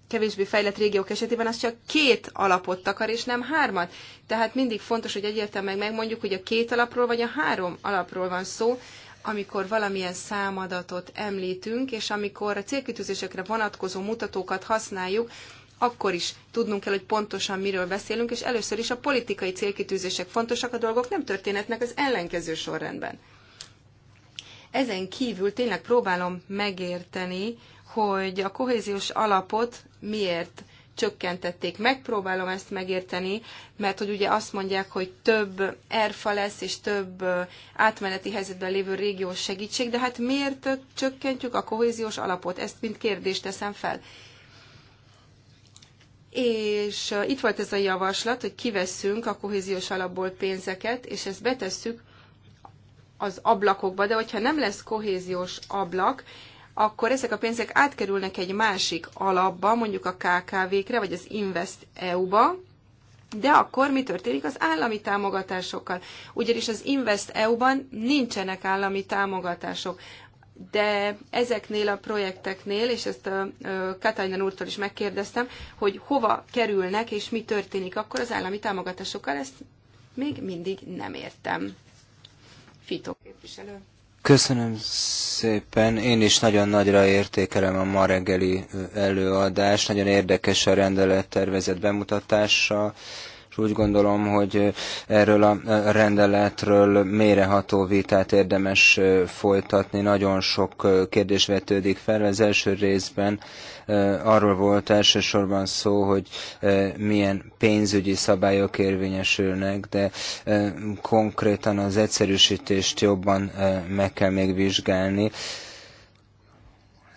kevésbé fejlett régiók esetében az csak két alapot takar, és nem hármat. Tehát mindig fontos, hogy egyértelműen megmondjuk, hogy a két alapról vagy a három alapról van szó, amikor valamilyen számadatot említünk, és amikor a célkitűzésekre vonatkozó mutatókat használjuk, akkor is tudnunk kell, hogy pontosan miről beszélünk, és először is a politikai célkitűzések fontosak, a dolgok nem történetnek az ellenkező sorrendben. Ezen kívül tényleg próbálom megérteni, hogy a kohéziós alapot miért csökkentették. Megpróbálom ezt megérteni, mert hogy ugye azt mondják, hogy több erfa lesz, és több átmeneti helyzetben lévő régiós segítség, de hát miért csökkentjük a kohéziós alapot? Ezt mint kérdést teszem fel. És itt volt ez a javaslat, hogy kiveszünk a kohéziós alapból pénzeket, és ezt betesszük az ablakokba, de hogyha nem lesz kohéziós ablak, akkor ezek a pénzek átkerülnek egy másik alapba, mondjuk a KKV-kre, vagy az Invest EU-ba, de akkor mi történik az állami támogatásokkal? Ugyanis az Invest EU-ban nincsenek állami támogatások de ezeknél a projekteknél, és ezt Katajnán úrtól is megkérdeztem, hogy hova kerülnek és mi történik akkor az állami támogatásokkal, ezt még mindig nem értem. Fito képviselő. Köszönöm szépen. Én is nagyon nagyra értékelem a ma reggeli előadást. Nagyon érdekes a rendelettervezet bemutatása és úgy gondolom, hogy erről a rendeletről méreható vitát érdemes folytatni. Nagyon sok kérdés vetődik fel. Az első részben arról volt elsősorban szó, hogy milyen pénzügyi szabályok érvényesülnek, de konkrétan az egyszerűsítést jobban meg kell még vizsgálni.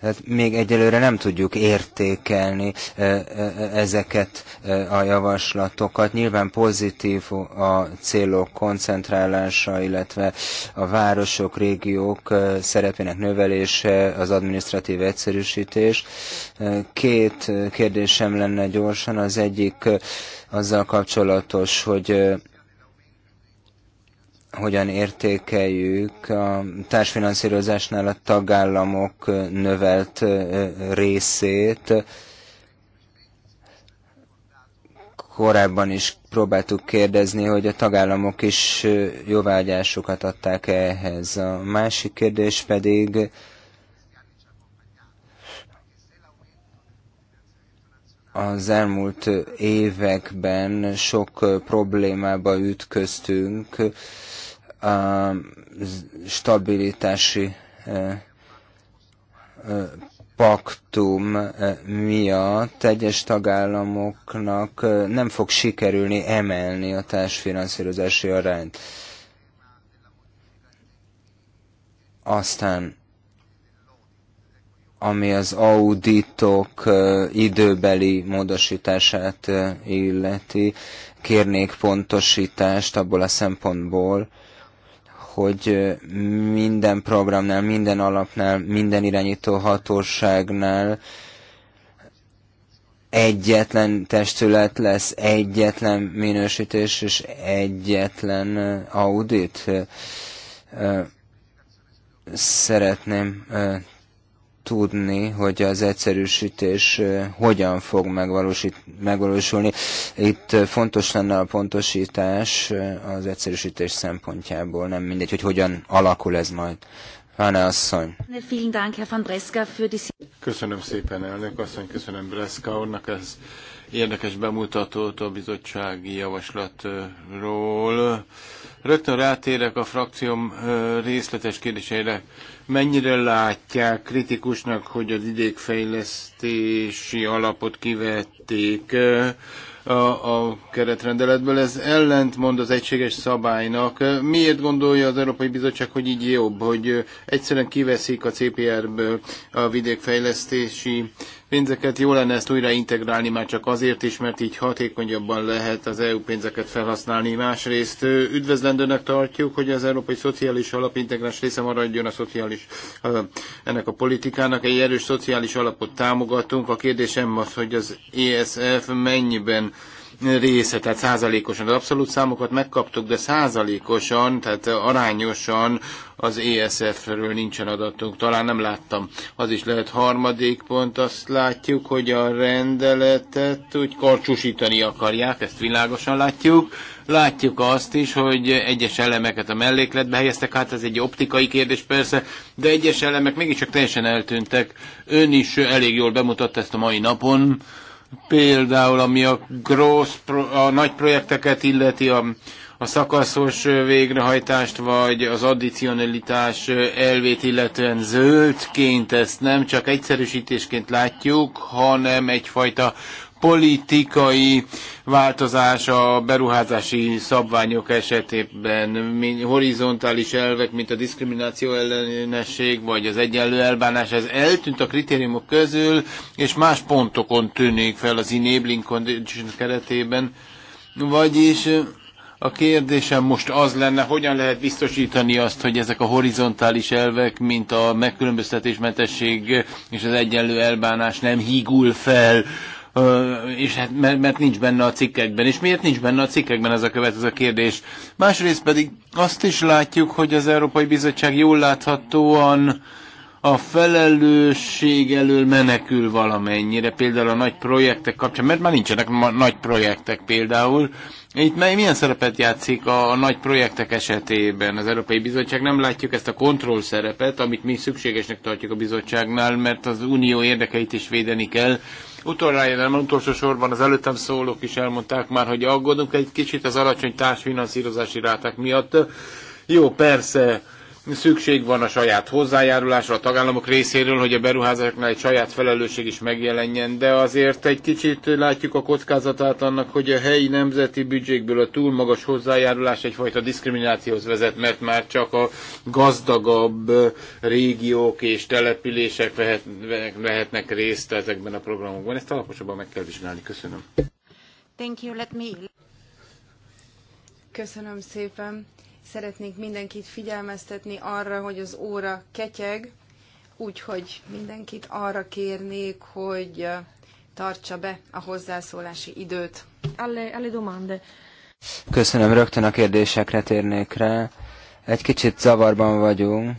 Hát még egyelőre nem tudjuk értékelni ezeket a javaslatokat. Nyilván pozitív a célok koncentrálása, illetve a városok, régiók szerepének növelése, az administratív egyszerűsítés. Két kérdésem lenne gyorsan. Az egyik azzal kapcsolatos, hogy hogyan értékeljük a társfinanszírozásnál a tagállamok növelt részét. Korábban is próbáltuk kérdezni, hogy a tagállamok is jóvágyásukat adták -e ehhez. A másik kérdés pedig, az elmúlt években sok problémába ütköztünk, a stabilitási e, e, paktum e, miatt egyes tagállamoknak nem fog sikerülni emelni a társfinanszírozási arányt. Aztán ami az auditok időbeli módosítását illeti, kérnék pontosítást abból a szempontból, hogy minden programnál, minden alapnál, minden irányító hatóságnál egyetlen testület lesz, egyetlen minősítés és egyetlen audit. Szeretném tudni, hogy az egyszerűsítés hogyan fog megvalósulni. Itt fontos lenne a pontosítás az egyszerűsítés szempontjából, nem mindegy, hogy hogyan alakul ez majd. Hána asszony. Köszönöm szépen, elnök asszony, köszönöm Breska úrnak ez érdekes bemutatót a bizottsági javaslatról. Rögtön rátérek a frakcióm részletes kérdéseire. Mennyire látják kritikusnak, hogy az idékfejlesztési alapot kivették a, a keretrendeletből? Ez ellentmond az egységes szabálynak. Miért gondolja az Európai Bizottság, hogy így jobb, hogy egyszerűen kiveszik a CPR-ből a vidékfejlesztési pénzeket. Jó lenne ezt újra integrálni már csak azért is, mert így hatékonyabban lehet az EU pénzeket felhasználni. Másrészt üdvözlendőnek tartjuk, hogy az Európai Szociális Alap integráns része maradjon a szociális, ennek a politikának. Egy erős szociális alapot támogatunk. A kérdésem az, hogy az ESF mennyiben része, tehát százalékosan. Az abszolút számokat megkaptuk, de százalékosan, tehát arányosan az ESF-ről nincsen adatunk. Talán nem láttam. Az is lehet harmadik pont. Azt látjuk, hogy a rendeletet úgy karcsúsítani akarják, ezt világosan látjuk. Látjuk azt is, hogy egyes elemeket a mellékletbe helyeztek, hát ez egy optikai kérdés persze, de egyes elemek mégiscsak teljesen eltűntek. Ön is elég jól bemutatta ezt a mai napon Például, ami a, gross, a nagy projekteket illeti, a, a szakaszos végrehajtást, vagy az addicionalitás elvét, illetően zöldként ezt nem csak egyszerűsítésként látjuk, hanem egyfajta politikai változás a beruházási szabványok esetében, horizontális elvek, mint a diszkrimináció ellenesség, vagy az egyenlő elbánás, ez eltűnt a kritériumok közül, és más pontokon tűnik fel az enabling condition keretében. Vagyis a kérdésem most az lenne, hogyan lehet biztosítani azt, hogy ezek a horizontális elvek, mint a megkülönböztetésmentesség és az egyenlő elbánás nem hígul fel és hát mert, mert nincs benne a cikkekben. És miért nincs benne a cikkekben ez a következő kérdés? Másrészt pedig azt is látjuk, hogy az Európai Bizottság jól láthatóan a felelősség elől menekül valamennyire, például a nagy projektek kapcsán, mert már nincsenek ma- nagy projektek például. Itt mely milyen szerepet játszik a, a nagy projektek esetében az Európai Bizottság? Nem látjuk ezt a kontroll szerepet, amit mi szükségesnek tartjuk a bizottságnál, mert az unió érdekeit is védeni kell, Utoljára nem utolsó sorban az előttem szólók is elmondták már, hogy aggódunk egy kicsit az alacsony társfinanszírozási ráták miatt. Jó, persze, Szükség van a saját hozzájárulásra a tagállamok részéről, hogy a beruházásoknál egy saját felelősség is megjelenjen, de azért egy kicsit látjuk a kockázatát annak, hogy a helyi nemzeti büdzsékből a túl magas hozzájárulás egyfajta diszkriminációhoz vezet, mert már csak a gazdagabb régiók és települések vehetnek részt ezekben a programokban. Ezt alaposabban meg kell vizsgálni. Köszönöm. Thank you. Let me... Köszönöm szépen. Szeretnék mindenkit figyelmeztetni arra, hogy az óra ketyeg, úgyhogy mindenkit arra kérnék, hogy tartsa be a hozzászólási időt. Alle, alle domande. Köszönöm, rögtön a kérdésekre térnék rá. Egy kicsit zavarban vagyunk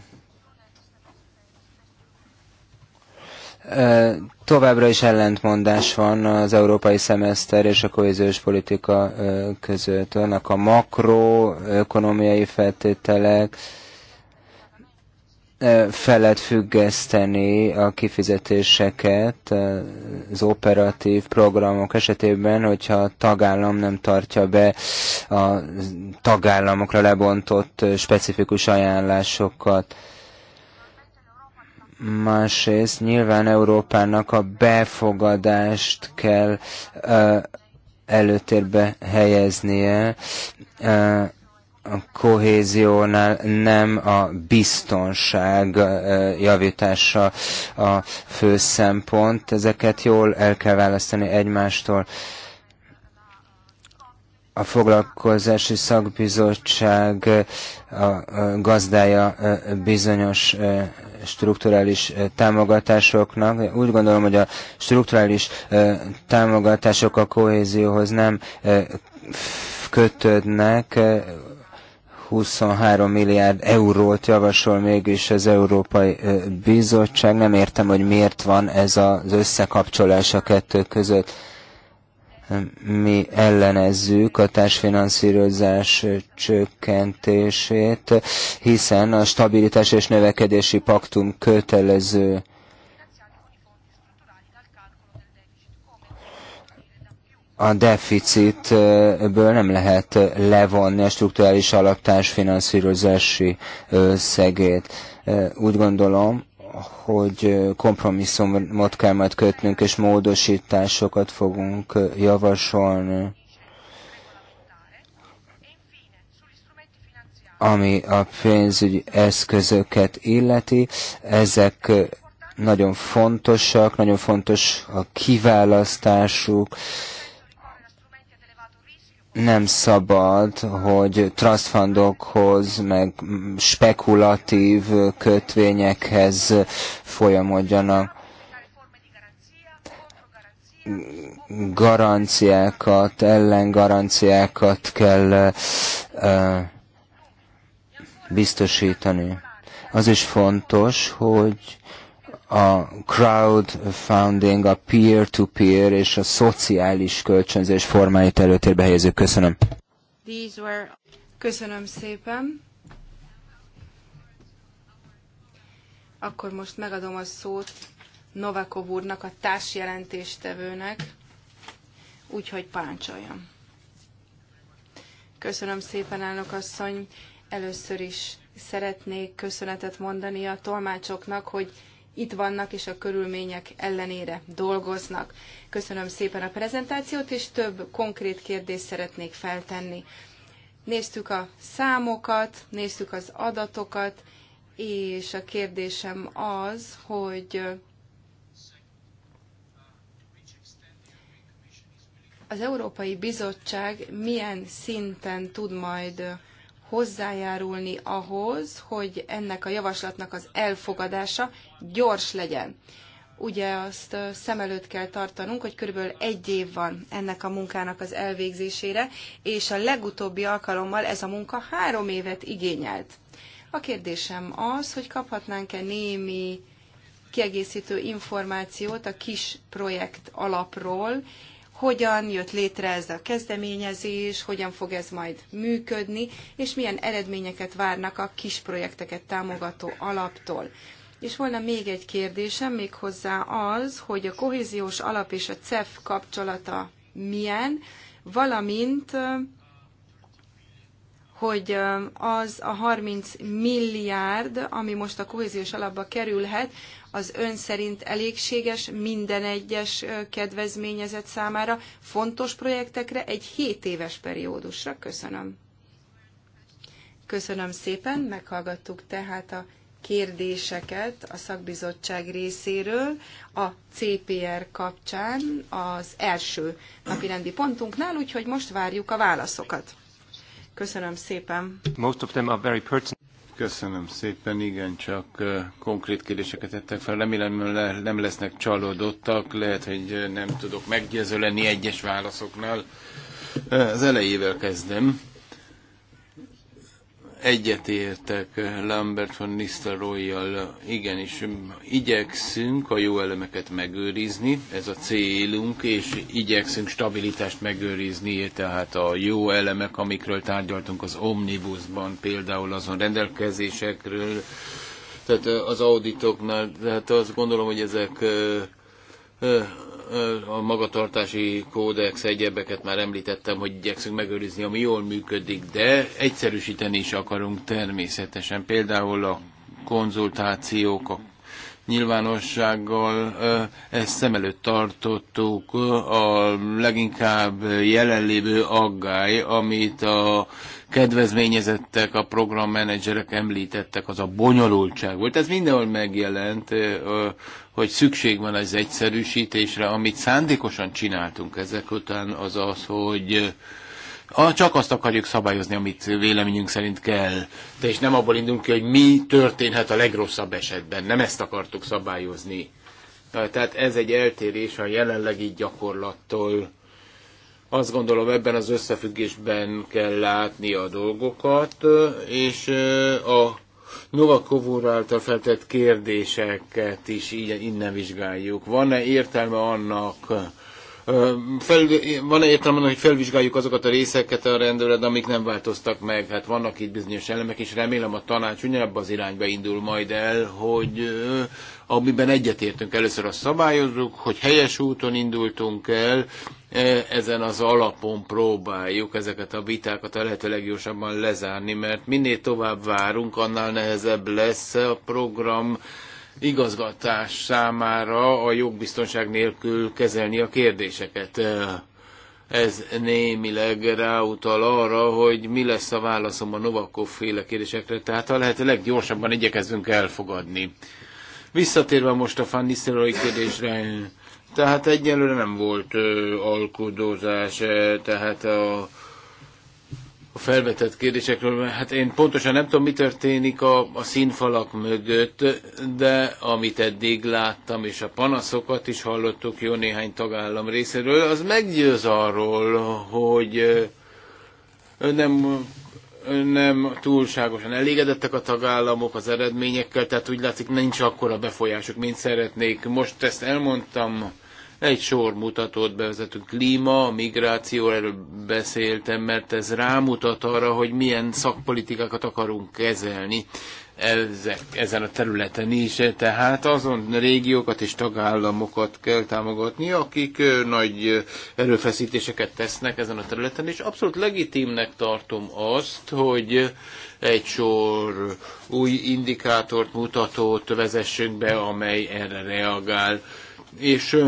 Továbbra is ellentmondás van az európai szemeszter és a kohéziós politika között. Vannak a makroökonomiai feltételek, fel lehet függeszteni a kifizetéseket az operatív programok esetében, hogyha a tagállam nem tartja be a tagállamokra lebontott specifikus ajánlásokat Másrészt nyilván Európának a befogadást kell ö, előtérbe helyeznie, a kohéziónál nem a biztonság javítása a fő szempont. Ezeket jól el kell választani egymástól a foglalkozási szakbizottság a gazdája bizonyos strukturális támogatásoknak. Úgy gondolom, hogy a strukturális támogatások a kohézióhoz nem kötődnek, 23 milliárd eurót javasol mégis az Európai Bizottság. Nem értem, hogy miért van ez az összekapcsolás a kettő között mi ellenezzük a társfinanszírozás csökkentését, hiszen a stabilitás és növekedési paktum kötelező. A deficitből nem lehet levonni a strukturális finanszírozási összegét. Úgy gondolom, hogy kompromisszumot kell majd kötnünk, és módosításokat fogunk javasolni. Ami a pénzügyi eszközöket illeti, ezek nagyon fontosak, nagyon fontos a kiválasztásuk, nem szabad, hogy trustfundokhoz, meg spekulatív kötvényekhez folyamodjanak. Garanciákat, ellengaranciákat kell uh, biztosítani. Az is fontos, hogy a crowdfunding, a peer-to-peer -peer és a szociális kölcsönzés formáit előtérbe helyező. Köszönöm. Were... Köszönöm szépen. Akkor most megadom a szót Novakov úrnak, a társjelentéstevőnek, úgyhogy páncsoljam. Köszönöm szépen, elnök asszony. Először is szeretnék köszönetet mondani a tolmácsoknak, hogy itt vannak és a körülmények ellenére dolgoznak. Köszönöm szépen a prezentációt, és több konkrét kérdést szeretnék feltenni. Néztük a számokat, néztük az adatokat, és a kérdésem az, hogy az Európai Bizottság milyen szinten tud majd hozzájárulni ahhoz, hogy ennek a javaslatnak az elfogadása gyors legyen. Ugye azt szem előtt kell tartanunk, hogy körülbelül egy év van ennek a munkának az elvégzésére, és a legutóbbi alkalommal ez a munka három évet igényelt. A kérdésem az, hogy kaphatnánk-e némi kiegészítő információt a kis projekt alapról, hogyan jött létre ez a kezdeményezés, hogyan fog ez majd működni, és milyen eredményeket várnak a kis projekteket támogató alaptól. És volna még egy kérdésem, méghozzá az, hogy a kohéziós alap és a CEF kapcsolata milyen, valamint hogy az a 30 milliárd, ami most a kohéziós alapba kerülhet, az ön szerint elégséges minden egyes kedvezményezett számára fontos projektekre egy 7 éves periódusra? Köszönöm. Köszönöm szépen, meghallgattuk tehát a kérdéseket a szakbizottság részéről a CPR kapcsán az első napirendi pontunknál, úgyhogy most várjuk a válaszokat. Köszönöm szépen. Most of them are very pertinent. Köszönöm szépen, igen, csak konkrét kérdéseket tettek fel. Remélem nem lesznek csalódottak, lehet, hogy nem tudok meggyőző lenni egyes válaszoknál. Az elejével kezdem. Egyetértek Lambert von Nistelrooy-jal, igenis igyekszünk a jó elemeket megőrizni, ez a célunk, és igyekszünk stabilitást megőrizni, tehát a jó elemek, amikről tárgyaltunk az Omnibusban, például azon rendelkezésekről, tehát az auditoknál, tehát azt gondolom, hogy ezek a magatartási kódex, egyebeket már említettem, hogy igyekszünk megőrizni, ami jól működik, de egyszerűsíteni is akarunk természetesen. Például a konzultációk, a nyilvánossággal ezt szem előtt tartottuk. A leginkább jelenlévő aggály, amit a kedvezményezettek, a programmenedzserek említettek, az a bonyolultság volt. Ez mindenhol megjelent hogy szükség van az egyszerűsítésre, amit szándékosan csináltunk ezek után, az az, hogy a, csak azt akarjuk szabályozni, amit véleményünk szerint kell, de és nem abból indulunk ki, hogy mi történhet a legrosszabb esetben. Nem ezt akartuk szabályozni. Tehát ez egy eltérés a jelenlegi gyakorlattól. Azt gondolom ebben az összefüggésben kell látni a dolgokat, és a Novakov által feltett kérdéseket is így, innen vizsgáljuk. Van-e értelme annak, fel, van-e értelme, hogy felvizsgáljuk azokat a részeket a rendőred, amik nem változtak meg? Hát vannak itt bizonyos elemek, és remélem a tanács ugyanabba az irányba indul majd el, hogy amiben egyetértünk először a szabályozók, hogy helyes úton indultunk el, E, ezen az alapon próbáljuk ezeket a vitákat a lehető leggyorsabban lezárni, mert minél tovább várunk, annál nehezebb lesz a program igazgatás számára a jogbiztonság nélkül kezelni a kérdéseket. E, ez némileg ráutal arra, hogy mi lesz a válaszom a Novakov féle kérdésekre, tehát a lehető leggyorsabban igyekezünk elfogadni. Visszatérve most a Fanny kérdésre, tehát egyelőre nem volt ö, alkudózás, ö, tehát a, a felvetett kérdésekről, hát én pontosan nem tudom, mi történik a, a színfalak mögött, de amit eddig láttam, és a panaszokat is hallottuk jó néhány tagállam részéről, az meggyőz arról, hogy ö, nem nem túlságosan elégedettek a tagállamok az eredményekkel, tehát úgy látszik nincs akkora befolyásuk, mint szeretnék. Most ezt elmondtam, egy sor mutatót bevezetünk. Klíma, migráció, erről beszéltem, mert ez rámutat arra, hogy milyen szakpolitikákat akarunk kezelni ezek, ezen a területen is, tehát azon régiókat és tagállamokat kell támogatni, akik nagy erőfeszítéseket tesznek ezen a területen, és abszolút legitimnek tartom azt, hogy egy sor új indikátort, mutatót vezessünk be, amely erre reagál. És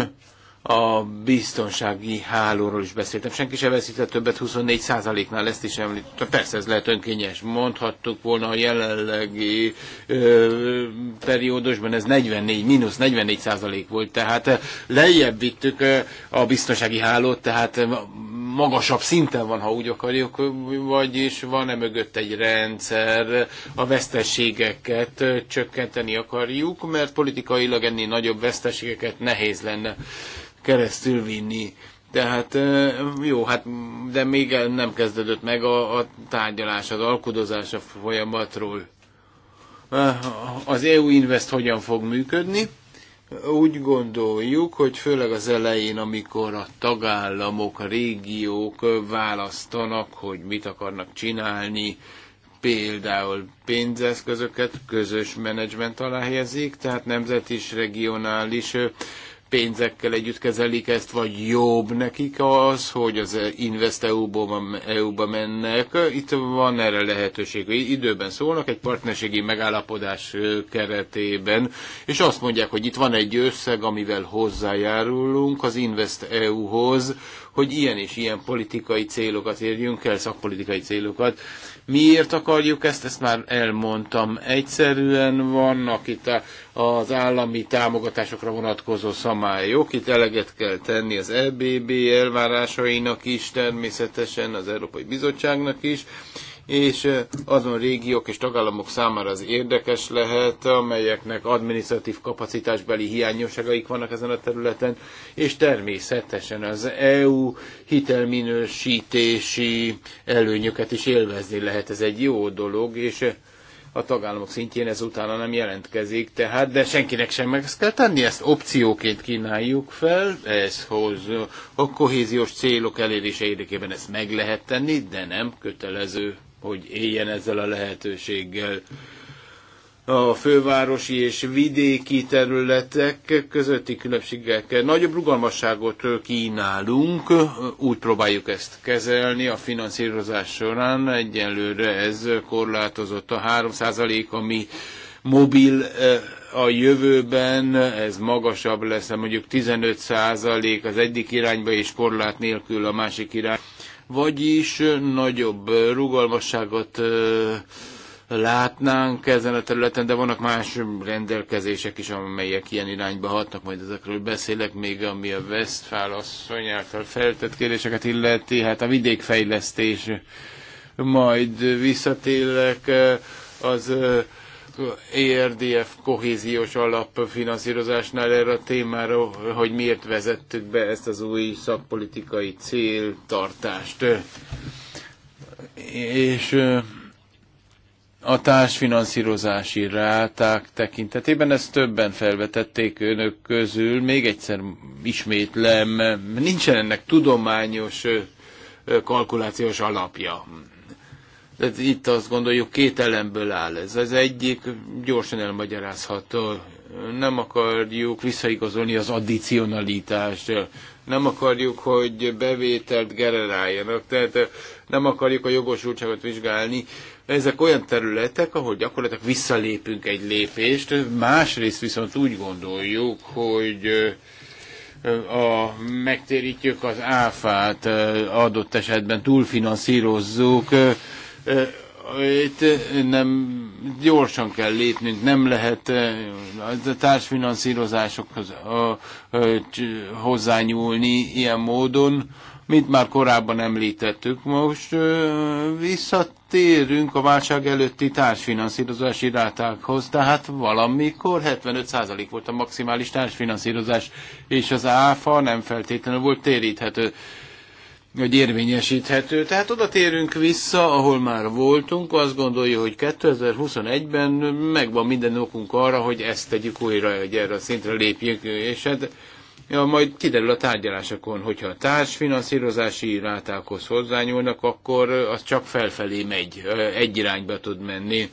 a biztonsági hálóról is beszéltem. Senki sem veszített többet 24%-nál, ezt is említettem. Persze ez lehet önkényes. Mondhattuk volna a jelenlegi ö, periódusban, ez 44, mínusz 44% volt, tehát lejjebb vittük a biztonsági hálót, tehát magasabb szinten van, ha úgy akarjuk, vagyis van-e mögött egy rendszer, a veszteségeket csökkenteni akarjuk, mert politikailag ennél nagyobb veszteségeket nehéz lenne keresztül vinni. Tehát jó, hát de még nem kezdődött meg a, a tárgyalás, az alkudozás a folyamatról. Az EU Invest hogyan fog működni? Úgy gondoljuk, hogy főleg az elején, amikor a tagállamok, a régiók választanak, hogy mit akarnak csinálni, például pénzeszközöket közös menedzsment alá helyezik, tehát nemzet és regionális pénzekkel együtt kezelik ezt, vagy jobb nekik az, hogy az Invest EU-ba, eu mennek. Itt van erre lehetőség. Időben szólnak egy partnerségi megállapodás keretében, és azt mondják, hogy itt van egy összeg, amivel hozzájárulunk az Invest EU-hoz, hogy ilyen és ilyen politikai célokat érjünk el, szakpolitikai célokat. Miért akarjuk ezt? Ezt már elmondtam. Egyszerűen vannak itt a, az állami támogatásokra vonatkozó szamályok. Itt eleget kell tenni az EBB elvárásainak is, természetesen az Európai Bizottságnak is, és azon régiók és tagállamok számára az érdekes lehet, amelyeknek adminisztratív kapacitásbeli hiányosságaik vannak ezen a területen, és természetesen az EU hitelminősítési előnyöket is élvezni lehet. Ez egy jó dolog, és a tagállamok szintjén ez utána nem jelentkezik, tehát, de senkinek sem meg ezt kell tenni, ezt opcióként kínáljuk fel, ez hoz a kohéziós célok elérése érdekében ezt meg lehet tenni, de nem kötelező hogy éljen ezzel a lehetőséggel. A fővárosi és vidéki területek közötti különbségekkel nagyobb rugalmasságot kínálunk, úgy próbáljuk ezt kezelni a finanszírozás során. Egyelőre ez korlátozott a 3% ami mobil eh, a jövőben ez magasabb lesz, mondjuk 15% az egyik irányba és korlát nélkül a másik irányba vagyis nagyobb rugalmasságot látnánk ezen a területen, de vannak más rendelkezések is, amelyek ilyen irányba hatnak, majd ezekről beszélek még, ami a Westfál asszony által feltett kérdéseket illeti, hát a vidékfejlesztés, majd visszatérek az ERDF kohéziós alapfinanszírozásnál erre a témára, hogy miért vezettük be ezt az új szakpolitikai céltartást. És a társfinanszírozási ráták tekintetében ezt többen felvetették önök közül, még egyszer ismétlem, nincsen ennek tudományos kalkulációs alapja tehát itt azt gondoljuk, két elemből áll ez. Az egyik gyorsan elmagyarázható. Nem akarjuk visszaigazolni az addicionalitást. Nem akarjuk, hogy bevételt generáljanak. Tehát nem akarjuk a jogosultságot vizsgálni. Ezek olyan területek, ahol gyakorlatilag visszalépünk egy lépést. Másrészt viszont úgy gondoljuk, hogy a, megtérítjük az áfát, adott esetben túlfinanszírozzuk, itt nem gyorsan kell lépnünk, nem lehet a társfinanszírozásokhoz hozzányúlni ilyen módon, mint már korábban említettük. Most visszatérünk a válság előtti társfinanszírozási rátákhoz, tehát valamikor 75% volt a maximális társfinanszírozás, és az áfa nem feltétlenül volt téríthető hogy érvényesíthető. Tehát oda térünk vissza, ahol már voltunk, azt gondolja, hogy 2021-ben megvan minden okunk arra, hogy ezt tegyük újra, hogy erre a szintre lépjünk, és hát ja, majd kiderül a tárgyalásokon, hogyha a társfinanszírozási rátákhoz hozzányúlnak, akkor az csak felfelé megy, egy irányba tud menni.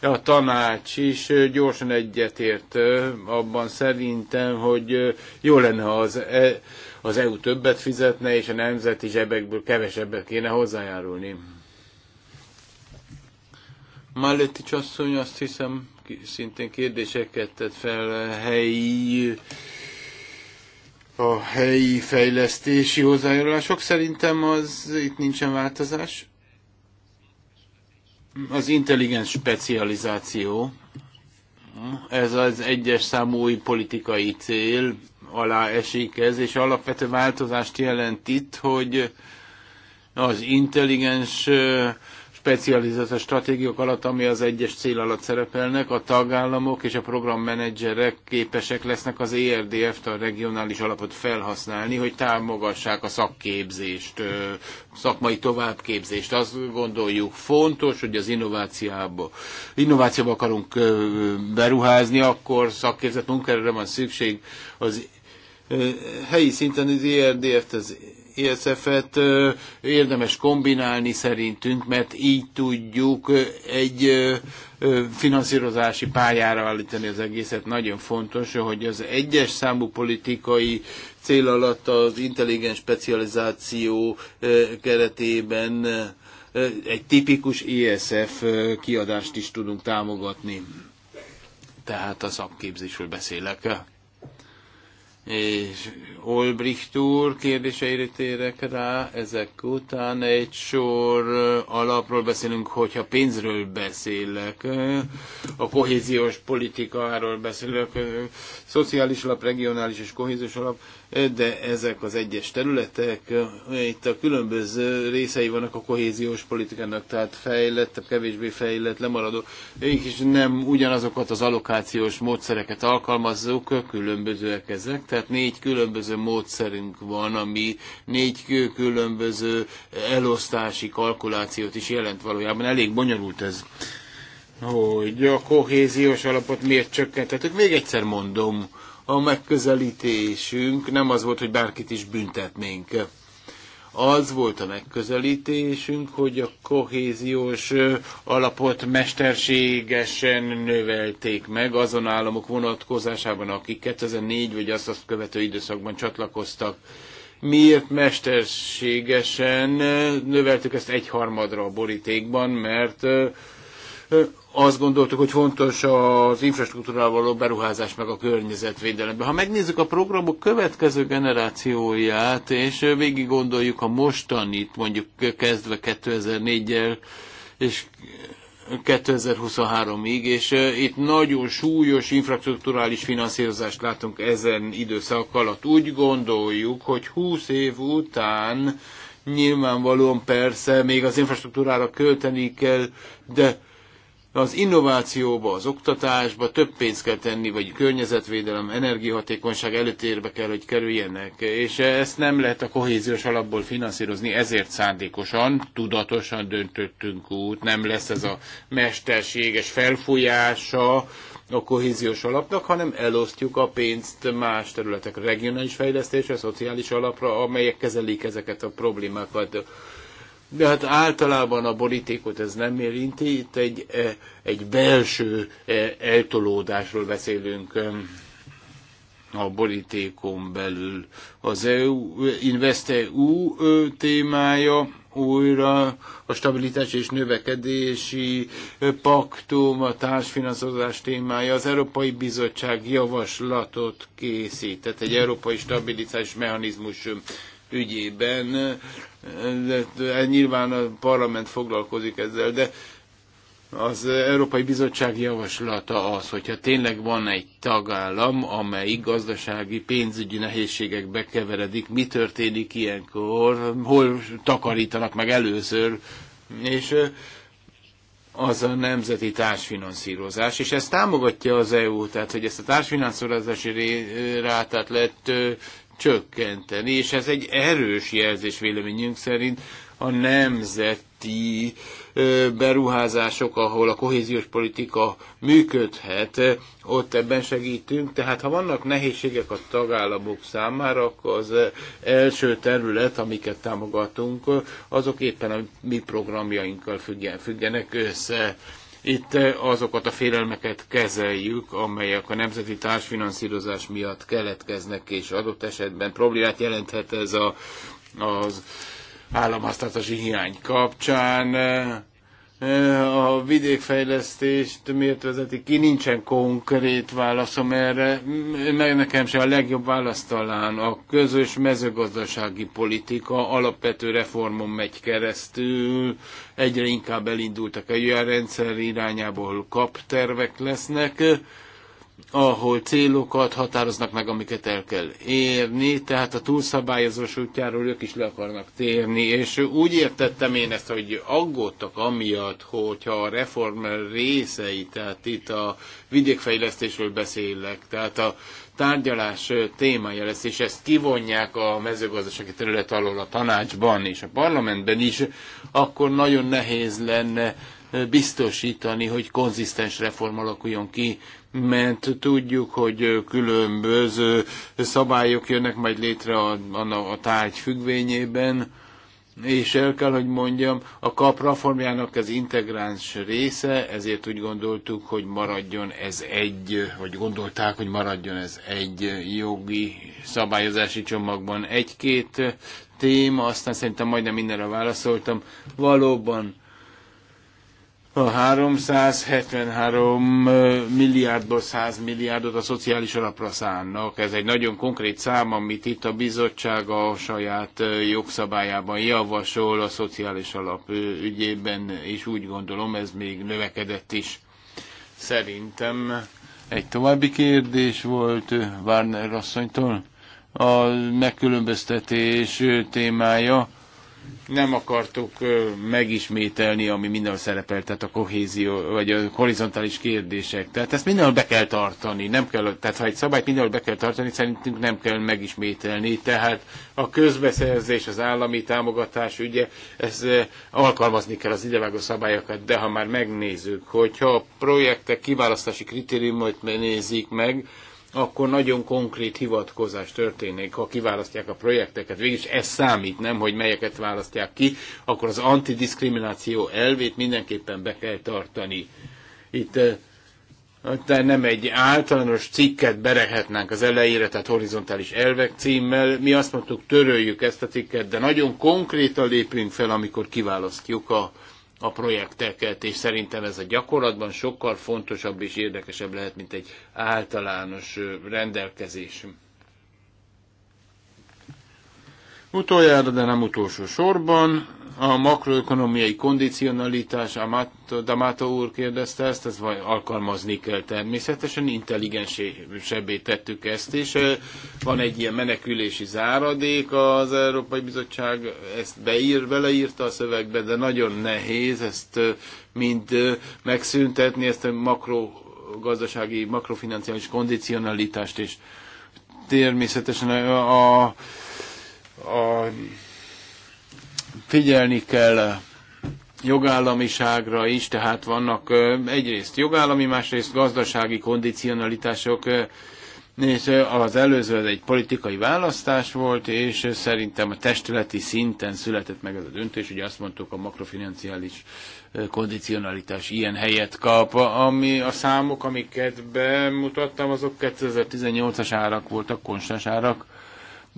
A tanács is gyorsan egyetért abban szerintem, hogy jó lenne, az az e, az EU többet fizetne, és a nemzeti zsebekből kevesebbet kéne hozzájárulni. Malletti Csasszony azt hiszem szintén kérdéseket tett fel helyi a helyi fejlesztési hozzájárulások. Szerintem az itt nincsen változás. Az intelligens specializáció, ez az egyes számú új politikai cél, alá esik ez, és alapvető változást jelent itt, hogy az intelligens specializációs stratégiák alatt, ami az egyes cél alatt szerepelnek, a tagállamok és a programmenedzserek képesek lesznek az ERDF-t, a regionális alapot felhasználni, hogy támogassák a szakképzést, szakmai továbbképzést. Azt gondoljuk fontos, hogy az innovációba, innovációba akarunk beruházni, akkor szakképzett munkára van szükség az helyi szinten az ERDF-t, az ESF-et érdemes kombinálni szerintünk, mert így tudjuk egy finanszírozási pályára állítani az egészet. Nagyon fontos, hogy az egyes számú politikai cél alatt az intelligens specializáció keretében egy tipikus ESF kiadást is tudunk támogatni. Tehát a szakképzésről beszélek és Olbricht úr kérdéseire térek rá, ezek után egy sor alapról beszélünk, hogyha pénzről beszélek, a kohéziós politikáról beszélek, szociális alap, regionális és kohéziós alap, de ezek az egyes területek, itt a különböző részei vannak a kohéziós politikának, tehát fejlett, kevésbé fejlett, lemaradó, is nem ugyanazokat az allokációs módszereket alkalmazzuk, különbözőek ezek, tehát négy különböző módszerünk van, ami négy különböző elosztási kalkulációt is jelent valójában. Elég bonyolult ez hogy a kohéziós alapot miért csökkentettük. Még egyszer mondom, a megközelítésünk nem az volt, hogy bárkit is büntetnénk az volt a megközelítésünk, hogy a kohéziós alapot mesterségesen növelték meg azon államok vonatkozásában, akik 2004 vagy azt, azt követő időszakban csatlakoztak. Miért mesterségesen növeltük ezt egyharmadra a borítékban, mert azt gondoltuk, hogy fontos az infrastruktúrával való beruházás meg a környezetvédelemben. Ha megnézzük a programok következő generációját, és végig gondoljuk a mostanit, mondjuk kezdve 2004-el, és 2023-ig, és itt nagyon súlyos infrastruktúrális finanszírozást látunk ezen időszak alatt. Úgy gondoljuk, hogy 20 év után nyilvánvalóan persze még az infrastruktúrára költeni kell, de az innovációba, az oktatásba több pénzt kell tenni, vagy környezetvédelem, energiahatékonyság előtérbe kell, hogy kerüljenek. És ezt nem lehet a kohéziós alapból finanszírozni, ezért szándékosan, tudatosan döntöttünk út, nem lesz ez a mesterséges felfújása a kohéziós alapnak, hanem elosztjuk a pénzt más területekre, regionális fejlesztésre, szociális alapra, amelyek kezelik ezeket a problémákat de hát általában a politikot ez nem érinti, itt egy, e, egy belső e, eltolódásról beszélünk e, a politikon belül. Az EU, Invest EU témája újra a stabilitás és növekedési paktum, a társfinanszírozás témája, az Európai Bizottság javaslatot készített, egy európai stabilitás mechanizmus ügyében, de hát nyilván a parlament foglalkozik ezzel, de az Európai Bizottság javaslata az, hogyha tényleg van egy tagállam, amely gazdasági, pénzügyi nehézségekbe keveredik, mi történik ilyenkor, hol takarítanak meg először, és az a nemzeti társfinanszírozás, és ezt támogatja az EU, tehát hogy ezt a társfinanszírozási rátát lehet csökkenteni, és ez egy erős jelzés véleményünk szerint a nemzeti beruházások, ahol a kohéziós politika működhet, ott ebben segítünk. Tehát ha vannak nehézségek a tagállamok számára, akkor az első terület, amiket támogatunk, azok éppen a mi programjainkkal függen, függenek össze. Itt eh, azokat a félelmeket kezeljük, amelyek a nemzeti társfinanszírozás miatt keletkeznek, és adott esetben problémát jelenthet ez a, az államháztartási hiány kapcsán eh, a vidékfejlesztést miért vezeti ki, nincsen konkrét válaszom erre, meg nekem se a legjobb válasz talán a közös mezőgazdasági politika alapvető reformon megy keresztül, egyre inkább elindultak egy olyan rendszer irányából kaptervek lesznek, ahol célokat határoznak meg, amiket el kell érni, tehát a túlszabályozós útjáról ők is le akarnak térni, és úgy értettem én ezt, hogy aggódtak amiatt, hogyha a reform részei, tehát itt a vidékfejlesztésről beszélek, tehát a tárgyalás témája lesz, és ezt kivonják a mezőgazdasági terület alól a tanácsban és a parlamentben is, akkor nagyon nehéz lenne biztosítani, hogy konzisztens reform alakuljon ki mert tudjuk, hogy különböző szabályok jönnek majd létre a, a, a tárgy függvényében, és el kell, hogy mondjam, a kap reformjának az integráns része, ezért úgy gondoltuk, hogy maradjon ez egy, vagy gondolták, hogy maradjon ez egy jogi szabályozási csomagban egy-két téma, aztán szerintem majdnem mindenre válaszoltam. Valóban a 373 milliárdból 100 milliárdot a szociális alapra szánnak. Ez egy nagyon konkrét szám, amit itt a bizottság a saját jogszabályában javasol a szociális alap ügyében, és úgy gondolom ez még növekedett is. Szerintem egy további kérdés volt Várner asszonytól. A megkülönböztetés témája nem akartuk megismételni, ami mindenhol szerepel, tehát a kohézió, vagy a horizontális kérdések. Tehát ezt mindenhol be kell tartani. Nem kell, tehát ha egy szabályt mindenhol be kell tartani, szerintünk nem kell megismételni. Tehát a közbeszerzés, az állami támogatás, ugye, ez alkalmazni kell az idevágó szabályokat, de ha már megnézzük, hogyha a projektek kiválasztási kritériumot nézik meg, akkor nagyon konkrét hivatkozás történik, ha kiválasztják a projekteket. Végülis ez számít, nem, hogy melyeket választják ki, akkor az antidiszkrimináció elvét mindenképpen be kell tartani. Itt de nem egy általános cikket berehetnánk az elejére, tehát horizontális elvek címmel. Mi azt mondtuk, töröljük ezt a cikket, de nagyon konkrétan lépünk fel, amikor kiválasztjuk a a projekteket, és szerintem ez a gyakorlatban sokkal fontosabb és érdekesebb lehet, mint egy általános rendelkezés. Utoljára, de nem utolsó sorban, a makroökonomiai kondicionalitás, Amato, D'Amato úr kérdezte ezt, ez alkalmazni kell természetesen, intelligensebbé tettük ezt, és van egy ilyen menekülési záradék, az Európai Bizottság ezt beír, beleírta a szövegbe, de nagyon nehéz ezt mind megszüntetni, ezt a makrogazdasági, makrofinanciális kondicionalitást, és természetesen a, a a Figyelni kell jogállamiságra is, tehát vannak egyrészt jogállami, másrészt gazdasági kondicionalitások, és az előző az egy politikai választás volt, és szerintem a testületi szinten született meg ez a döntés, hogy azt mondtuk, a makrofinanciális kondicionalitás ilyen helyet kap, ami a számok, amiket bemutattam, azok 2018-as árak voltak, konstans árak,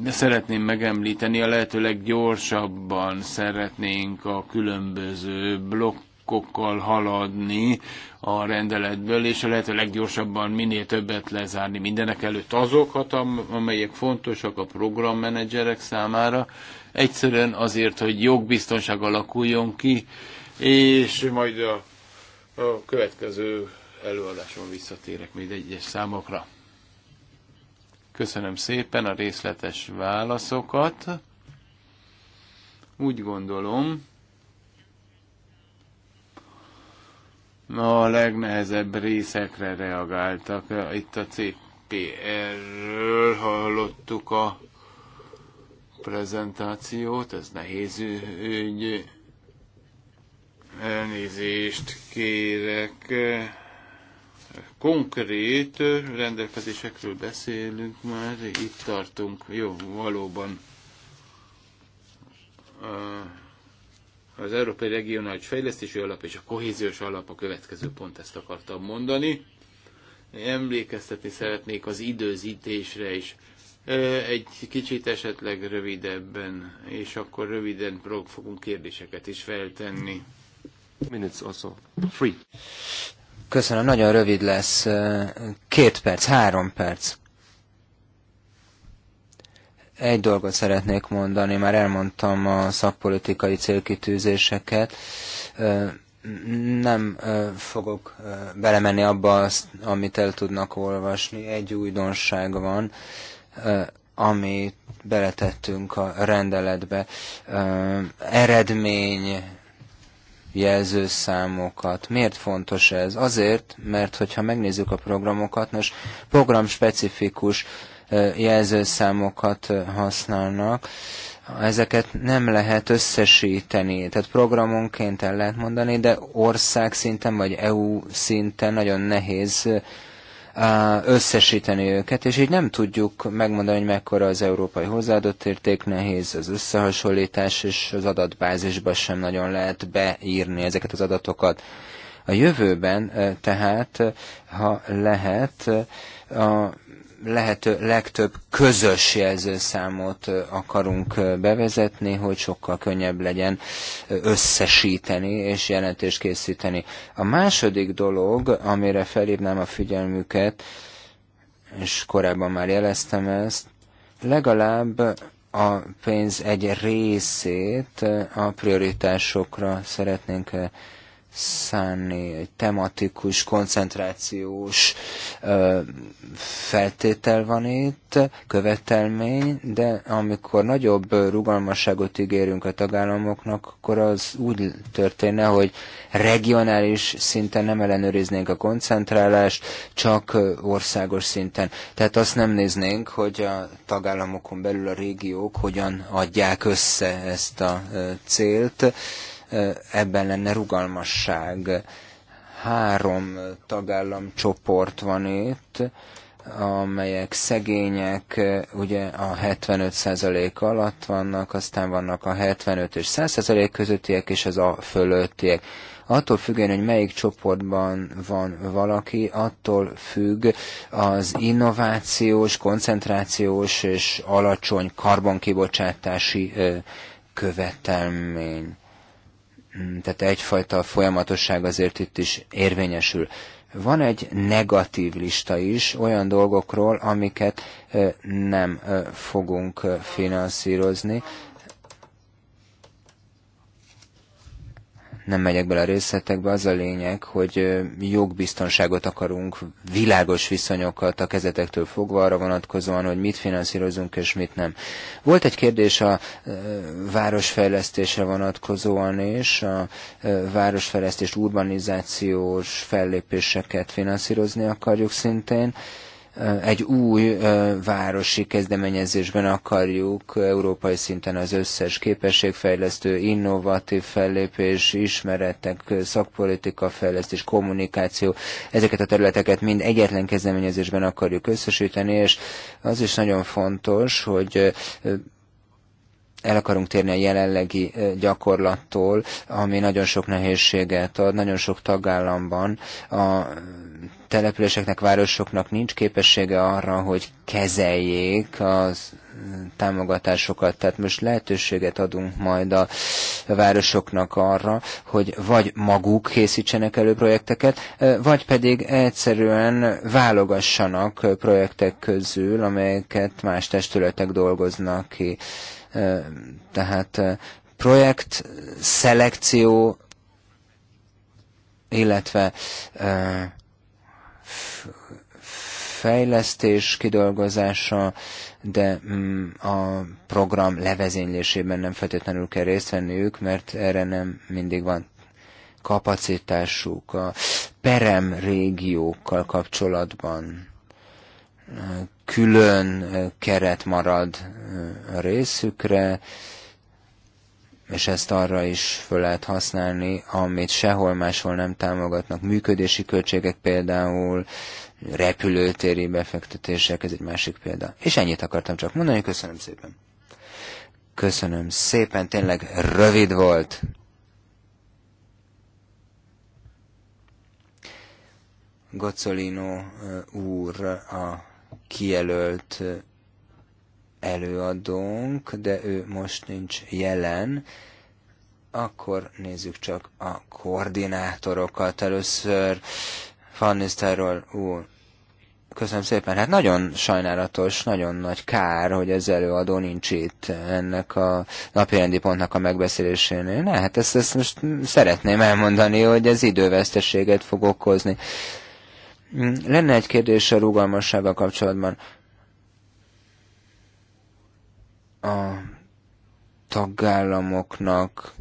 de szeretném megemlíteni, a lehető leggyorsabban szeretnénk a különböző blokkokkal haladni a rendeletből, és a lehető leggyorsabban minél többet lezárni mindenek előtt azokat, amelyek fontosak a programmenedzserek számára, egyszerűen azért, hogy jogbiztonság alakuljon ki, és majd a, a következő előadáson visszatérek még egyes számokra. Köszönöm szépen a részletes válaszokat. Úgy gondolom, a legnehezebb részekre reagáltak. Itt a CPR-ről hallottuk a prezentációt, ez nehéz ügy. Elnézést kérek konkrét rendelkezésekről beszélünk már, itt tartunk. Jó, valóban az Európai Regionális Fejlesztési Alap és a Kohéziós Alap a következő pont, ezt akartam mondani. Emlékeztetni szeretnék az időzítésre is. Egy kicsit esetleg rövidebben, és akkor röviden fogunk kérdéseket is feltenni. Minutes also. Free. Köszönöm, nagyon rövid lesz. Két perc, három perc. Egy dolgot szeretnék mondani, már elmondtam a szakpolitikai célkitűzéseket. Nem fogok belemenni abba, azt, amit el tudnak olvasni. Egy újdonság van, amit beletettünk a rendeletbe. Eredmény jelzőszámokat. Miért fontos ez? Azért, mert hogyha megnézzük a programokat, most programspecifikus jelzőszámokat használnak, ezeket nem lehet összesíteni, tehát programonként el lehet mondani, de ország szinten vagy EU szinten nagyon nehéz összesíteni őket, és így nem tudjuk megmondani, hogy mekkora az európai hozzáadott érték, nehéz az összehasonlítás, és az adatbázisba sem nagyon lehet beírni ezeket az adatokat. A jövőben tehát, ha lehet, a lehető legtöbb közös jelzőszámot akarunk bevezetni, hogy sokkal könnyebb legyen összesíteni és jelentést készíteni. A második dolog, amire felhívnám a figyelmüket, és korábban már jeleztem ezt, legalább a pénz egy részét a prioritásokra szeretnénk szánni egy tematikus, koncentrációs feltétel van itt, követelmény, de amikor nagyobb rugalmasságot ígérünk a tagállamoknak, akkor az úgy történne, hogy regionális szinten nem ellenőriznénk a koncentrálást, csak országos szinten. Tehát azt nem néznénk, hogy a tagállamokon belül a régiók hogyan adják össze ezt a célt, Eh, ebben lenne rugalmasság. Három tagállam csoport van itt, amelyek szegények, eh, ugye a 75% alatt vannak, aztán vannak a 75 és 100% közöttiek, és az a fölöttiek. Attól függően, hogy melyik csoportban van valaki, attól függ az innovációs, koncentrációs és alacsony karbonkibocsátási eh, követelmény. Mm, tehát egyfajta folyamatosság azért itt is érvényesül. Van egy negatív lista is olyan dolgokról, amiket nem fogunk finanszírozni, nem megyek bele a részletekbe, az a lényeg, hogy jogbiztonságot akarunk, világos viszonyokat a kezetektől fogva arra vonatkozóan, hogy mit finanszírozunk és mit nem. Volt egy kérdés a városfejlesztésre vonatkozóan és a városfejlesztés, urbanizációs fellépéseket finanszírozni akarjuk szintén egy új városi kezdeményezésben akarjuk európai szinten az összes képességfejlesztő, innovatív fellépés, ismeretek, szakpolitika fejlesztés, kommunikáció, ezeket a területeket mind egyetlen kezdeményezésben akarjuk összesíteni, és az is nagyon fontos, hogy el akarunk térni a jelenlegi gyakorlattól, ami nagyon sok nehézséget ad, nagyon sok tagállamban a településeknek, városoknak nincs képessége arra, hogy kezeljék az támogatásokat. Tehát most lehetőséget adunk majd a városoknak arra, hogy vagy maguk készítsenek elő projekteket, vagy pedig egyszerűen válogassanak projektek közül, amelyeket más testületek dolgoznak ki. Tehát projekt, szelekció, illetve fejlesztés kidolgozása, de mm, a program levezénylésében nem feltétlenül kell részt venniük, mert erre nem mindig van kapacitásuk a perem régiókkal kapcsolatban külön keret marad a részükre, és ezt arra is föl lehet használni, amit sehol máshol nem támogatnak. Működési költségek például, repülőtéri befektetések, ez egy másik példa. És ennyit akartam csak mondani, köszönöm szépen. Köszönöm szépen, tényleg rövid volt. Gocolino úr a kijelölt előadónk, de ő most nincs jelen, akkor nézzük csak a koordinátorokat. Először Van Ú, úr. Köszönöm szépen. Hát nagyon sajnálatos, nagyon nagy kár, hogy az előadó nincs itt ennek a napirendi pontnak a megbeszélésénél. Ne, hát ezt, ezt most szeretném elmondani, hogy ez időveszteséget fog okozni. Lenne egy kérdés a rugalmassággal kapcsolatban a tagállamoknak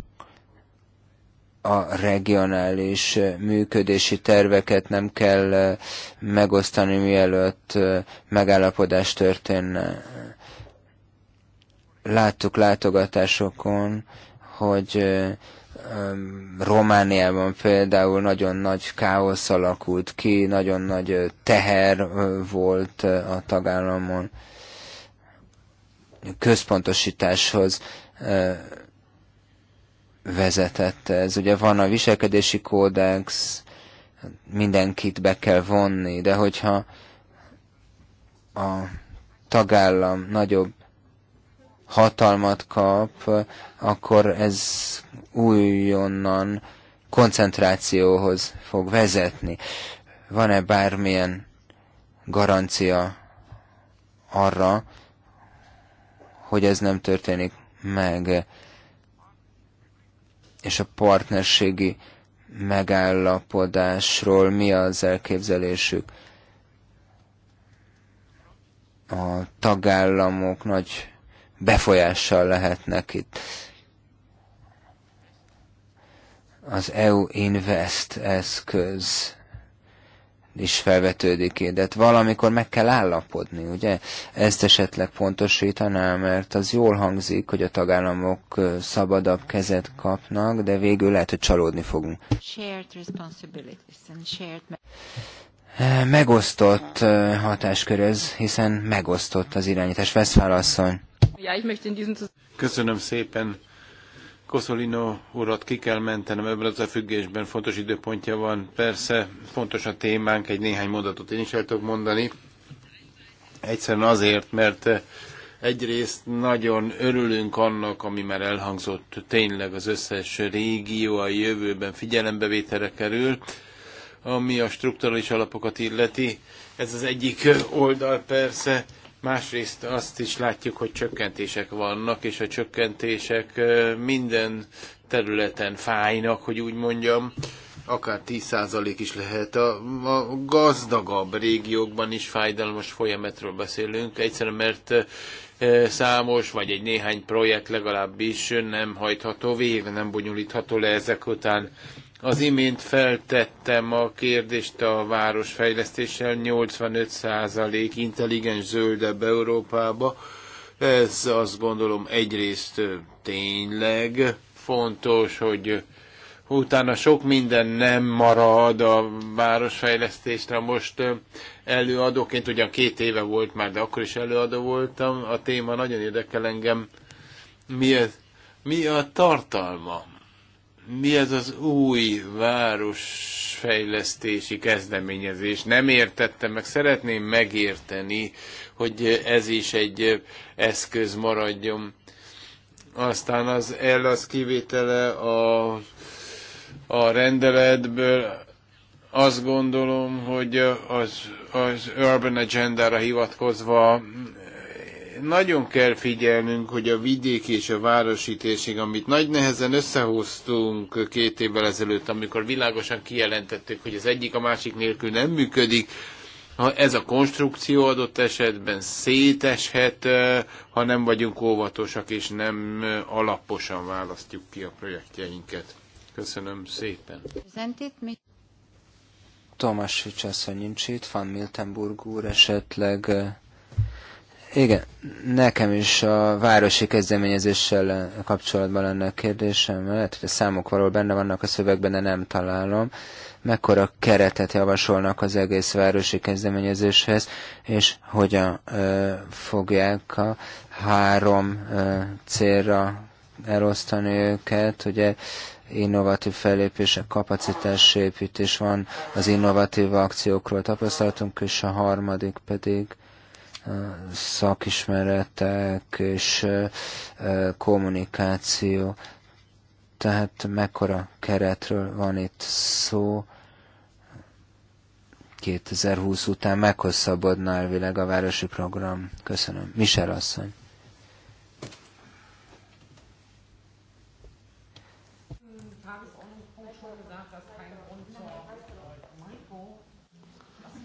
a regionális működési terveket nem kell megosztani, mielőtt megállapodás történne. Láttuk látogatásokon, hogy Romániában például nagyon nagy káosz alakult ki, nagyon nagy teher volt a tagállamon központosításhoz vezetett ez. Ugye van a viselkedési kódex, mindenkit be kell vonni, de hogyha a tagállam nagyobb hatalmat kap, akkor ez újonnan koncentrációhoz fog vezetni. Van-e bármilyen garancia arra, hogy ez nem történik meg. És a partnerségi megállapodásról mi az elképzelésük? A tagállamok nagy befolyással lehetnek itt. Az EU Invest eszköz is felvetődik de hát valamikor meg kell állapodni, ugye? Ezt esetleg pontosítanám, mert az jól hangzik, hogy a tagállamok szabadabb kezet kapnak, de végül lehet, hogy csalódni fogunk. Megosztott hatáskör ez, hiszen megosztott az irányítás. Veszfál asszony. Köszönöm szépen. Koszolino urat ki kell mentenem ebben az a függésben, fontos időpontja van. Persze, fontos a témánk, egy néhány mondatot én is el tudok mondani. Egyszerűen azért, mert eh, egyrészt nagyon örülünk annak, ami már elhangzott, tényleg az összes régió a jövőben figyelembevételre kerül, ami a strukturális alapokat illeti. Ez az egyik oldal persze, Másrészt azt is látjuk, hogy csökkentések vannak, és a csökkentések minden területen fájnak, hogy úgy mondjam, akár 10% is lehet. A, a gazdagabb régiókban is fájdalmas folyamatról beszélünk, egyszerűen mert számos, vagy egy néhány projekt legalábbis nem hajtható végre, nem bonyolítható le ezek után. Az imént feltettem a kérdést a városfejlesztéssel, 85% intelligens zöldebb Európába. Ez azt gondolom egyrészt tényleg fontos, hogy utána sok minden nem marad a városfejlesztésre. Most előadóként, ugyan két éve volt már, de akkor is előadó voltam. A téma nagyon érdekel engem. Mi, ez, mi a tartalma mi ez az új városfejlesztési kezdeményezés. Nem értettem meg, szeretném megérteni, hogy ez is egy eszköz maradjon. Aztán az el az kivétele a, a rendeletből, azt gondolom, hogy az, az Urban Agenda-ra hivatkozva nagyon kell figyelnünk, hogy a vidéki és a városi térség, amit nagy nehezen összehoztunk két évvel ezelőtt, amikor világosan kijelentettük, hogy az egyik a másik nélkül nem működik, ha ez a konstrukció adott esetben széteshet, eh, ha nem vagyunk óvatosak és nem eh, alaposan választjuk ki a projektjeinket. Köszönöm szépen. Tomás Ficsasszony nincs itt, Van Miltenburg úr esetleg eh, igen, nekem is a városi kezdeményezéssel kapcsolatban lenne kérdésem, lehet, hogy a számok valahol benne vannak a szövegben, de nem találom. Mekkora keretet javasolnak az egész városi kezdeményezéshez, és hogyan ö, fogják a három ö, célra elosztani őket, ugye innovatív fellépések, kapacitásépítés van, az innovatív akciókról tapasztaltunk, és a harmadik pedig szakismeretek és kommunikáció. Tehát mekkora keretről van itt szó, 2020 után meghosszabbodna elvileg a városi program. Köszönöm. Michel asszony.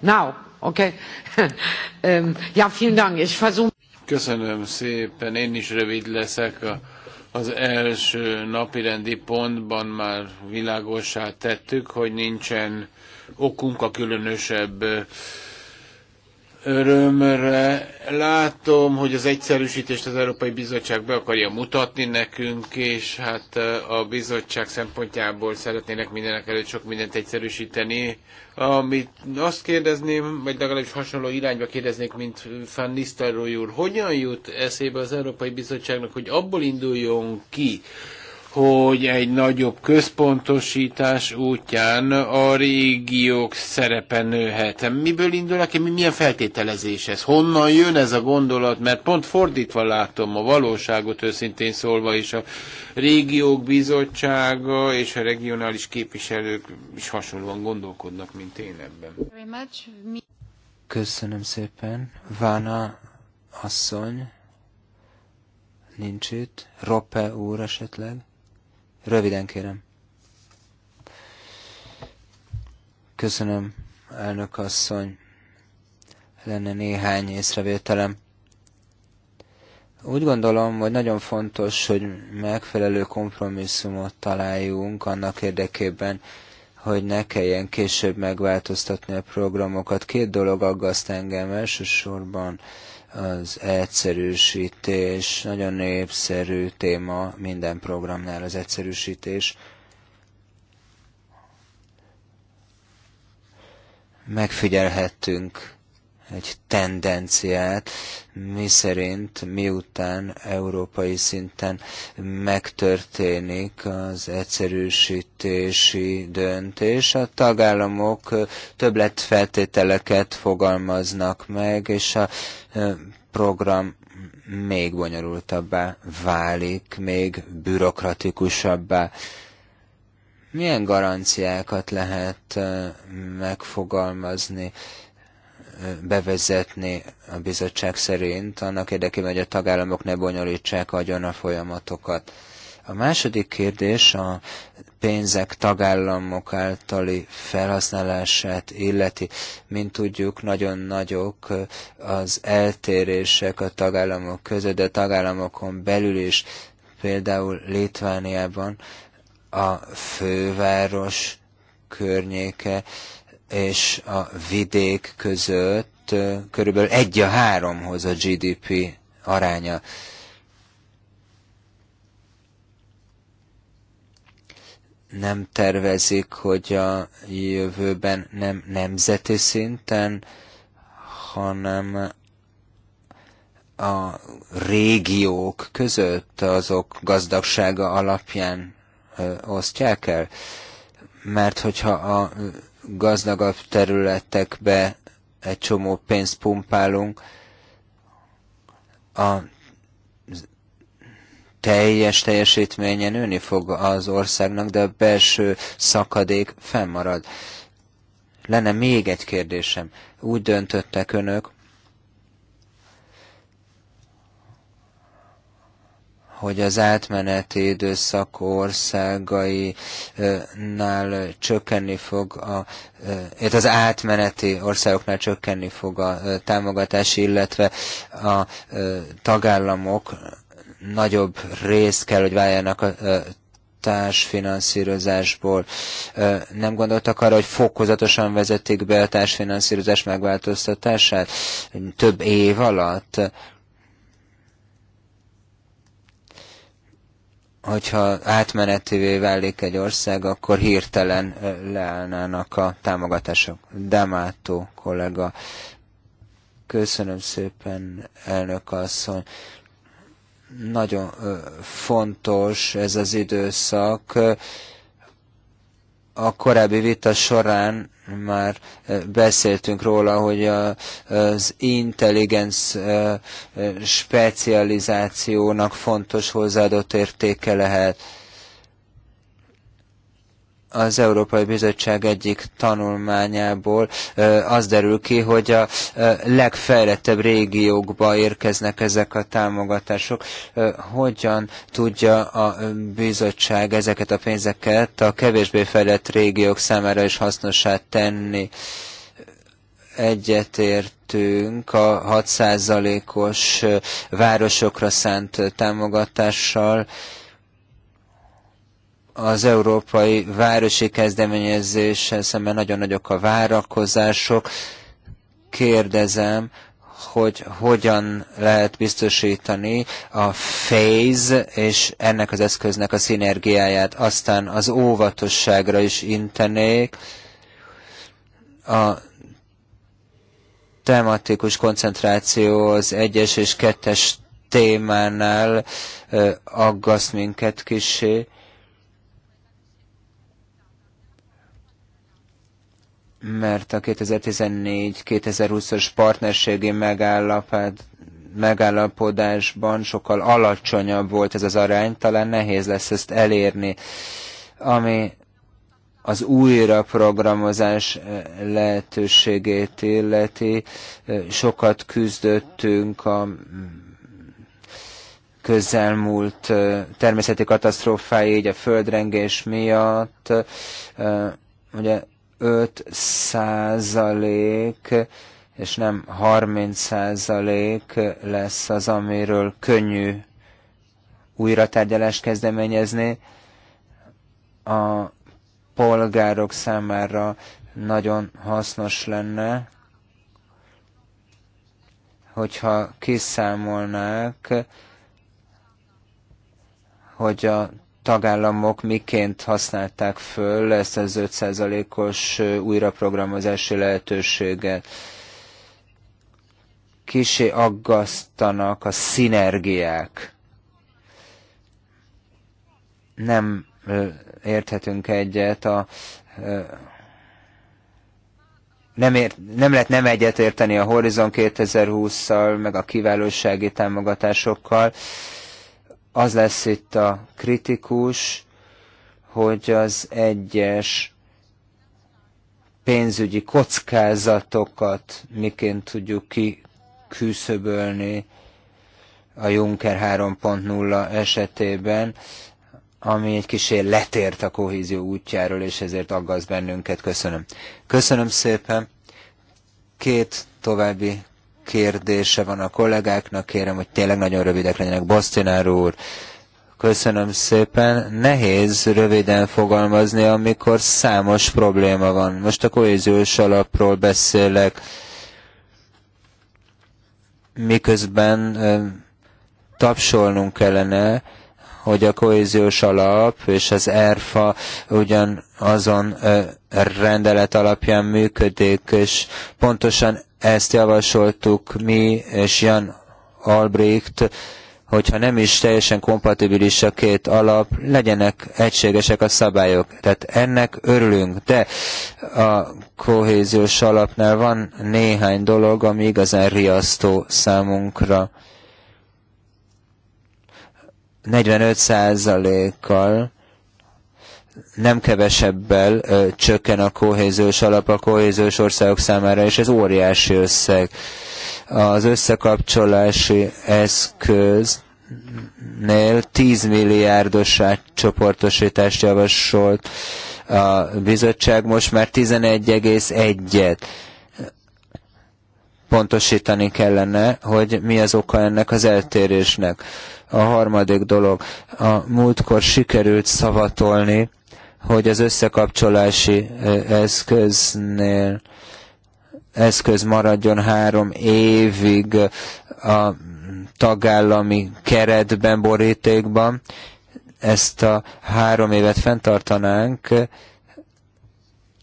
Now, Okay. Ähm, ja, vielen Dank. Ich Köszönöm szépen, én is rövid leszek. az első napirendi pontban már világossá tettük, hogy nincsen okunk a különösebb örömre látom, hogy az egyszerűsítést az Európai Bizottság be akarja mutatni nekünk, és hát a bizottság szempontjából szeretnének mindenek előtt sok mindent egyszerűsíteni. Amit azt kérdezném, vagy legalábbis hasonló irányba kérdeznék, mint Van Nistelrooy úr, hogyan jut eszébe az Európai Bizottságnak, hogy abból induljon ki, hogy egy nagyobb központosítás útján a régiók szerepe nőhet. Miből indul ki, mi milyen feltételezés ez? Honnan jön ez a gondolat? Mert pont fordítva látom a valóságot őszintén szólva, és a régiók bizottsága és a regionális képviselők is hasonlóan gondolkodnak, mint én ebben. Köszönöm szépen. Vána asszony nincs itt. Rope úr esetleg. Röviden kérem. Köszönöm, elnök asszony. Lenne néhány észrevételem. Úgy gondolom, hogy nagyon fontos, hogy megfelelő kompromisszumot találjunk annak érdekében, hogy ne kelljen később megváltoztatni a programokat. Két dolog aggaszt engem elsősorban az egyszerűsítés nagyon népszerű téma minden programnál az egyszerűsítés. Megfigyelhettünk egy tendenciát, mi szerint miután európai szinten megtörténik az egyszerűsítési döntés, a tagállamok többletfeltételeket fogalmaznak meg, és a program még bonyolultabbá válik, még bürokratikusabbá. Milyen garanciákat lehet megfogalmazni? bevezetni a bizottság szerint, annak érdekében, hogy a tagállamok ne bonyolítsák agyon a folyamatokat. A második kérdés a pénzek tagállamok általi felhasználását illeti. Mint tudjuk, nagyon nagyok az eltérések a tagállamok között, de a tagállamokon belül is, például Litvániában a főváros környéke és a vidék között körülbelül egy a háromhoz a GDP aránya. Nem tervezik, hogy a jövőben nem nemzeti szinten, hanem a régiók között azok gazdagsága alapján osztják el. Mert hogyha a gazdagabb területekbe egy csomó pénzt pumpálunk, a teljes teljesítménye nőni fog az országnak, de a belső szakadék fennmarad. Lenne még egy kérdésem. Úgy döntöttek önök, hogy az átmeneti időszak országainál csökkenni fog, a, az átmeneti országoknál csökkenni fog a támogatás, illetve a tagállamok nagyobb részt kell, hogy váljanak a társfinanszírozásból. Nem gondoltak arra, hogy fokozatosan vezetik be a társfinanszírozás megváltoztatását több év alatt? hogyha átmenetivé válik egy ország, akkor hirtelen leállnának a támogatások. Demátó kollega. Köszönöm szépen, elnök asszony. Nagyon fontos ez az időszak. A korábbi vita során már eh, beszéltünk róla, hogy az intelligens eh, eh, specializációnak fontos hozzáadott értéke lehet az Európai Bizottság egyik tanulmányából az derül ki, hogy a legfejlettebb régiókba érkeznek ezek a támogatások. Hogyan tudja a bizottság ezeket a pénzeket a kevésbé fejlett régiók számára is hasznosá tenni? egyetértünk a 6%-os városokra szánt támogatással, az európai városi kezdeményezéssel szemben nagyon nagyok a várakozások. Kérdezem, hogy hogyan lehet biztosítani a phase és ennek az eszköznek a szinergiáját. Aztán az óvatosságra is intenék. A tematikus koncentráció az egyes és kettes témánál aggaszt minket kisé mert a 2014-2020-as partnerségi megállapodásban sokkal alacsonyabb volt ez az arány, talán nehéz lesz ezt elérni. Ami az újra programozás eh, lehetőségét illeti, eh, sokat küzdöttünk a mm, közelmúlt eh, természeti katasztrófái, így a földrengés miatt, ugye 5 százalék és nem 30 százalék lesz az, amiről könnyű újra tárgyalást kezdeményezni. A polgárok számára nagyon hasznos lenne, hogyha kiszámolnák, hogy a tagállamok miként használták föl ezt az 5%-os újraprogramozási lehetőséget. Kisé aggasztanak a szinergiák. Nem érthetünk egyet a nem, ért, nem lehet nem egyet érteni a Horizon 2020-szal, meg a kiválósági támogatásokkal az lesz itt a kritikus, hogy az egyes pénzügyi kockázatokat miként tudjuk kiküszöbölni a Juncker 3.0 esetében, ami egy kicsi letért a kohézió útjáról, és ezért aggaszt bennünket. Köszönöm. Köszönöm szépen. Két további kérdése van a kollégáknak, kérem, hogy tényleg nagyon rövidek legyenek. Bosztinár úr, köszönöm szépen. Nehéz röviden fogalmazni, amikor számos probléma van. Most a kohéziós alapról beszélek, miközben tapsolnunk kellene, hogy a kohéziós alap és az ERFA ugyan azon rendelet alapján működik, és pontosan ezt javasoltuk mi és Jan Albrecht, hogyha nem is teljesen kompatibilis a két alap, legyenek egységesek a szabályok. Tehát ennek örülünk, de a kohéziós alapnál van néhány dolog, ami igazán riasztó számunkra. 45 kal nem kevesebbel ö, csökken a kohéziós alap a kohéziós országok számára, és ez óriási összeg. Az összekapcsolási eszköznél 10 milliárdos csoportosítást javasolt a bizottság, most már 11,1-et pontosítani kellene, hogy mi az oka ennek az eltérésnek. A harmadik dolog, a múltkor sikerült szavatolni hogy az összekapcsolási eszköznél eszköz maradjon három évig a tagállami keretben, borítékban. Ezt a három évet fenntartanánk,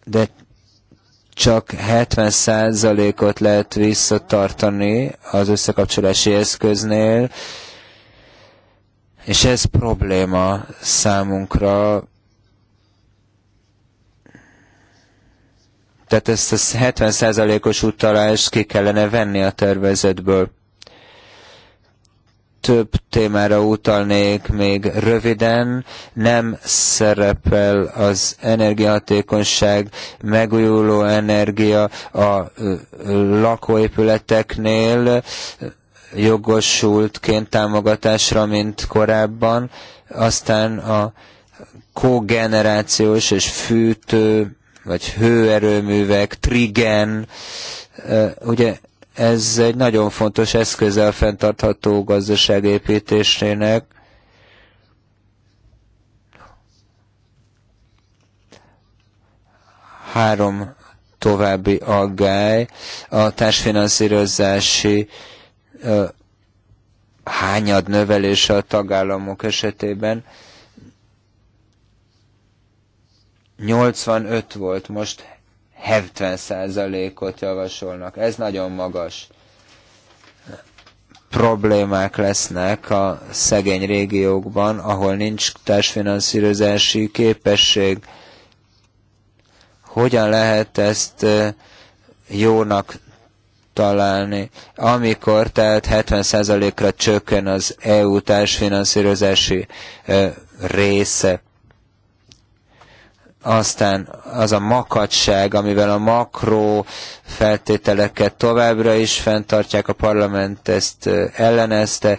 de csak 70%-ot lehet visszatartani az összekapcsolási eszköznél, és ez probléma számunkra, Tehát ezt a 70%-os utalást ki kellene venni a tervezetből. Több témára utalnék még röviden. Nem szerepel az energiahatékonyság, megújuló energia a lakóépületeknél jogosultként támogatásra, mint korábban. Aztán a kogenerációs és fűtő vagy hőerőművek, trigen, ugye ez egy nagyon fontos eszköze a fenntartható gazdaságépítésének. Három további aggály a társfinanszírozási hányad növelése a tagállamok esetében. 85 volt, most 70%-ot javasolnak. Ez nagyon magas. Problémák lesznek a szegény régiókban, ahol nincs társfinanszírozási képesség. Hogyan lehet ezt jónak találni, amikor tehát 70%-ra csökken az EU társfinanszírozási része aztán az a makadság, amivel a makró feltételeket továbbra is fenntartják, a parlament ezt ellenezte,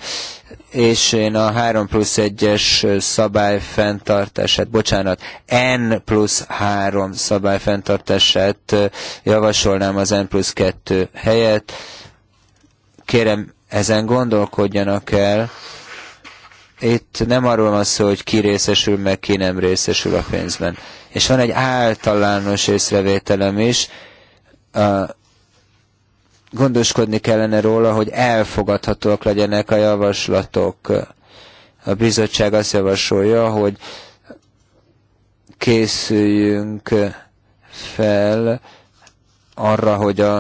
és én a 3 plusz 1-es szabály fenntartását, bocsánat, N plusz 3 szabály fenntartását javasolnám az N plusz 2 helyett. Kérem, ezen gondolkodjanak el, itt nem arról van szó, hogy ki részesül, meg ki nem részesül a pénzben. És van egy általános észrevételem is, gondoskodni kellene róla, hogy elfogadhatóak legyenek a javaslatok. A bizottság azt javasolja, hogy készüljünk fel arra, hogy a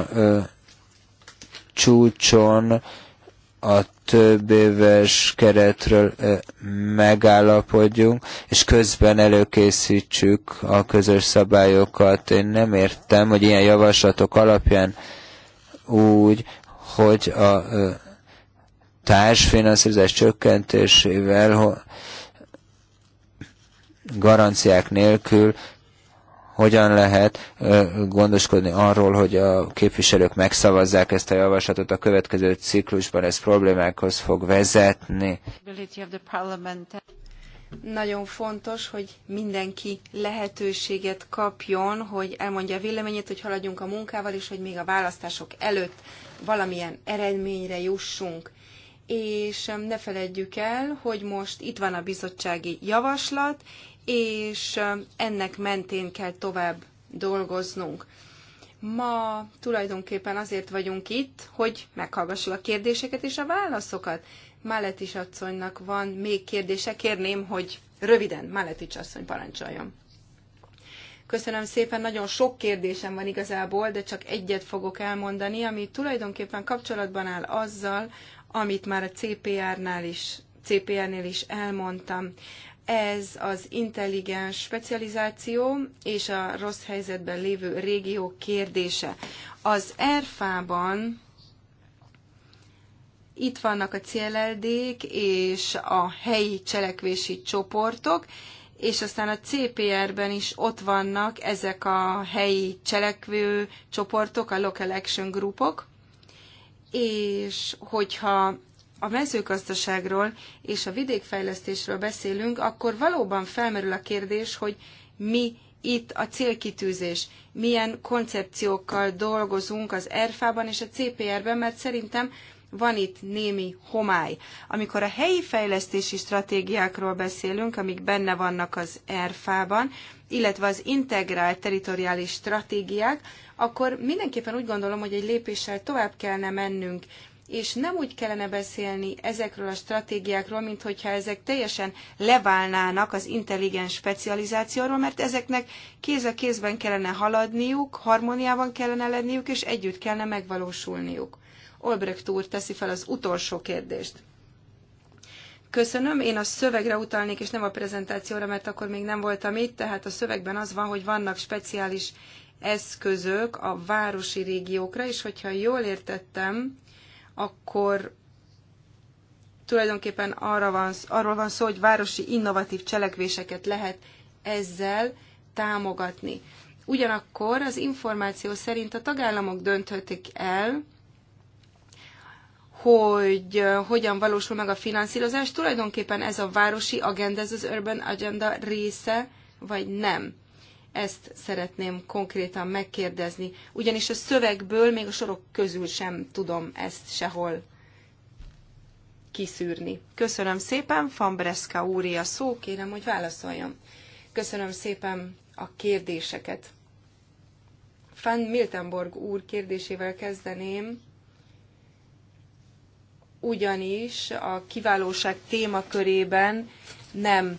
a csúcson a több éves keretről megállapodjunk, és közben előkészítsük a közös szabályokat. Én nem értem, hogy ilyen javaslatok alapján úgy, hogy a társfinanszírozás csökkentésével garanciák nélkül hogyan lehet gondoskodni arról, hogy a képviselők megszavazzák ezt a javaslatot a következő ciklusban, ez problémákhoz fog vezetni. Nagyon fontos, hogy mindenki lehetőséget kapjon, hogy elmondja a véleményét, hogy haladjunk a munkával, és hogy még a választások előtt valamilyen eredményre jussunk és ne feledjük el, hogy most itt van a bizottsági javaslat, és ennek mentén kell tovább dolgoznunk. Ma tulajdonképpen azért vagyunk itt, hogy meghallgassuk a kérdéseket és a válaszokat. Máletis asszonynak van még kérdése, kérném, hogy röviden Máletis asszony parancsoljon. Köszönöm szépen, nagyon sok kérdésem van igazából, de csak egyet fogok elmondani, ami tulajdonképpen kapcsolatban áll azzal, amit már a CPR-nál is CPR-nél is elmondtam. Ez az intelligens specializáció és a rossz helyzetben lévő régió kérdése. Az ERFA-ban itt vannak a clld és a helyi cselekvési csoportok, és aztán a CPR-ben is ott vannak ezek a helyi cselekvő csoportok, a local action groupok, és hogyha a mezőgazdaságról és a vidékfejlesztésről beszélünk, akkor valóban felmerül a kérdés, hogy mi itt a célkitűzés, milyen koncepciókkal dolgozunk az ERFA-ban és a CPR-ben, mert szerintem van itt némi homály. Amikor a helyi fejlesztési stratégiákról beszélünk, amik benne vannak az ERFA-ban, illetve az integrált teritoriális stratégiák, akkor mindenképpen úgy gondolom, hogy egy lépéssel tovább kellene mennünk és nem úgy kellene beszélni ezekről a stratégiákról, mint hogyha ezek teljesen leválnának az intelligens specializációról, mert ezeknek kéz a kézben kellene haladniuk, harmóniában kellene lenniük, és együtt kellene megvalósulniuk. Olbrecht úr teszi fel az utolsó kérdést. Köszönöm, én a szövegre utalnék, és nem a prezentációra, mert akkor még nem voltam itt, tehát a szövegben az van, hogy vannak speciális eszközök a városi régiókra, és hogyha jól értettem, akkor tulajdonképpen arra van, arról van szó, hogy városi innovatív cselekvéseket lehet ezzel támogatni. Ugyanakkor az információ szerint a tagállamok dönthetik el, hogy hogyan valósul meg a finanszírozás. Tulajdonképpen ez a városi agenda, ez az Urban Agenda része, vagy nem. Ezt szeretném konkrétan megkérdezni, ugyanis a szövegből, még a sorok közül sem tudom ezt sehol kiszűrni. Köszönöm szépen, Fambreska úri a szó, kérem, hogy válaszoljon. Köszönöm szépen a kérdéseket. Van Miltenborg úr kérdésével kezdeném, ugyanis a kiválóság témakörében nem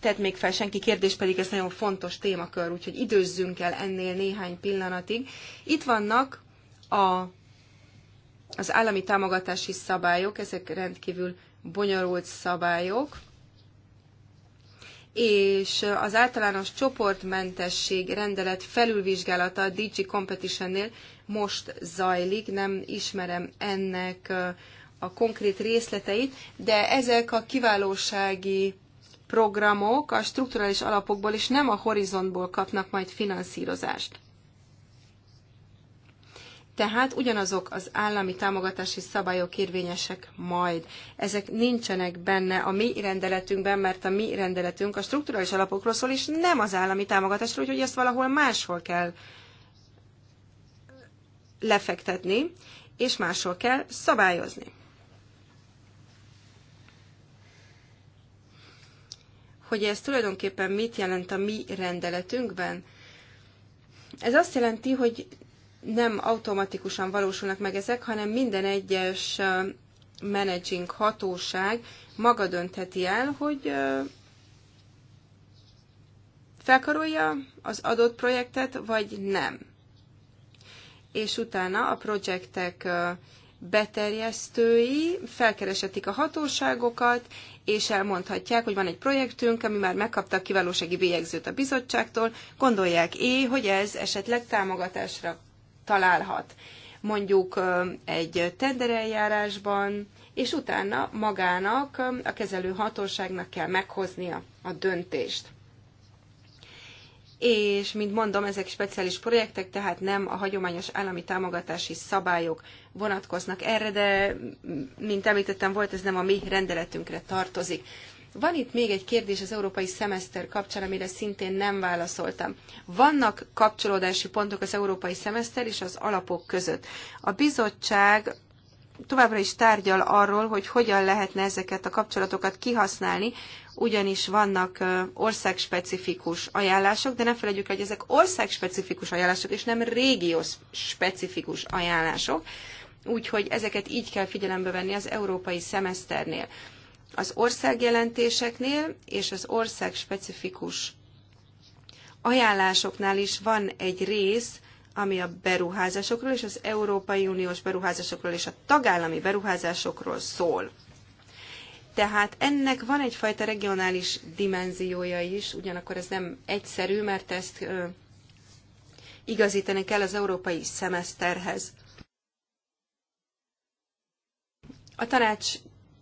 tett még fel senki kérdés, pedig ez nagyon fontos témakör, úgyhogy időzzünk el ennél néhány pillanatig. Itt vannak a, az állami támogatási szabályok, ezek rendkívül bonyolult szabályok, és az általános csoportmentesség rendelet felülvizsgálata a DG Competitionnél most zajlik, nem ismerem ennek a konkrét részleteit, de ezek a kiválósági programok a strukturális alapokból és nem a horizontból kapnak majd finanszírozást. Tehát ugyanazok az állami támogatási szabályok érvényesek majd. Ezek nincsenek benne a mi rendeletünkben, mert a mi rendeletünk a strukturális alapokról szól, és nem az állami támogatásról, úgyhogy ezt valahol máshol kell lefektetni, és máshol kell szabályozni. hogy ez tulajdonképpen mit jelent a mi rendeletünkben. Ez azt jelenti, hogy nem automatikusan valósulnak meg ezek, hanem minden egyes managing hatóság maga döntheti el, hogy felkarolja az adott projektet, vagy nem. És utána a projektek beterjesztői felkeresetik a hatóságokat, és elmondhatják, hogy van egy projektünk, ami már megkapta a kiválósági bélyegzőt a bizottságtól, gondolják é, hogy ez esetleg támogatásra találhat mondjuk egy tendereljárásban, és utána magának, a kezelő hatóságnak kell meghoznia a döntést és mint mondom, ezek speciális projektek, tehát nem a hagyományos állami támogatási szabályok vonatkoznak erre, de mint említettem, volt ez nem a mi rendeletünkre tartozik. Van itt még egy kérdés az európai szemeszter kapcsán, amire szintén nem válaszoltam. Vannak kapcsolódási pontok az európai szemeszter és az alapok között. A bizottság továbbra is tárgyal arról, hogy hogyan lehetne ezeket a kapcsolatokat kihasználni, ugyanis vannak országspecifikus ajánlások, de ne felejtjük, hogy ezek országspecifikus ajánlások, és nem régiós specifikus ajánlások, úgyhogy ezeket így kell figyelembe venni az európai szemeszternél. Az országjelentéseknél és az országspecifikus ajánlásoknál is van egy rész, ami a beruházásokról és az Európai Uniós beruházásokról és a tagállami beruházásokról szól. Tehát ennek van egyfajta regionális dimenziója is, ugyanakkor ez nem egyszerű, mert ezt ö, igazítani kell az európai szemeszterhez. A tanács,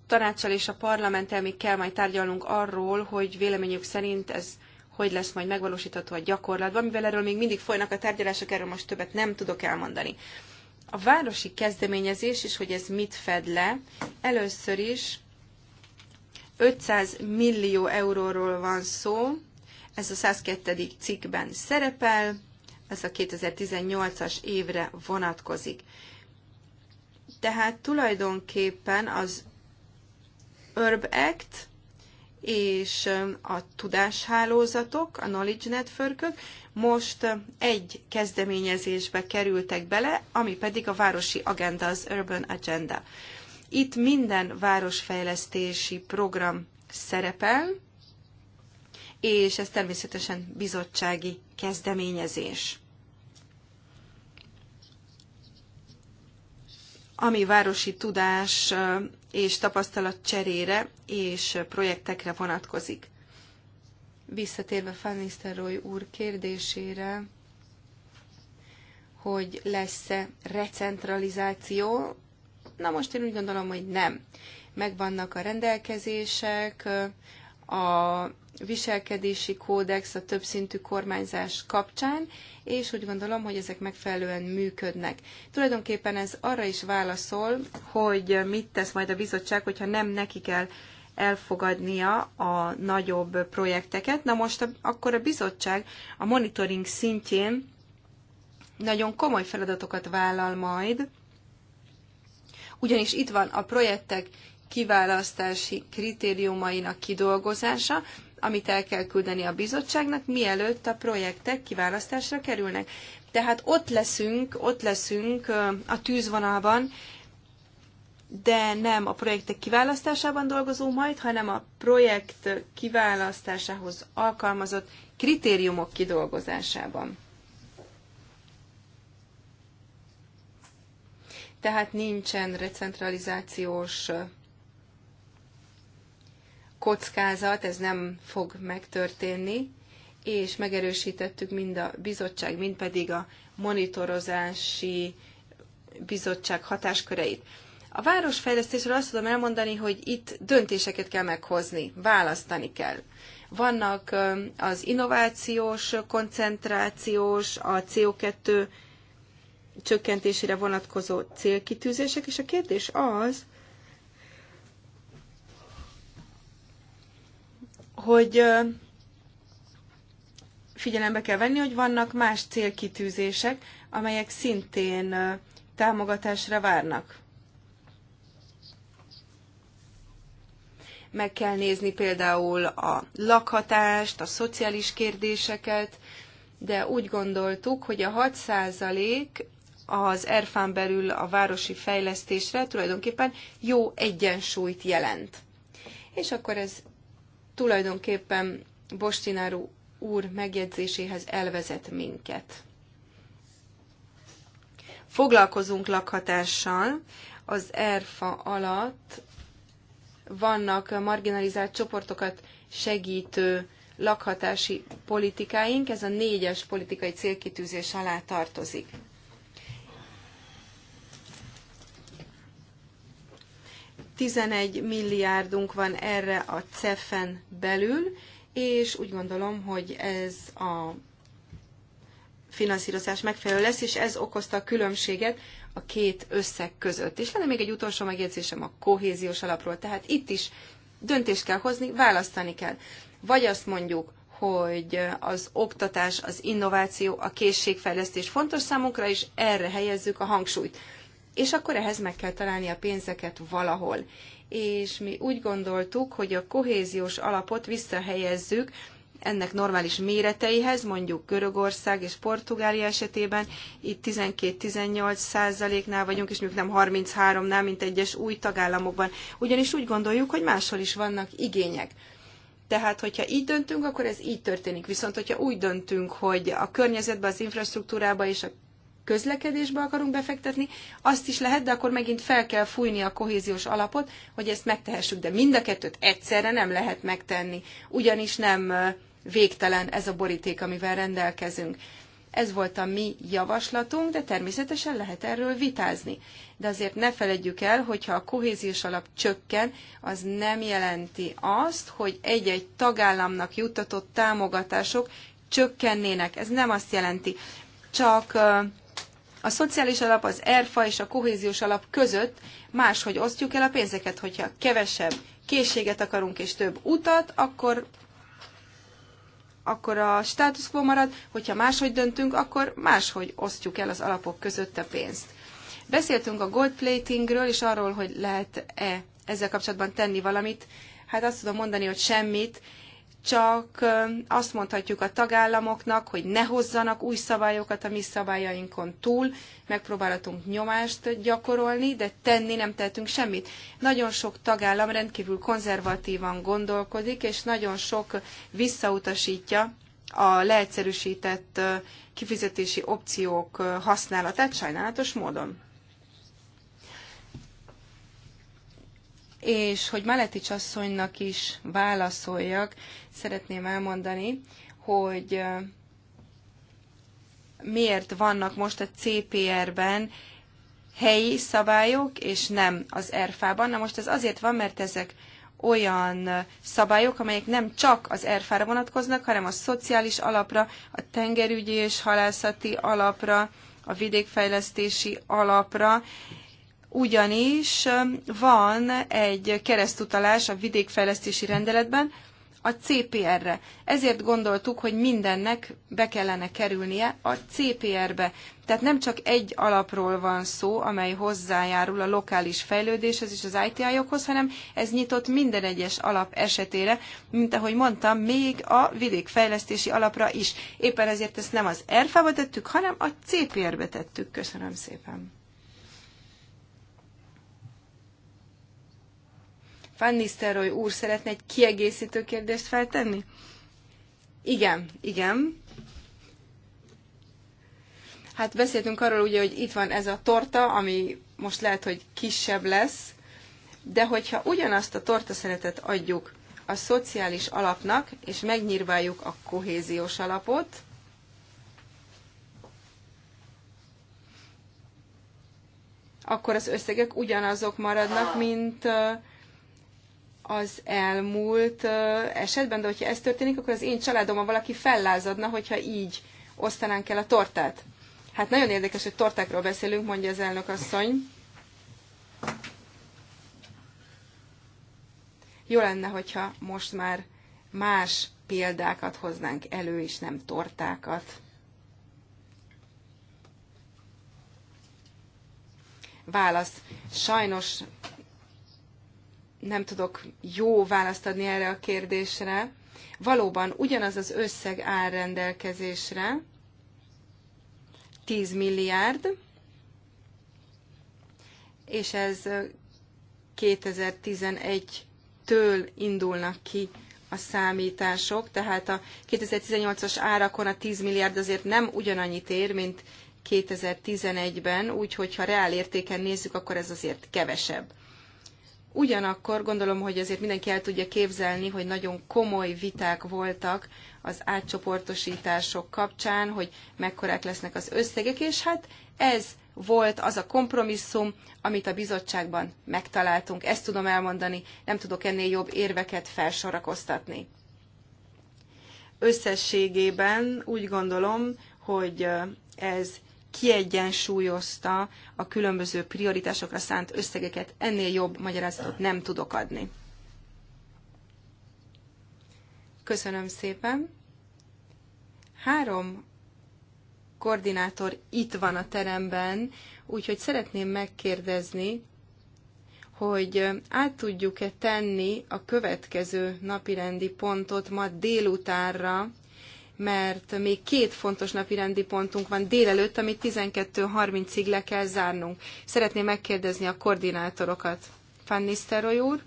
tanácssal és a parlamenttel még kell majd tárgyalnunk arról, hogy véleményük szerint ez hogy lesz majd megvalósítható a gyakorlatban, mivel erről még mindig folynak a tárgyalások, erről most többet nem tudok elmondani. A városi kezdeményezés is, hogy ez mit fed le, először is 500 millió euróról van szó, ez a 102. cikkben szerepel, ez a 2018-as évre vonatkozik. Tehát tulajdonképpen az Urb Act és a tudáshálózatok, a knowledge network most egy kezdeményezésbe kerültek bele, ami pedig a városi agenda, az Urban Agenda. Itt minden városfejlesztési program szerepel, és ez természetesen bizottsági kezdeményezés. Ami városi tudás és tapasztalat cserére és projektekre vonatkozik. Visszatérve Fannisteroy úr kérdésére, hogy lesz-e recentralizáció, na most én úgy gondolom, hogy nem. Megvannak a rendelkezések, a viselkedési kódex a többszintű kormányzás kapcsán, és úgy gondolom, hogy ezek megfelelően működnek. Tulajdonképpen ez arra is válaszol, hogy mit tesz majd a bizottság, hogyha nem neki kell elfogadnia a nagyobb projekteket. Na most a, akkor a bizottság a monitoring szintjén nagyon komoly feladatokat vállal majd, ugyanis itt van a projektek kiválasztási kritériumainak kidolgozása, amit el kell küldeni a bizottságnak, mielőtt a projektek kiválasztásra kerülnek. Tehát ott leszünk, ott leszünk a tűzvonalban, de nem a projektek kiválasztásában dolgozó majd, hanem a projekt kiválasztásához alkalmazott kritériumok kidolgozásában. Tehát nincsen recentralizációs kockázat, ez nem fog megtörténni, és megerősítettük mind a bizottság, mind pedig a monitorozási bizottság hatásköreit. A városfejlesztésről azt tudom elmondani, hogy itt döntéseket kell meghozni, választani kell. Vannak az innovációs, koncentrációs, a CO2 csökkentésére vonatkozó célkitűzések, és a kérdés az, hogy figyelembe kell venni, hogy vannak más célkitűzések, amelyek szintén támogatásra várnak. Meg kell nézni például a lakhatást, a szociális kérdéseket, de úgy gondoltuk, hogy a 6 az erfán belül a városi fejlesztésre tulajdonképpen jó egyensúlyt jelent. És akkor ez tulajdonképpen Bostináru úr megjegyzéséhez elvezet minket. Foglalkozunk lakhatással. Az ERFA alatt vannak marginalizált csoportokat segítő lakhatási politikáink, ez a négyes politikai célkitűzés alá tartozik. 11 milliárdunk van erre a CEF-en belül, és úgy gondolom, hogy ez a finanszírozás megfelelő lesz, és ez okozta a különbséget a két összeg között. És lenne még egy utolsó megjegyzésem a kohéziós alapról. Tehát itt is döntést kell hozni, választani kell. Vagy azt mondjuk, hogy az oktatás, az innováció, a készségfejlesztés fontos számunkra, és erre helyezzük a hangsúlyt és akkor ehhez meg kell találni a pénzeket valahol. És mi úgy gondoltuk, hogy a kohéziós alapot visszahelyezzük ennek normális méreteihez, mondjuk Görögország és Portugália esetében itt 12-18 százaléknál vagyunk, és mondjuk nem 33-nál, mint egyes új tagállamokban. Ugyanis úgy gondoljuk, hogy máshol is vannak igények. Tehát, hogyha így döntünk, akkor ez így történik. Viszont, hogyha úgy döntünk, hogy a környezetbe, az infrastruktúrába és a közlekedésbe akarunk befektetni, azt is lehet, de akkor megint fel kell fújni a kohéziós alapot, hogy ezt megtehessük, de mind a kettőt egyszerre nem lehet megtenni, ugyanis nem végtelen ez a boríték, amivel rendelkezünk. Ez volt a mi javaslatunk, de természetesen lehet erről vitázni. De azért ne feledjük el, hogyha a kohéziós alap csökken, az nem jelenti azt, hogy egy-egy tagállamnak juttatott támogatások csökkennének. Ez nem azt jelenti. Csak a szociális alap, az ERFA és a kohéziós alap között máshogy osztjuk el a pénzeket, hogyha kevesebb készséget akarunk és több utat, akkor akkor a status quo marad, hogyha máshogy döntünk, akkor máshogy osztjuk el az alapok között a pénzt. Beszéltünk a gold platingről, és arról, hogy lehet-e ezzel kapcsolatban tenni valamit. Hát azt tudom mondani, hogy semmit, csak azt mondhatjuk a tagállamoknak, hogy ne hozzanak új szabályokat a mi szabályainkon túl, megpróbálhatunk nyomást gyakorolni, de tenni nem tehetünk semmit. Nagyon sok tagállam rendkívül konzervatívan gondolkodik, és nagyon sok visszautasítja a leegyszerűsített kifizetési opciók használatát sajnálatos módon. És hogy Maletics asszonynak is válaszoljak, szeretném elmondani, hogy miért vannak most a CPR-ben helyi szabályok, és nem az ERFA-ban. Na most ez azért van, mert ezek olyan szabályok, amelyek nem csak az ERFA-ra vonatkoznak, hanem a szociális alapra, a tengerügyi és halászati alapra, a vidékfejlesztési alapra, ugyanis van egy keresztutalás a vidékfejlesztési rendeletben a CPR-re. Ezért gondoltuk, hogy mindennek be kellene kerülnie a CPR-be. Tehát nem csak egy alapról van szó, amely hozzájárul a lokális fejlődéshez és az ITI-okhoz, hanem ez nyitott minden egyes alap esetére, mint ahogy mondtam, még a vidékfejlesztési alapra is. Éppen ezért ezt nem az ERFA-ba tettük, hanem a CPR-be tettük. Köszönöm szépen! Van Nistelrooy úr szeretne egy kiegészítő kérdést feltenni? Igen, igen. Hát beszéltünk arról ugye, hogy itt van ez a torta, ami most lehet, hogy kisebb lesz, de hogyha ugyanazt a torta szeretet adjuk a szociális alapnak, és megnyírváljuk a kohéziós alapot, akkor az összegek ugyanazok maradnak, mint az elmúlt esetben, de hogyha ez történik, akkor az én családomban valaki fellázadna, hogyha így osztanánk el a tortát. Hát nagyon érdekes, hogy tortákról beszélünk, mondja az elnök asszony. Jó lenne, hogyha most már más példákat hoznánk elő, és nem tortákat. Válasz. Sajnos nem tudok jó választ adni erre a kérdésre. Valóban ugyanaz az összeg áll rendelkezésre, 10 milliárd, és ez 2011-től indulnak ki a számítások, tehát a 2018-as árakon a 10 milliárd azért nem ugyanannyit ér, mint 2011-ben, úgyhogy ha reál értéken nézzük, akkor ez azért kevesebb. Ugyanakkor gondolom, hogy azért mindenki el tudja képzelni, hogy nagyon komoly viták voltak az átcsoportosítások kapcsán, hogy mekkorák lesznek az összegek, és hát ez volt az a kompromisszum, amit a bizottságban megtaláltunk. Ezt tudom elmondani, nem tudok ennél jobb érveket felsorakoztatni. Összességében úgy gondolom, hogy ez kiegyensúlyozta a különböző prioritásokra szánt összegeket. Ennél jobb magyarázatot nem tudok adni. Köszönöm szépen. Három koordinátor itt van a teremben, úgyhogy szeretném megkérdezni, hogy át tudjuk-e tenni a következő napirendi pontot ma délutánra, mert még két fontos napirendi pontunk van délelőtt, amit 12.30-ig le kell zárnunk. Szeretném megkérdezni a koordinátorokat. Fanny Szteroly úr?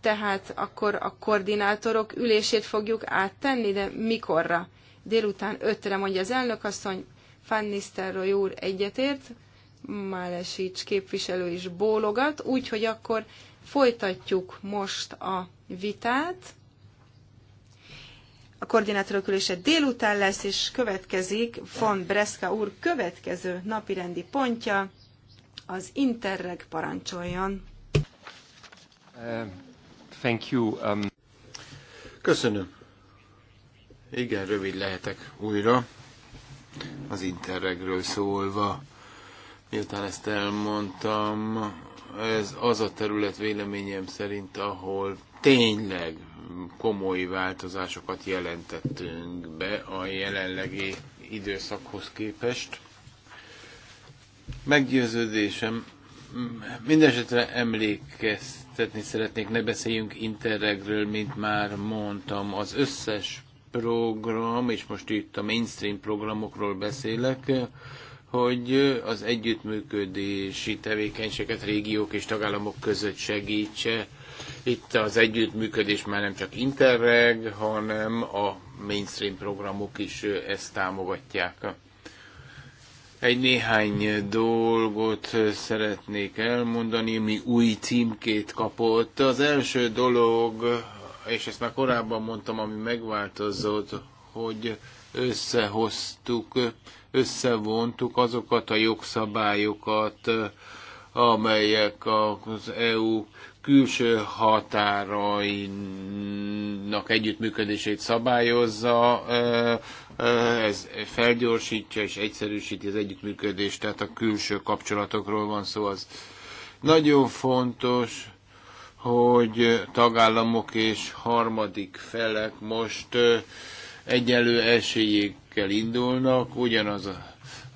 Tehát akkor a koordinátorok ülését fogjuk áttenni, de mikorra? Délután ötre mondja az elnök asszony, Fanny úr egyetért, Málesics képviselő is bólogat, úgyhogy akkor folytatjuk most a vitát a koordinátorok ülése délután lesz, és következik von Breska úr következő napirendi pontja, az Interreg parancsoljon. Uh, thank you. Um... Köszönöm. Igen, rövid lehetek újra. Az Interregről szólva, miután ezt elmondtam, ez az a terület véleményem szerint, ahol tényleg komoly változásokat jelentettünk be a jelenlegi időszakhoz képest. Meggyőződésem, mindesetre emlékeztetni szeretnék, ne beszéljünk Interregről, mint már mondtam, az összes program, és most itt a mainstream programokról beszélek, hogy az együttműködési tevékenységet régiók és tagállamok között segítse, itt az együttműködés már nem csak Interreg, hanem a mainstream programok is ezt támogatják. Egy néhány dolgot szeretnék elmondani, mi új címkét kapott. Az első dolog, és ezt már korábban mondtam, ami megváltozott, hogy összehoztuk, összevontuk azokat a jogszabályokat, amelyek az EU külső határainak együttműködését szabályozza, ez felgyorsítja és egyszerűsíti az együttműködést, tehát a külső kapcsolatokról van szó. Az nagyon fontos, hogy tagállamok és harmadik felek most egyenlő esélyékkel indulnak, ugyanaz a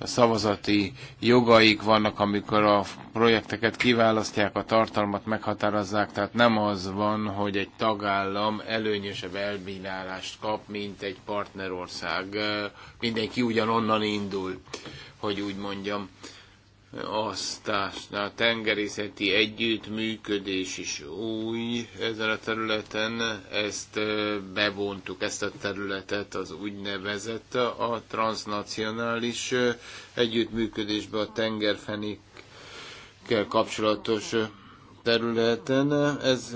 szavazati jogaik vannak, amikor a projekteket kiválasztják, a tartalmat meghatározzák, tehát nem az van, hogy egy tagállam előnyösebb elbírálást kap, mint egy partnerország. Mindenki ugyanonnan indul, hogy úgy mondjam. Aztán a tengerészeti együttműködés is új ezen a területen. Ezt bevontuk, ezt a területet az úgynevezett a transnacionális együttműködésbe a tengerfenékkel kapcsolatos területen. Ez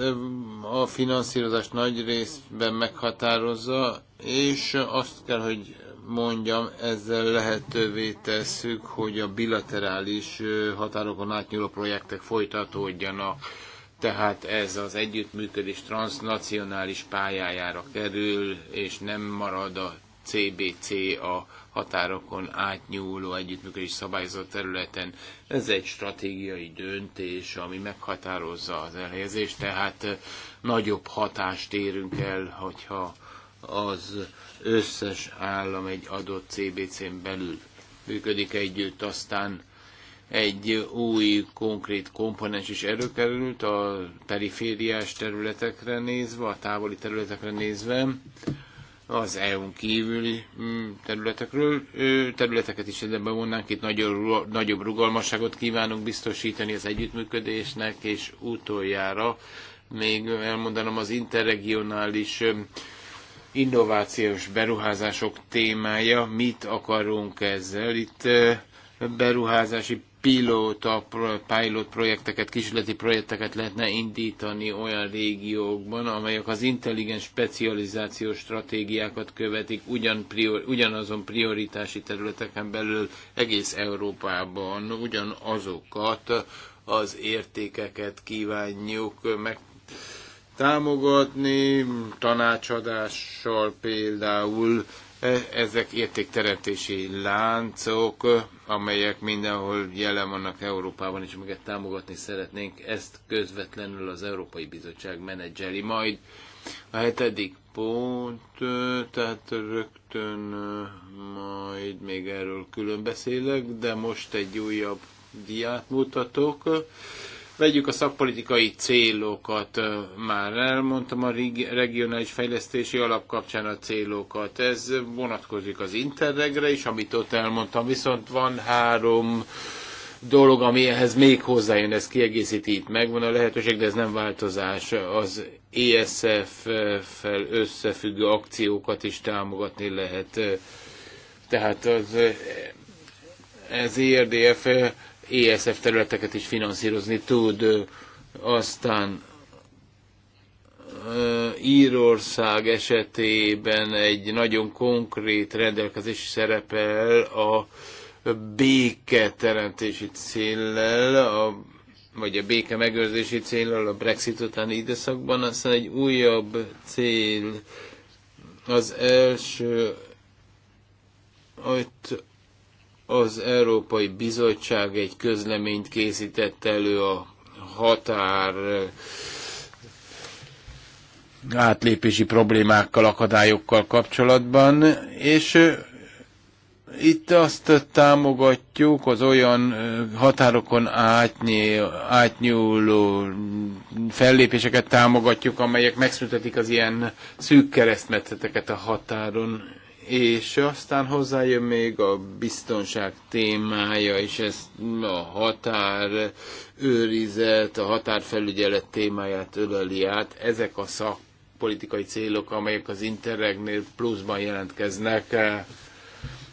a finanszírozás nagy részben meghatározza, és azt kell, hogy mondjam, ezzel lehetővé tesszük, hogy a bilaterális határokon átnyúló projektek folytatódjanak. Tehát ez az együttműködés transnacionális pályájára kerül, és nem marad a CBC a határokon átnyúló együttműködés szabályozott területen. Ez egy stratégiai döntés, ami meghatározza az elhelyezést, tehát nagyobb hatást érünk el, hogyha az összes állam egy adott CBC-n belül működik együtt, aztán egy új konkrét komponens is erőkerült a perifériás területekre nézve, a távoli területekre nézve, az EU-n kívüli mm, területekről, területeket is ebben mondnánk, itt nagyobb, nagyobb rugalmasságot kívánunk biztosítani az együttműködésnek, és utoljára még elmondanom az interregionális innovációs beruházások témája, mit akarunk ezzel. Itt beruházási pilóta, pilot projekteket, kísérleti projekteket lehetne indítani olyan régiókban, amelyek az intelligens specializációs stratégiákat követik ugyan prior, ugyanazon prioritási területeken belül egész Európában ugyanazokat az értékeket kívánjuk meg támogatni, tanácsadással például e, ezek értékteremtési láncok, amelyek mindenhol jelen vannak Európában, és amiket támogatni szeretnénk, ezt közvetlenül az Európai Bizottság menedzseli. Majd a hetedik pont, e, tehát rögtön e, majd még erről külön beszélek, de most egy újabb diát mutatok Vegyük a szakpolitikai célokat, már elmondtam a regionális fejlesztési alap kapcsán a célokat. Ez vonatkozik az Interregre is, amit ott elmondtam, viszont van három dolog, ami ehhez még hozzájön, ez kiegészíti itt, megvan a lehetőség, de ez nem változás. Az ESF-fel összefüggő akciókat is támogatni lehet. Tehát az, ez ERDF ESF területeket is finanszírozni tud. Aztán Írország esetében egy nagyon konkrét rendelkezés szerepel a béketeremtési céllel, a, vagy a béke megőrzési céllal a Brexit utáni időszakban, aztán egy újabb cél az első, hogy az Európai Bizottság egy közleményt készített elő a határ eh, átlépési problémákkal, akadályokkal kapcsolatban, és eh, itt azt támogatjuk az olyan eh, határokon átnyi, átnyúló fellépéseket támogatjuk, amelyek megszüntetik az ilyen szűk keresztmetszeteket a határon, és aztán hozzájön még a biztonság témája, és ez a határ őrizet, a határfelügyelet témáját öleli át. Ezek a szakpolitikai célok, amelyek az Interregnél pluszban jelentkeznek.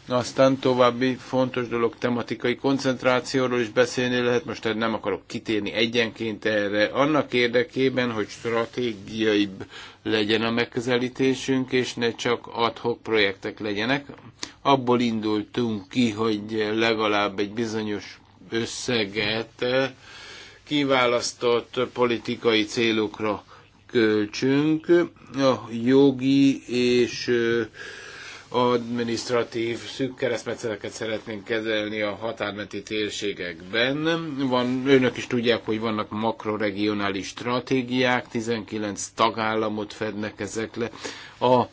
Aztán további fontos dolog, tematikai koncentrációról is beszélni lehet, most nem akarok kitérni egyenként erre, annak érdekében, hogy stratégiaibb legyen a megközelítésünk, és ne csak adhok projektek legyenek. Abból indultunk ki, hogy legalább egy bizonyos összeget kiválasztott politikai célokra költsünk. A jogi és administratív szűk keresztmetszeteket szeretnénk kezelni a határmenti térségekben. Van, önök is tudják, hogy vannak makroregionális stratégiák, 19 tagállamot fednek ezek le. A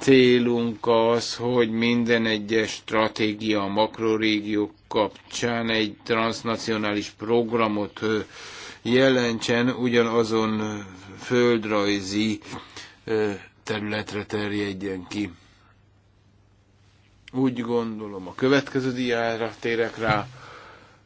célunk az, hogy minden egyes stratégia a makrorégiók kapcsán egy transnacionális programot jelentsen ugyanazon földrajzi területre terjedjen ki úgy gondolom, a következő diára térek rá.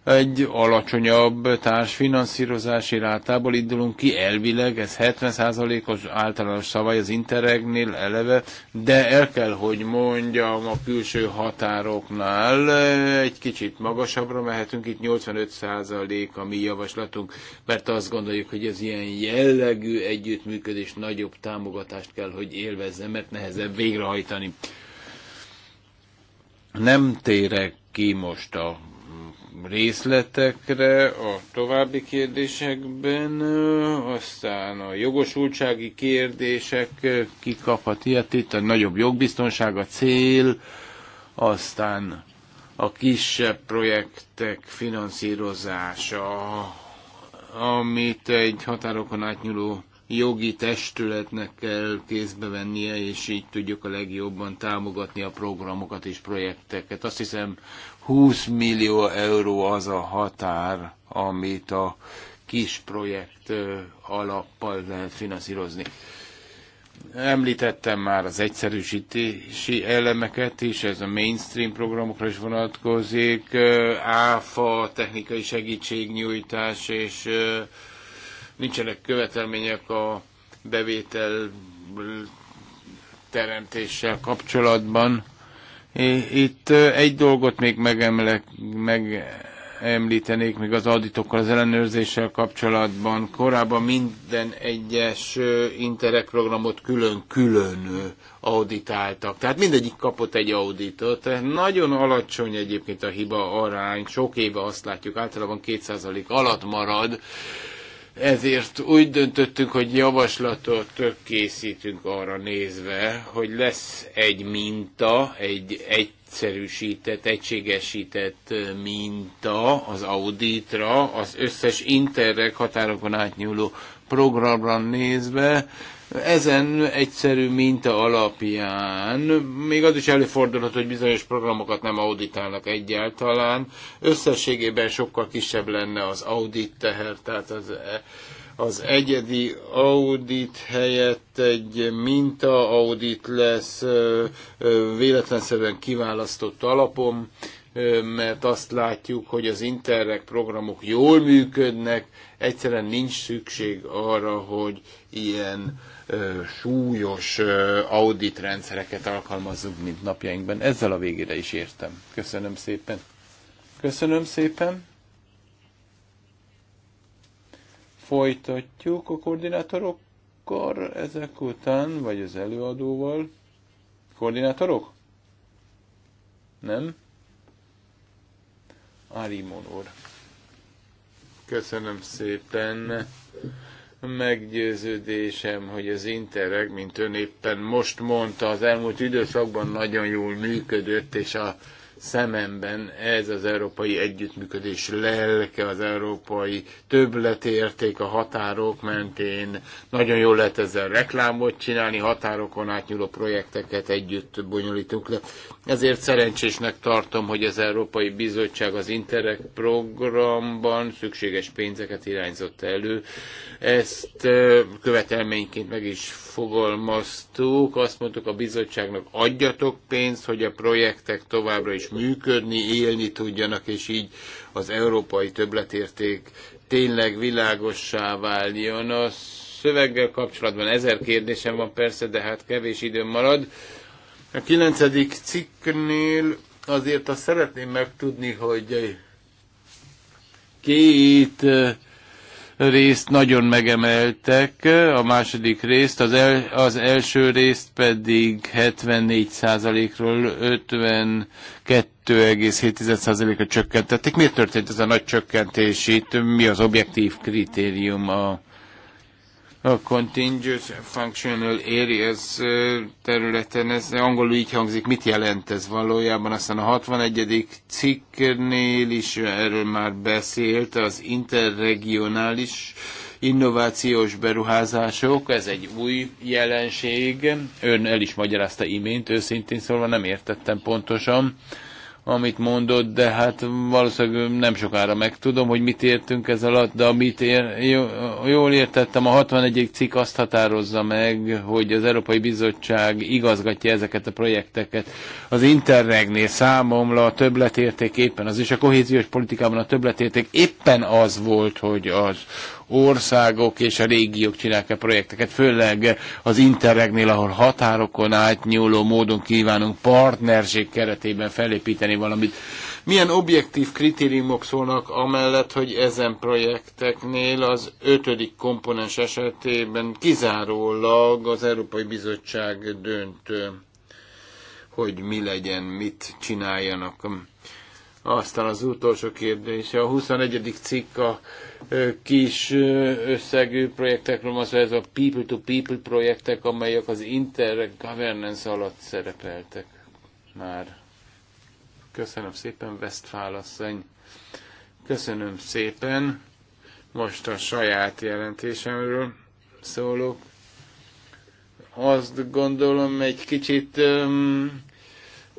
Egy alacsonyabb társfinanszírozási rátából indulunk ki, elvileg ez 70%-os általános szabály az Interregnél eleve, de el kell, hogy mondjam, a külső határoknál egy kicsit magasabbra mehetünk, itt 85% a mi javaslatunk, mert azt gondoljuk, hogy ez ilyen jellegű együttműködés nagyobb támogatást kell, hogy élvezze, mert nehezebb végrehajtani. Nem térek ki most a részletekre a további kérdésekben, aztán a jogosultsági kérdések kikaphat ilyet, itt a nagyobb jogbiztonság a cél, aztán a kisebb projektek finanszírozása, amit egy határokon átnyúló jogi testületnek kell kézbe vennie, és így tudjuk a legjobban támogatni a programokat és projekteket. Azt hiszem 20 millió euró az a határ, amit a kis projekt alappal lehet finanszírozni. Említettem már az egyszerűsítési elemeket is, ez a mainstream programokra is vonatkozik, áfa, technikai segítségnyújtás és nincsenek követelmények a bevétel teremtéssel kapcsolatban. Itt egy dolgot még megemlek, megemlítenék, még az auditokkal, az ellenőrzéssel kapcsolatban. Korábban minden egyes Interreg programot külön-külön auditáltak. Tehát mindegyik kapott egy auditot. Nagyon alacsony egyébként a hiba arány. Sok éve azt látjuk, általában 2% alatt marad ezért úgy döntöttünk, hogy javaslatot készítünk arra nézve, hogy lesz egy minta, egy egyszerűsített, egységesített minta az auditra, az összes interreg határokon átnyúló programra nézve, ezen egyszerű minta alapján még az is előfordulhat, hogy bizonyos programokat nem auditálnak egyáltalán. Összességében sokkal kisebb lenne az audit teher, tehát az, az egyedi audit helyett egy minta audit lesz véletlenszerűen kiválasztott alapom, mert azt látjuk, hogy az interreg programok jól működnek, egyszerűen nincs szükség arra, hogy ilyen súlyos rendszereket alkalmazzuk, mint napjainkban. Ezzel a végére is értem. Köszönöm szépen. Köszönöm szépen. Folytatjuk a koordinátorokkal ezek után, vagy az előadóval. Koordinátorok? Nem? Ari Monor. Köszönöm szépen meggyőződésem, hogy az Interreg, mint ön éppen most mondta, az elmúlt időszakban nagyon jól működött, és a szememben ez az európai együttműködés lelke, az európai többletérték a határok mentén. Nagyon jól lehet ezzel reklámot csinálni, határokon átnyúló projekteket együtt bonyolítunk le. Ezért szerencsésnek tartom, hogy az Európai Bizottság az Interreg programban szükséges pénzeket irányzott elő. Ezt követelményként meg is fogalmaztuk. Azt mondtuk a bizottságnak, adjatok pénzt, hogy a projektek továbbra is működni, élni tudjanak, és így az európai többletérték tényleg világossá váljon. A szöveggel kapcsolatban ezer kérdésem van persze, de hát kevés időm marad. A kilencedik cikknél azért azt szeretném megtudni, hogy két részt nagyon megemeltek, a második részt, az, el, az első részt pedig 74%-ról 52,7%-ra csökkentették. Miért történt ez a nagy csökkentés itt? Mi az objektív kritérium a a contingent functional areas területen, ez angolul így hangzik, mit jelent ez valójában? Aztán a 61. cikknél is erről már beszélt, az interregionális innovációs beruházások, ez egy új jelenség. Ön el is magyarázta imént, őszintén szólva nem értettem pontosan amit mondott, de hát valószínűleg nem sokára megtudom, hogy mit értünk ez alatt, de amit ér, jól értettem, a 61. cikk azt határozza meg, hogy az Európai Bizottság igazgatja ezeket a projekteket. Az Interregnél számomra a többletérték éppen az, és a kohéziós politikában a többletérték éppen az volt, hogy az országok és a régiók csinálják a projekteket, főleg az Interregnél, ahol határokon átnyúló módon kívánunk partnerség keretében felépíteni valamit. Milyen objektív kritériumok szólnak amellett, hogy ezen projekteknél az ötödik komponens esetében kizárólag az Európai Bizottság dönt, hogy mi legyen, mit csináljanak? Aztán az utolsó kérdés, a 21. cikk a kis összegű projektekről van szó, ez a people-to-people projektek, amelyek az intergovernance alatt szerepeltek már. Köszönöm szépen, Westfál asszony. Köszönöm szépen. Most a saját jelentésemről szólok. Azt gondolom, egy kicsit um,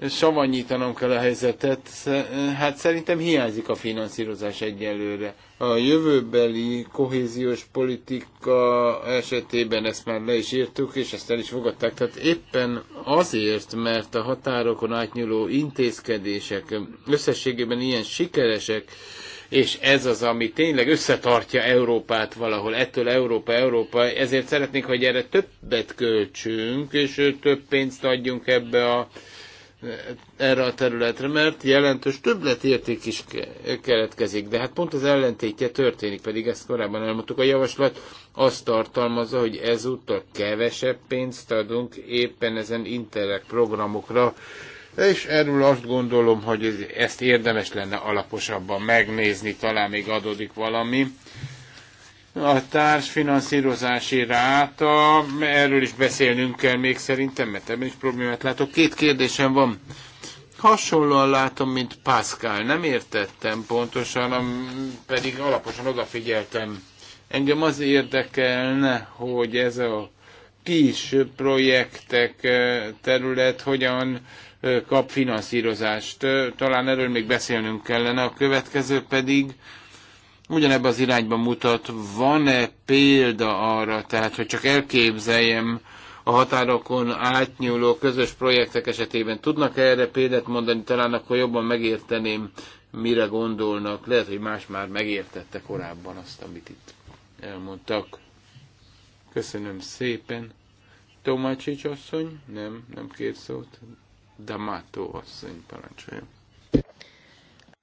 savanyítanom kell a helyzetet, hát szerintem hiányzik a finanszírozás egyelőre. A jövőbeli kohéziós politika esetében ezt már le is írtuk, és ezt el is fogadták. Tehát éppen azért, mert a határokon átnyúló intézkedések összességében ilyen sikeresek, és ez az, ami tényleg összetartja Európát valahol, ettől Európa, Európa, ezért szeretnék, hogy erre többet költsünk, és több pénzt adjunk ebbe a erre a területre, mert jelentős többletérték is keletkezik, de hát pont az ellentétje történik, pedig ezt korábban elmondtuk. A javaslat azt tartalmazza, hogy ezúttal kevesebb pénzt adunk éppen ezen interreg programokra, és erről azt gondolom, hogy ezt érdemes lenne alaposabban megnézni, talán még adódik valami a társfinanszírozási ráta, erről is beszélnünk kell még szerintem, mert ebben is problémát látok. Két kérdésem van. Hasonlóan látom, mint Pascal. Nem értettem pontosan, pedig alaposan odafigyeltem. Engem az érdekelne, hogy ez a kis projektek eh, terület hogyan eh, kap finanszírozást. Eh, talán erről még beszélnünk kellene. A következő pedig ugyanebben az irányban mutat. Van-e példa arra, tehát hogy csak elképzeljem a határokon átnyúló közös projektek esetében, tudnak -e erre példát mondani, talán akkor jobban megérteném, mire gondolnak. Lehet, hogy más már megértette korábban azt, amit itt elmondtak. Köszönöm szépen. Tomácsics asszony? Nem, nem kér szót. Damato asszony, parancsoljon.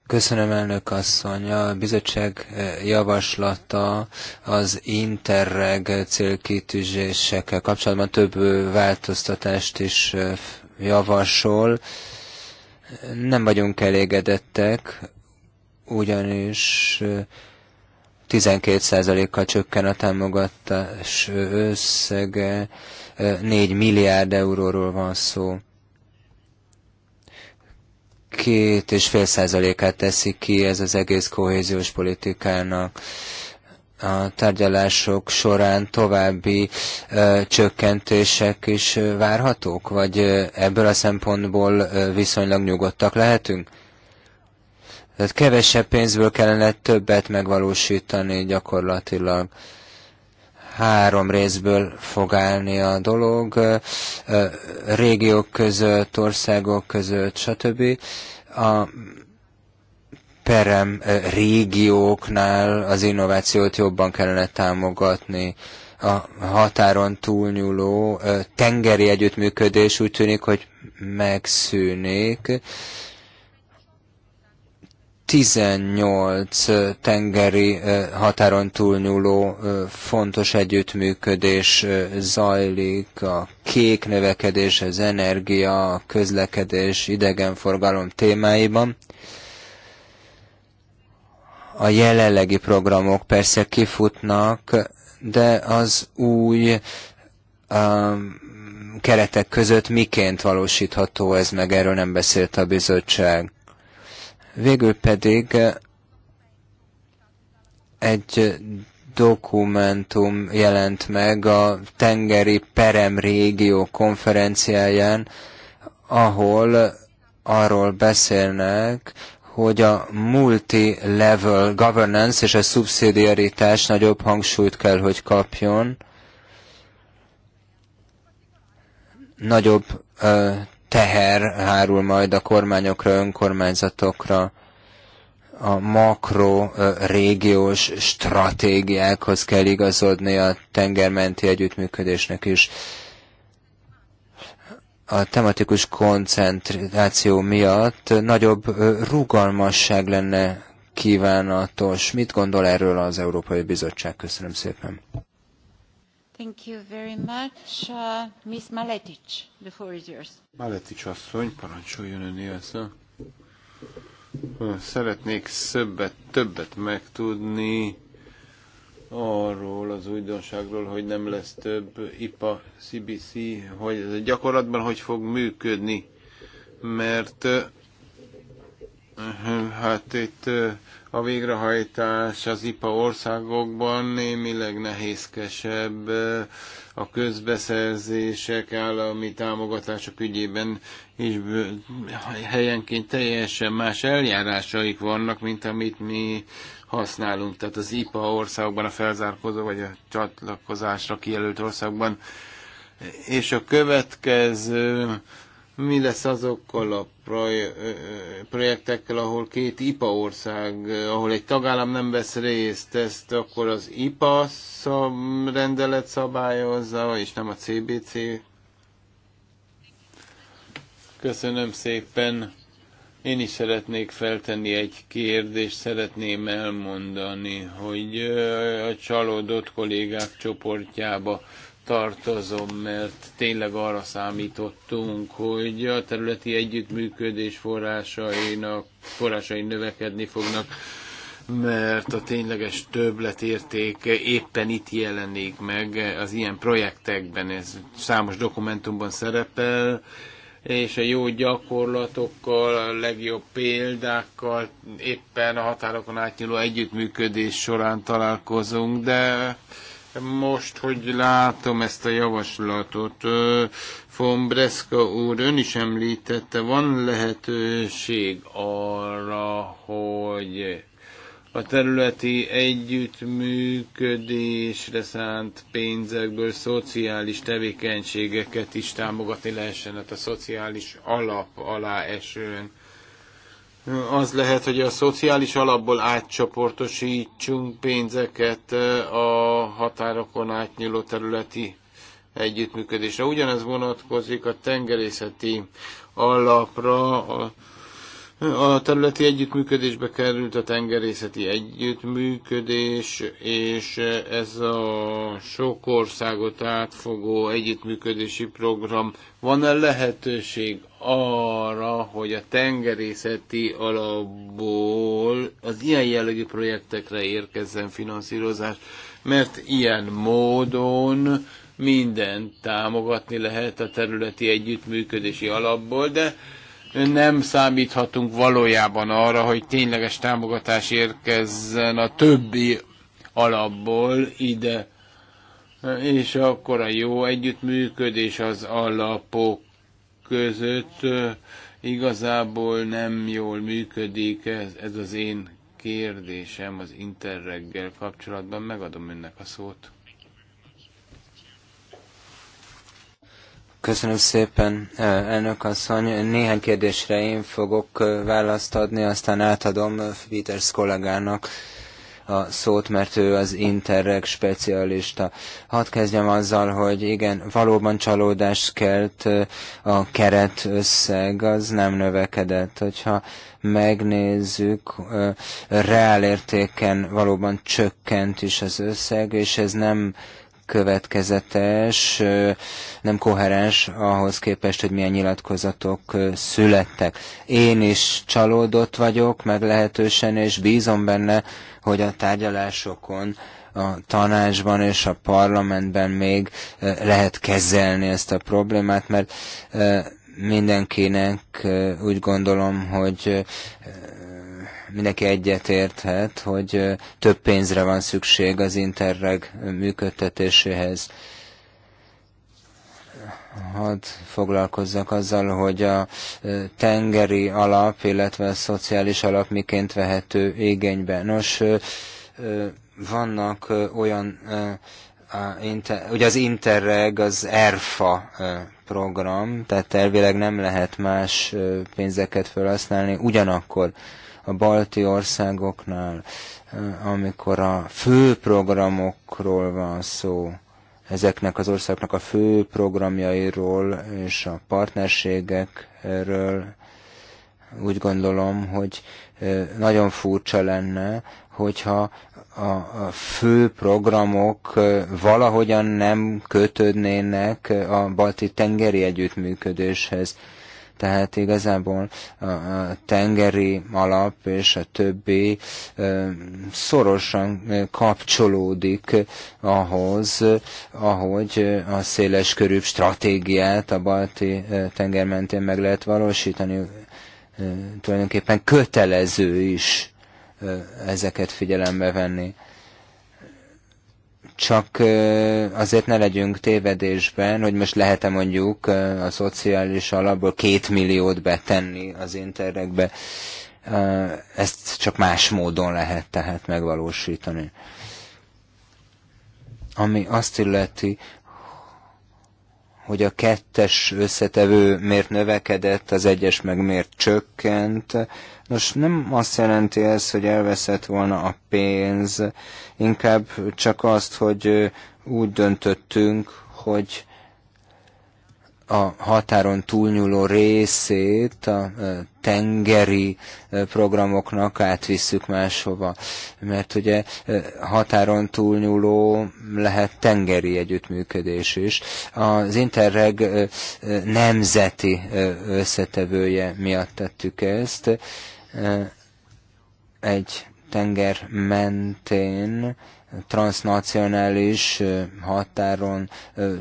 Köszönöm, elnök asszony. A bizottság eh, javaslata az Interreg célkitűzésekkel kapcsolatban több eh, változtatást is eh, javasol. Nem vagyunk elégedettek, ugyanis 12%-kal csökken a támogatás összege, 4 milliárd euróról van szó két és fél százalékát teszi ki ez az egész kohéziós politikának a tárgyalások során további ö, csökkentések is várhatók, vagy ö, ebből a szempontból ö, viszonylag nyugodtak lehetünk? Tehát kevesebb pénzből kellene többet megvalósítani gyakorlatilag. Ö, három részből fog állni a dolog, régiók között, országok között, stb. A perem régióknál az innovációt jobban kellene támogatni. A határon túlnyúló tengeri együttműködés úgy tűnik, hogy megszűnik, 18 tengeri határon túlnyúló fontos együttműködés zajlik, a kék növekedés, az energia, a közlekedés, idegenforgalom témáiban. A jelenlegi programok persze kifutnak, de az új keretek között miként valósítható ez meg, erről nem beszélt a bizottság Végül pedig eh, egy dokumentum jelent meg a tengeri perem régió konferenciáján, ahol arról beszélnek, hogy a multi-level governance és a szubszidiaritás nagyobb hangsúlyt kell, hogy kapjon, nagyobb ö, eh, teher hárul majd a kormányokra, önkormányzatokra a makro régiós stratégiákhoz kell igazodni a tengermenti együttműködésnek is. A tematikus koncentráció miatt nagyobb rugalmasság lenne kívánatos. Mit gondol erről az Európai Bizottság? Köszönöm szépen. Thank you very much. Uh, Miss Maletic, the floor is yours. Maletic asszony, parancsoljon önné a szó. Szeretnék szöbbet, többet megtudni arról az újdonságról, hogy nem lesz több IPA, CBC, hogy gyakorlatban hogy fog működni, mert hát itt a végrehajtás az IPA országokban némileg nehézkesebb a közbeszerzések, állami támogatások ügyében is eh, helyenként teljesen más eljárásaik vannak, mint amit mi használunk. Tehát az IPA országokban, a felzárkozó vagy a csatlakozásra kijelölt országban. És a következő mi lesz azokkal a proj- projektekkel, ahol két IPA ország, ahol egy tagállam nem vesz részt, ezt akkor az IPA rendelet szabályozza, és nem a CBC. Köszönöm szépen. Én is szeretnék feltenni egy kérdést, szeretném elmondani, hogy a csalódott kollégák csoportjába tartozom, mert tényleg arra számítottunk, hogy a területi együttműködés forrásainak, forrásai növekedni fognak, mert a tényleges többletérték éppen itt jelenik meg az ilyen projektekben, ez számos dokumentumban szerepel, és a jó gyakorlatokkal, a legjobb példákkal éppen a határokon átnyúló együttműködés során találkozunk, de most, hogy látom ezt a javaslatot, Fombreska úr, ön is említette, van lehetőség arra, hogy a területi együttműködésre szánt pénzekből szociális tevékenységeket is támogatni lehessen, hát a szociális alap alá esően az lehet, hogy a szociális alapból átcsoportosítsunk pénzeket a határokon átnyúló területi együttműködésre. Ugyanez vonatkozik a tengerészeti alapra, a a területi együttműködésbe került a tengerészeti együttműködés, és ez a sok országot átfogó együttműködési program. Van-e lehetőség arra, hogy a tengerészeti alapból az ilyen jellegű projektekre érkezzen finanszírozás, mert ilyen módon mindent támogatni lehet a területi együttműködési alapból, de nem számíthatunk valójában arra, hogy tényleges támogatás érkezzen a többi alapból ide. És akkor a jó együttműködés az alapok között igazából nem jól működik, ez, ez az én kérdésem az Interreggel kapcsolatban. Megadom önnek a szót. Köszönöm szépen, e, elnök asszony. Néhány kérdésre én fogok e, választ adni, aztán átadom Peters kollégának a szót, mert ő az Interreg specialista. Hadd kezdjem azzal, hogy igen, valóban csalódást kelt e, a keret összeg, az nem növekedett. Hogyha megnézzük, reálértéken valóban csökkent is az összeg, és ez nem következetes, nem koherens ahhoz képest, hogy milyen nyilatkozatok születtek. Én is csalódott vagyok meglehetősen, és bízom benne, hogy a tárgyalásokon a tanácsban és a parlamentben még lehet kezelni ezt a problémát, mert mindenkinek úgy gondolom, hogy mindenki egyetérthet, hogy több pénzre van szükség az Interreg működtetéséhez. Hadd foglalkozzak azzal, hogy a tengeri alap, illetve a szociális alap miként vehető igénybe. Nos, vannak olyan, ugye az Interreg, az ERFA program, tehát elvileg nem lehet más pénzeket felhasználni, ugyanakkor a balti országoknál, eh, amikor a fő programokról van szó, ezeknek az országoknak a fő programjairól és a partnerségekről, úgy gondolom, hogy eh, nagyon furcsa lenne, hogyha a fő programok eh, valahogyan nem kötődnének a balti tengeri együttműködéshez. Tehát igazából a tengeri alap és a többi szorosan kapcsolódik ahhoz, ahogy a széles körűbb stratégiát a balti tenger mentén meg lehet valósítani. Tulajdonképpen kötelező is ezeket figyelembe venni csak azért ne legyünk tévedésben, hogy most lehet-e mondjuk a szociális alapból két milliót betenni az interregbe. Ezt csak más módon lehet tehát megvalósítani. Ami azt illeti, hogy a kettes összetevő miért növekedett, az egyes meg miért csökkent, Nos, nem azt jelenti ez, hogy elveszett volna a pénz, inkább csak azt, hogy úgy döntöttünk, hogy a határon túlnyúló részét a tengeri programoknak átvisszük máshova. Mert ugye határon túlnyúló lehet tengeri együttműködés is. Az Interreg nemzeti összetevője miatt tettük ezt, egy tenger mentén transnacionális határon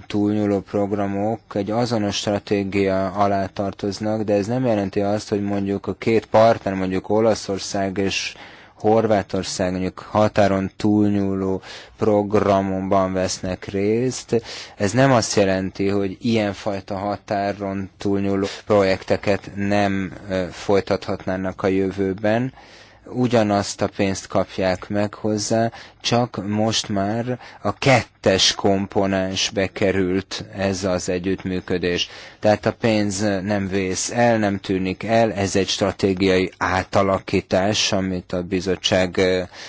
túlnyúló programok egy azonos stratégia alá tartoznak, de ez nem jelenti azt, hogy mondjuk a két partner, mondjuk Olaszország és Horvátország mondjuk határon túlnyúló programonban vesznek részt. Ez nem azt jelenti, hogy ilyenfajta határon túlnyúló projekteket nem folytathatnának a jövőben, ugyanazt a pénzt kapják meg hozzá, csak most már a kettes komponensbe került ez az együttműködés. Tehát a pénz nem vész el, nem tűnik el, ez egy stratégiai átalakítás, amit a bizottság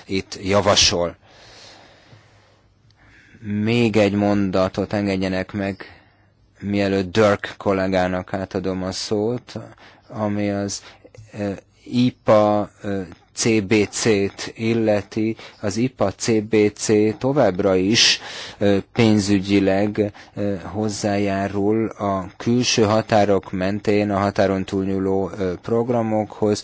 itt javasol. Még egy mondatot engedjenek meg, mielőtt Dirk kollégának átadom a szót, ami az IPA CBC-t illeti, az IPA CBC továbbra is pénzügyileg hozzájárul a külső határok mentén a határon túlnyúló programokhoz.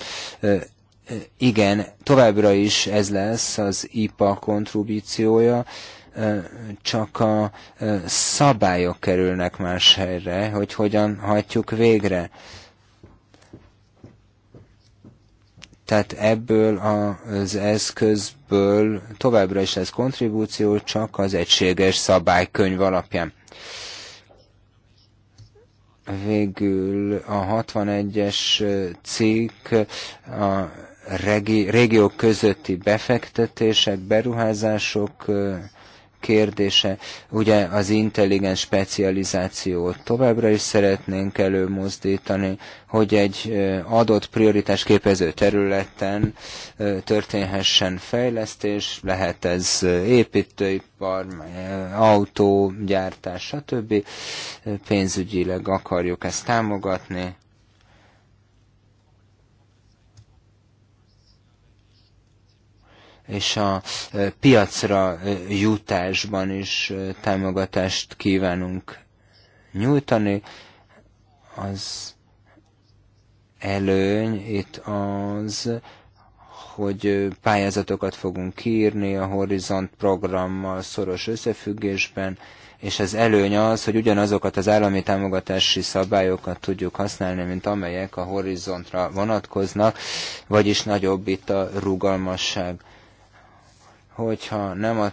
Igen, továbbra is ez lesz az IPA kontribúciója, csak a szabályok kerülnek más helyre, hogy hogyan hajtjuk végre. Tehát ebből az eszközből továbbra is lesz kontribúció, csak az egységes szabálykönyv alapján. Végül a 61-es cikk a régiók közötti befektetések, beruházások kérdése. Ugye az intelligens specializációt továbbra is szeretnénk előmozdítani, hogy egy adott prioritás képező területen történhessen fejlesztés, lehet ez építőipar, autógyártás, stb. Pénzügyileg akarjuk ezt támogatni, és a piacra jutásban is támogatást kívánunk nyújtani. Az előny itt az, hogy pályázatokat fogunk kiírni a Horizont programmal szoros összefüggésben, és az előny az, hogy ugyanazokat az állami támogatási szabályokat tudjuk használni, mint amelyek a horizontra vonatkoznak, vagyis nagyobb itt a rugalmasság hogyha nem a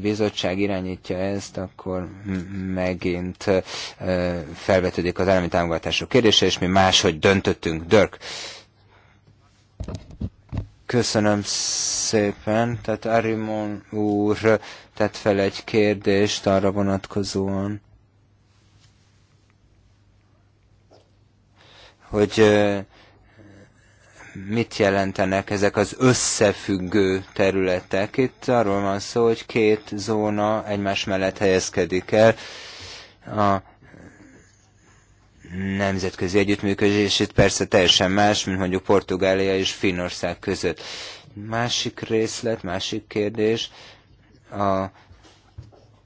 bizottság irányítja ezt, akkor megint felvetődik az állami támogatások kérdése, és mi máshogy döntöttünk. Dörk. Köszönöm szépen. Tehát Arimon úr tett fel egy kérdést arra vonatkozóan, hogy mit jelentenek ezek az összefüggő területek. Itt arról van szó, hogy két zóna egymás mellett helyezkedik el. A nemzetközi együttműködés itt persze teljesen más, mint mondjuk Portugália és Finnország között. Másik részlet, másik kérdés, a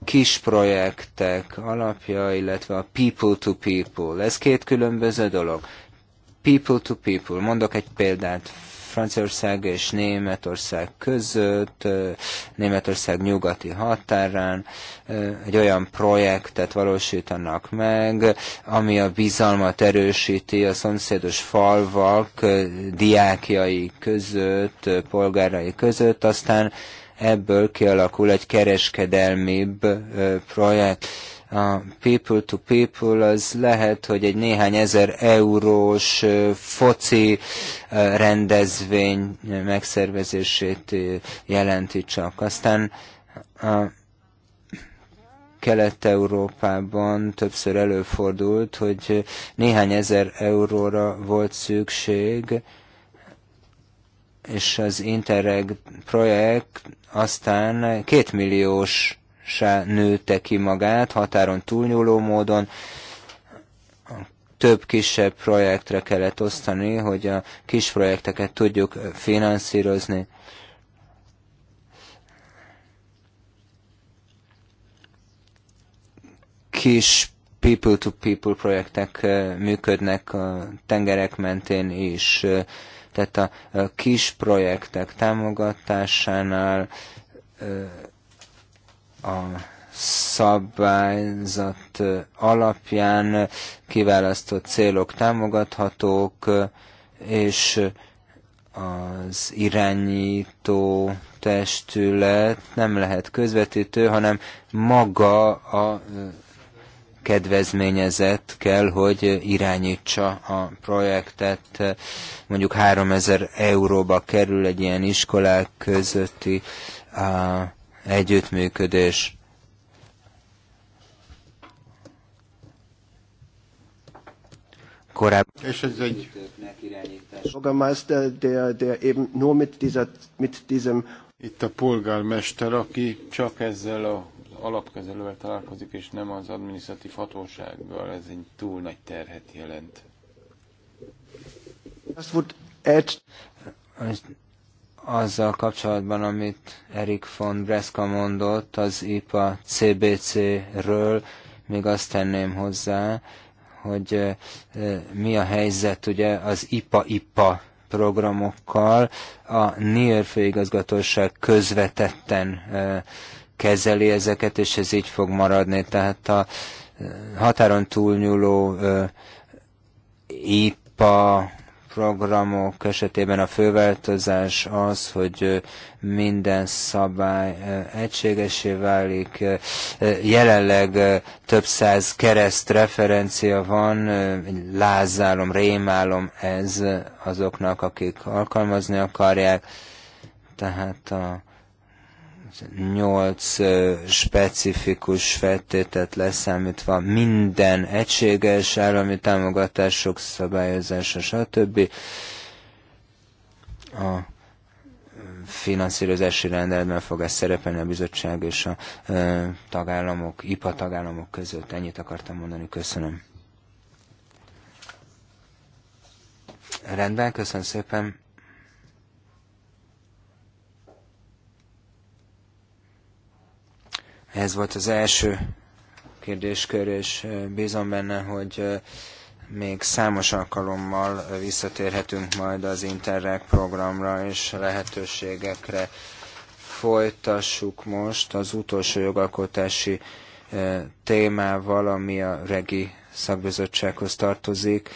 kis projektek alapja, illetve a people to people. Ez két különböző dolog people to people. Mondok egy példát. Franciaország és Németország között, Németország nyugati határán egy olyan projektet valósítanak meg, ami a bizalmat erősíti a szomszédos falvak diákjai között, polgárai között, aztán ebből kialakul egy kereskedelmibb projekt a people to people az lehet, hogy egy néhány ezer eurós foci rendezvény megszervezését jelenti csak. Aztán a Kelet-Európában többször előfordult, hogy néhány ezer euróra volt szükség, és az Interreg projekt aztán kétmilliós se nőtte ki magát határon túlnyúló módon. Több kisebb projektre kellett osztani, hogy a kis projekteket tudjuk finanszírozni. Kis people-to-people -people projektek eh, működnek a tengerek mentén is, eh, tehát a kis projektek támogatásánál eh, a szabályzat alapján kiválasztott célok támogathatók, és az irányító testület nem lehet közvetítő, hanem maga a kedvezményezett kell, hogy irányítsa a projektet. Mondjuk 3000 euróba kerül egy ilyen iskolák közötti együttműködés. És ez egy Bürgermeister, der, der eben nur mit dieser, mit diesem itt a polgármester, aki csak ezzel a alapkezelővel találkozik, és nem az adminisztratív hatósággal, ez egy túl nagy terhet jelent. Das azzal kapcsolatban, amit Erik von Breska mondott az IPA CBC-ről, még azt tenném hozzá, hogy mi a helyzet ugye az IPA-IPA programokkal. A NIR főigazgatóság közvetetten kezeli ezeket, és ez így fog maradni. Tehát a határon túlnyúló IPA programok esetében a főváltozás az, hogy minden szabály egységesé válik. Jelenleg több száz kereszt referencia van, lázálom, rémálom ez azoknak, akik alkalmazni akarják. Tehát a nyolc specifikus feltételt leszámítva minden egységes állami támogatások szabályozása, stb. A finanszírozási rendeletben fog ez szerepelni a bizottság és a tagállamok, IPA tagállamok között. Ennyit akartam mondani, köszönöm. Rendben, köszönöm szépen. Ez volt az első kérdéskör, és bízom benne, hogy még számos alkalommal visszatérhetünk majd az Interreg programra és lehetőségekre. Folytassuk most az utolsó jogalkotási témával, ami a regi szakbizottsághoz tartozik.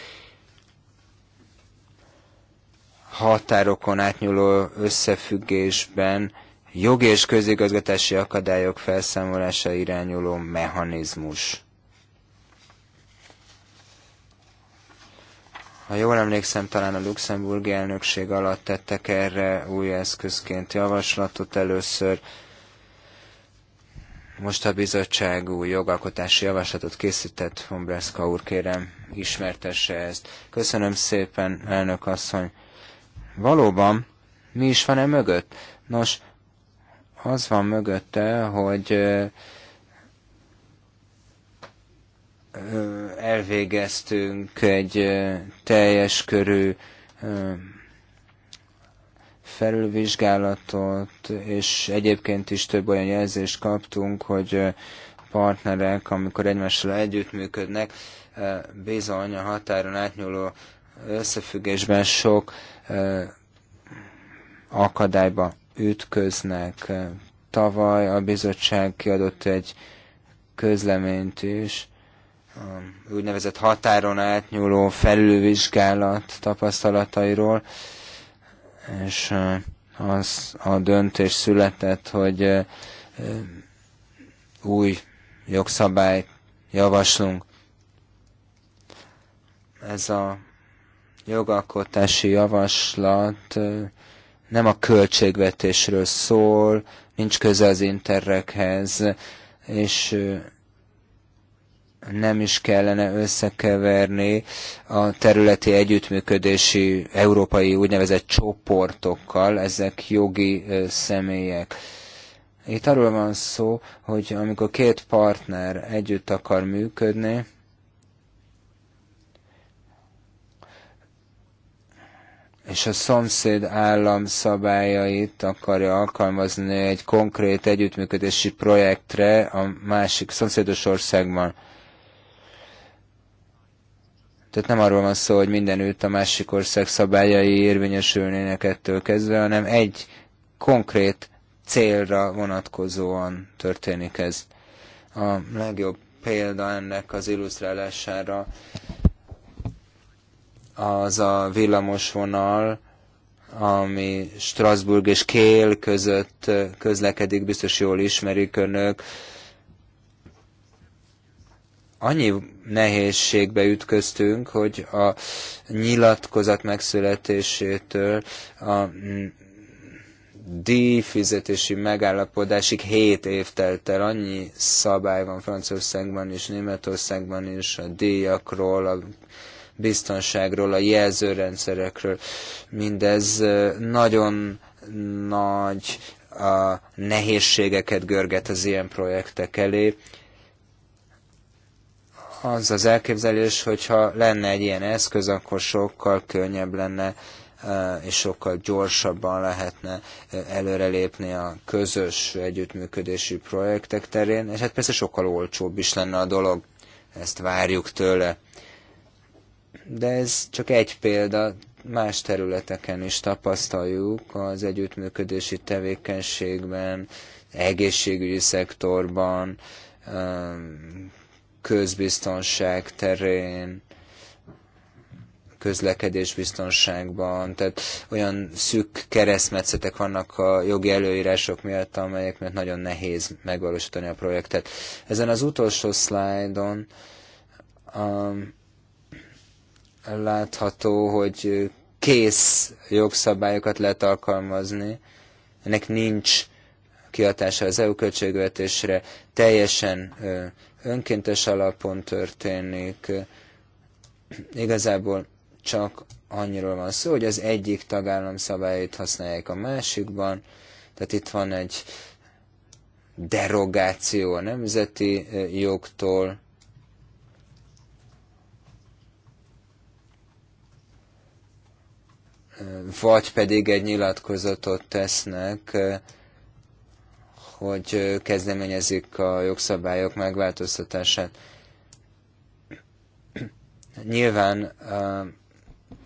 Határokon átnyúló összefüggésben jogi és közigazgatási akadályok felszámolása irányuló mechanizmus. Ha jól emlékszem, talán a luxemburgi elnökség alatt tettek erre új eszközként javaslatot először. Most a bizottságú jogalkotási javaslatot készített, Fombreszka úr, kérem, ismertesse ezt. Köszönöm szépen, elnök asszony. Valóban, mi is van e mögött? Nos, az van mögötte, hogy elvégeztünk egy teljes körű felülvizsgálatot, és egyébként is több olyan jelzést kaptunk, hogy partnerek, amikor egymással együttműködnek, bizony a határon átnyúló összefüggésben sok akadályba ütköznek. Tavaly a bizottság kiadott egy közleményt is, a úgynevezett határon átnyúló felülvizsgálat tapasztalatairól, és az a döntés született, hogy új jogszabályt javaslunk. Ez a jogalkotási javaslat nem a költségvetésről szól, nincs köze az interrekhez, és nem is kellene összekeverni a területi együttműködési európai úgynevezett csoportokkal, ezek jogi személyek. Itt arról van szó, hogy amikor két partner együtt akar működni, és a szomszéd állam szabályait akarja alkalmazni egy konkrét együttműködési projektre a másik szomszédos országban. Tehát nem arról van szó, hogy mindenütt a másik ország szabályai érvényesülnének ettől kezdve, hanem egy konkrét célra vonatkozóan történik ez. A legjobb példa ennek az illusztrálására az a villamosvonal, ami Strasbourg és Kél között közlekedik, biztos jól ismerik önök. Annyi nehézségbe ütköztünk, hogy a nyilatkozat megszületésétől a díjfizetési megállapodásig 7 év telt el. Annyi szabály van Franciaországban és Németországban is a díjakról, a biztonságról, a jelzőrendszerekről. Mindez nagyon nagy a nehézségeket görget az ilyen projektek elé. Az az elképzelés, hogyha lenne egy ilyen eszköz, akkor sokkal könnyebb lenne és sokkal gyorsabban lehetne előrelépni a közös együttműködési projektek terén, és hát persze sokkal olcsóbb is lenne a dolog, ezt várjuk tőle. De ez csak egy példa, más területeken is tapasztaljuk az együttműködési tevékenységben, egészségügyi szektorban, közbiztonság terén, közlekedésbiztonságban, tehát olyan szűk keresztmetszetek vannak a jogi előírások miatt, amelyek miatt nagyon nehéz megvalósítani a projektet. Ezen az utolsó szlájdon um, látható, hogy kész jogszabályokat lehet alkalmazni. Ennek nincs kihatása az EU költségvetésre, teljesen önkéntes alapon történik. Igazából csak annyiról van szó, hogy az egyik tagállam szabályait használják a másikban, tehát itt van egy derogáció a nemzeti jogtól, vagy pedig egy nyilatkozatot tesznek, hogy kezdeményezik a jogszabályok megváltoztatását. Nyilván a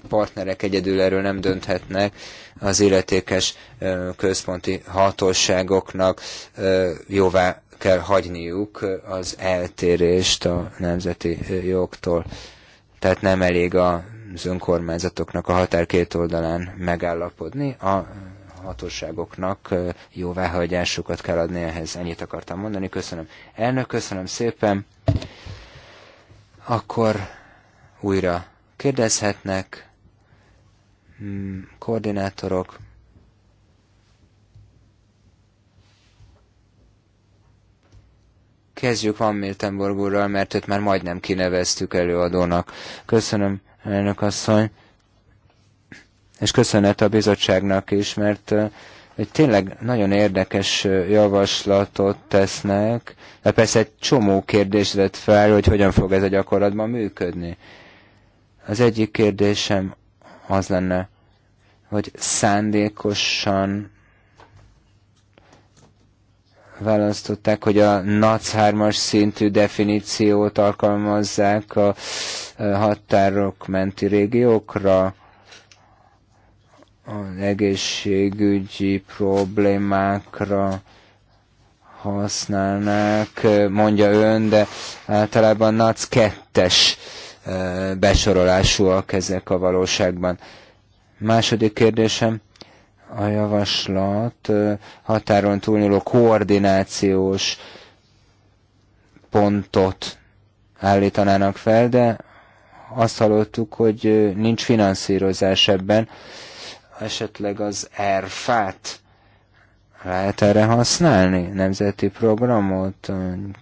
partnerek egyedül erről nem dönthetnek, az illetékes központi hatóságoknak jóvá kell hagyniuk az eltérést a nemzeti jogtól. Tehát nem elég a az önkormányzatoknak a határ két oldalán megállapodni, a hatóságoknak jóváhagyásukat kell adni ehhez. Ennyit akartam mondani. Köszönöm. Elnök, köszönöm szépen. Akkor újra kérdezhetnek mm, koordinátorok. Kezdjük Van Miltenborg úrral, mert őt már majdnem kineveztük előadónak. Köszönöm elnök asszony, és köszönet a bizottságnak is, mert hogy tényleg nagyon érdekes javaslatot tesznek, de persze egy csomó kérdés vett fel, hogy hogyan fog ez a gyakorlatban működni. Az egyik kérdésem az lenne, hogy szándékosan választották, hogy a NAC 3-as szintű definíciót alkalmazzák a határok menti régiókra az egészségügyi problémákra használnák, mondja ön, de általában NAC 2-es eh, besorolásúak ezek a valóságban. Második kérdésem, a javaslat határon túlnyúló koordinációs pontot állítanának fel, de azt hallottuk, hogy nincs finanszírozás ebben, esetleg az erfát lehet erre használni? Nemzeti programot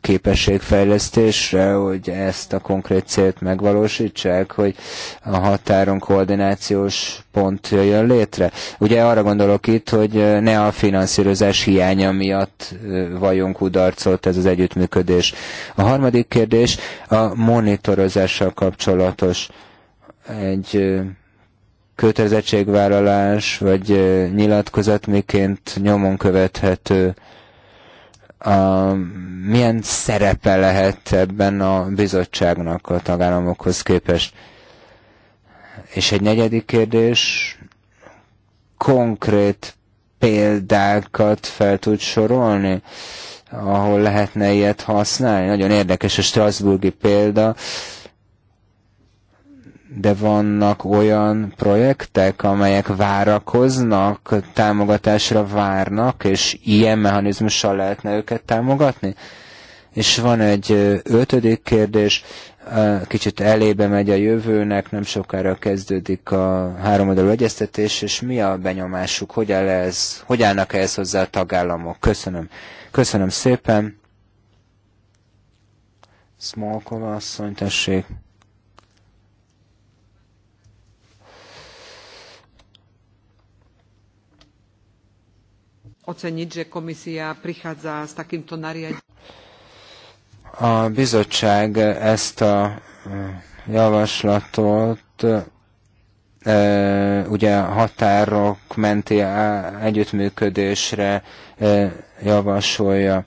képességfejlesztésre, hogy ezt a konkrét célt megvalósítsák, hogy a határon koordinációs pont jöjjön létre? Ugye arra gondolok itt, hogy ne a finanszírozás hiánya miatt vajon kudarcolt ez az együttműködés. A harmadik kérdés a monitorozással kapcsolatos. Egy kötelezettségvállalás vagy nyilatkozat miként nyomon követhető, a, milyen szerepe lehet ebben a bizottságnak a tagállamokhoz képest. És egy negyedik kérdés, konkrét példákat fel tud sorolni, ahol lehetne ilyet használni. Nagyon érdekes a Strasburgi példa, de vannak olyan projektek, amelyek várakoznak, támogatásra várnak, és ilyen mechanizmussal lehetne őket támogatni? És van egy ötödik kérdés, kicsit elébe megy a jövőnek, nem sokára kezdődik a háromoldalú egyeztetés, és mi a benyomásuk, hogy, áll ez, hogy állnak ehhez hozzá a tagállamok? Köszönöm. Köszönöm szépen. Smolkova asszony, tessék. oceniť, že komisia prichádza s takýmto nariadením. A bizottság ezt a mm, javaslatot e, ugye határok menti együttműködésre e, javasolja.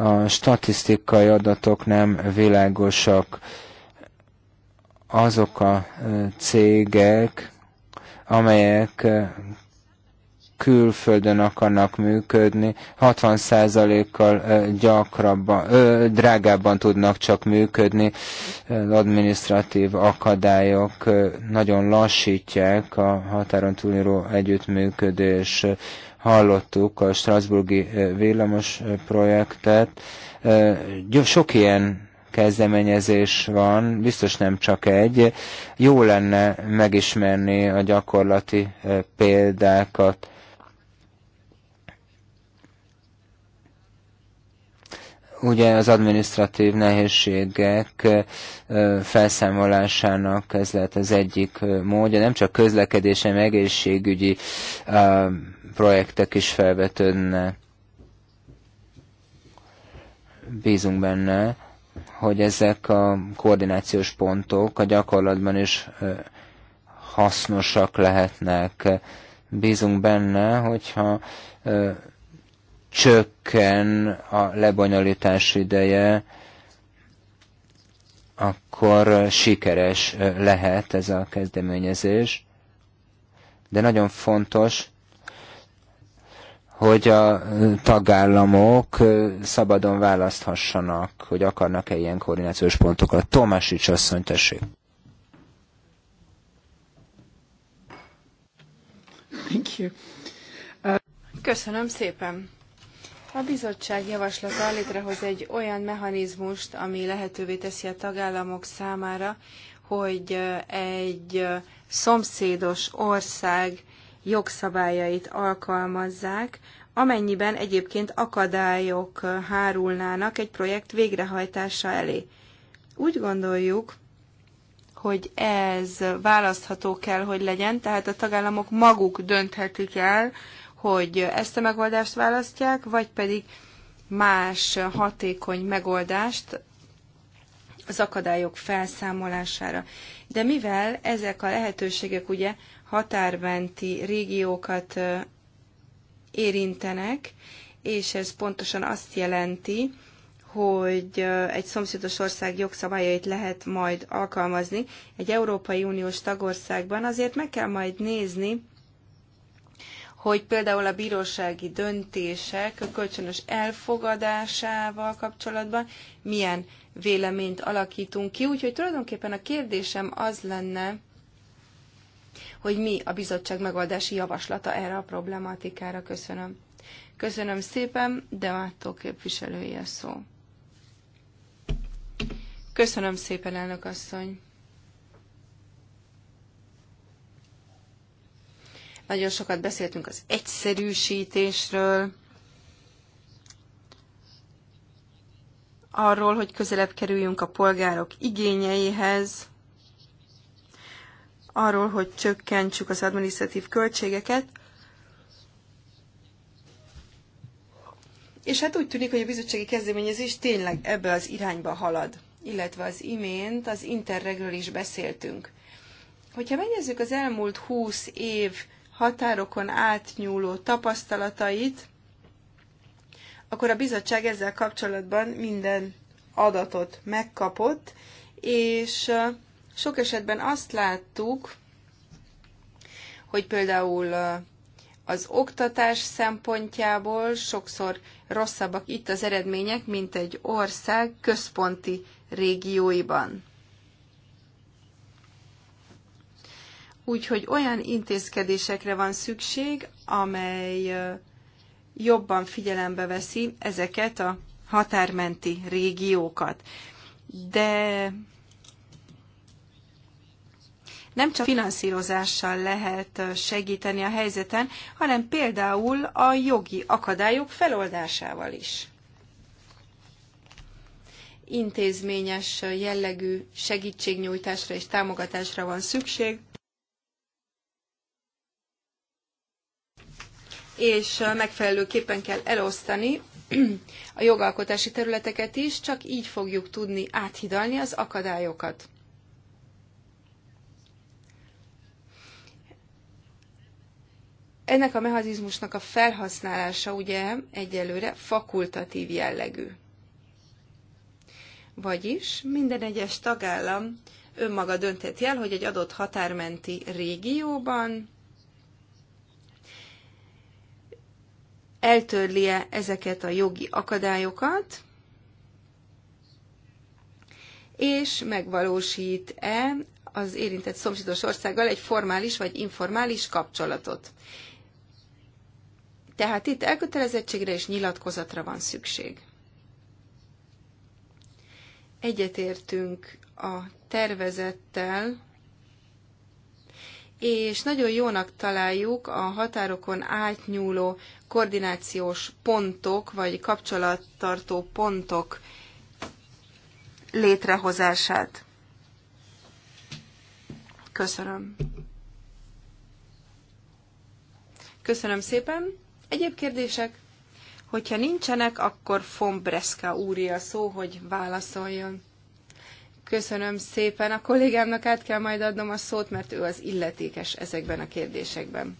A statisztikai adatok nem világosak. Azok a e, cégek, amelyek külföldön akarnak működni, 60%-kal gyakrabban, ö, drágábban tudnak csak működni. Administratív akadályok nagyon lassítják a határon túlíró együttműködés. Hallottuk a Strasburgi villamos projektet. Sok ilyen kezdeményezés van, biztos nem csak egy. Jó lenne megismerni a gyakorlati példákat. ugye az administratív nehézségek felszámolásának ez lehet az egyik módja, nem csak közlekedése, egészségügyi projektek is felvetődnek. Bízunk benne, hogy ezek a koordinációs pontok a gyakorlatban is hasznosak lehetnek. Bízunk benne, hogyha csökken a lebonyolítás ideje, akkor sikeres lehet ez a kezdeményezés. De nagyon fontos, hogy a tagállamok szabadon választhassanak, hogy akarnak-e ilyen koordinációs pontokat. Tomásics asszony, tessék! Thank you. Uh... Köszönöm szépen! A bizottság javaslata létrehoz egy olyan mechanizmust, ami lehetővé teszi a tagállamok számára, hogy egy szomszédos ország jogszabályait alkalmazzák, amennyiben egyébként akadályok hárulnának egy projekt végrehajtása elé. Úgy gondoljuk, hogy ez választható kell, hogy legyen, tehát a tagállamok maguk dönthetik el, hogy ezt a megoldást választják, vagy pedig más hatékony megoldást az akadályok felszámolására. De mivel ezek a lehetőségek ugye határmenti régiókat érintenek, és ez pontosan azt jelenti, hogy egy szomszédos ország jogszabályait lehet majd alkalmazni. Egy Európai Uniós tagországban azért meg kell majd nézni, hogy például a bírósági döntések a kölcsönös elfogadásával kapcsolatban milyen véleményt alakítunk ki. Úgyhogy tulajdonképpen a kérdésem az lenne, hogy mi a bizottság megoldási javaslata erre a problematikára. Köszönöm. Köszönöm szépen, de attól képviselője szó. Köszönöm szépen, elnök asszony. Nagyon sokat beszéltünk az egyszerűsítésről, arról, hogy közelebb kerüljünk a polgárok igényeihez, arról, hogy csökkentsük az administratív költségeket, És hát úgy tűnik, hogy a bizottsági kezdeményezés tényleg ebbe az irányba halad, illetve az imént az Interregről is beszéltünk. Hogyha megnézzük az elmúlt 20 év határokon átnyúló tapasztalatait, akkor a bizottság ezzel kapcsolatban minden adatot megkapott, és sok esetben azt láttuk, hogy például az oktatás szempontjából sokszor rosszabbak itt az eredmények, mint egy ország központi régióiban. Úgyhogy olyan intézkedésekre van szükség, amely jobban figyelembe veszi ezeket a határmenti régiókat. De nem csak finanszírozással lehet segíteni a helyzeten, hanem például a jogi akadályok feloldásával is. Intézményes jellegű segítségnyújtásra és támogatásra van szükség, és megfelelőképpen kell elosztani a jogalkotási területeket is, csak így fogjuk tudni áthidalni az akadályokat. Ennek a mechanizmusnak a felhasználása ugye egyelőre fakultatív jellegű. Vagyis minden egyes tagállam önmaga döntheti el, hogy egy adott határmenti régióban eltörlie ezeket a jogi akadályokat, és megvalósít-e az érintett szomszédos országgal egy formális vagy informális kapcsolatot. Tehát itt elkötelezettségre és nyilatkozatra van szükség. Egyetértünk a tervezettel, és nagyon jónak találjuk a határokon átnyúló koordinációs pontok vagy kapcsolattartó pontok létrehozását. Köszönöm. Köszönöm szépen. Egyéb kérdések? Hogyha nincsenek, akkor Fombreska úri a szó, hogy válaszoljon. Köszönöm szépen. A kollégámnak át kell majd adnom a szót, mert ő az illetékes ezekben a kérdésekben.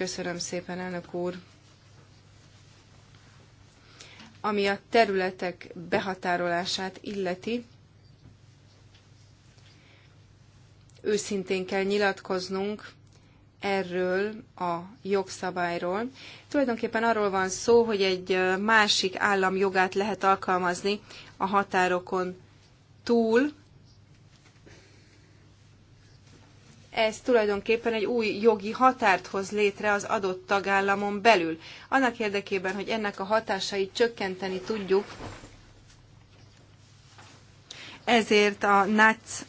Köszönöm szépen, elnök úr. Ami a területek behatárolását illeti, őszintén kell nyilatkoznunk erről a jogszabályról. Tulajdonképpen arról van szó, hogy egy másik állam jogát lehet alkalmazni a határokon túl, ez tulajdonképpen egy új jogi határt hoz létre az adott tagállamon belül. Annak érdekében, hogy ennek a hatásait csökkenteni tudjuk, ezért a NAC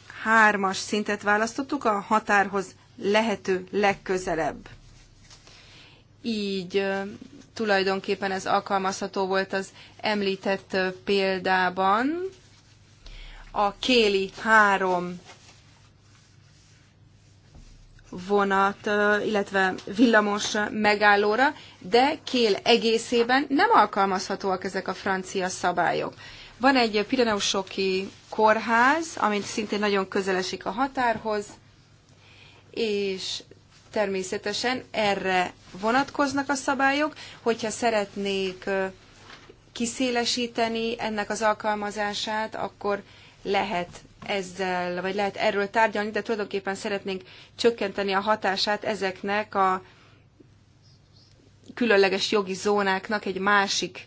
3-as szintet választottuk a határhoz lehető legközelebb. Így tulajdonképpen ez alkalmazható volt az említett példában. A Kéli 3 vonat, illetve villamos megállóra, de Kél egészében nem alkalmazhatóak ezek a francia szabályok. Van egy Pireneusoki kórház, amit szintén nagyon közel esik a határhoz, és természetesen erre vonatkoznak a szabályok, hogyha szeretnék kiszélesíteni ennek az alkalmazását, akkor lehet ezzel, vagy lehet erről tárgyalni, de tulajdonképpen szeretnénk csökkenteni a hatását ezeknek a különleges jogi zónáknak egy másik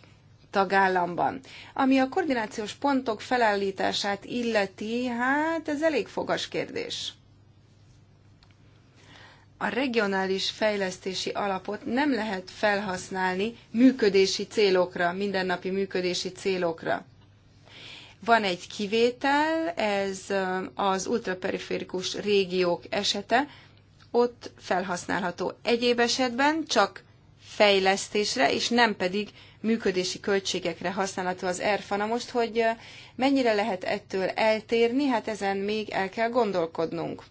tagállamban. Ami a koordinációs pontok felállítását illeti, hát ez elég fogas kérdés. A regionális fejlesztési alapot nem lehet felhasználni működési célokra, mindennapi működési célokra. Van egy kivétel, ez az ultraperiférikus régiók esete, ott felhasználható. Egyéb esetben csak fejlesztésre, és nem pedig működési költségekre használható az ERFA. Na most, hogy mennyire lehet ettől eltérni, hát ezen még el kell gondolkodnunk.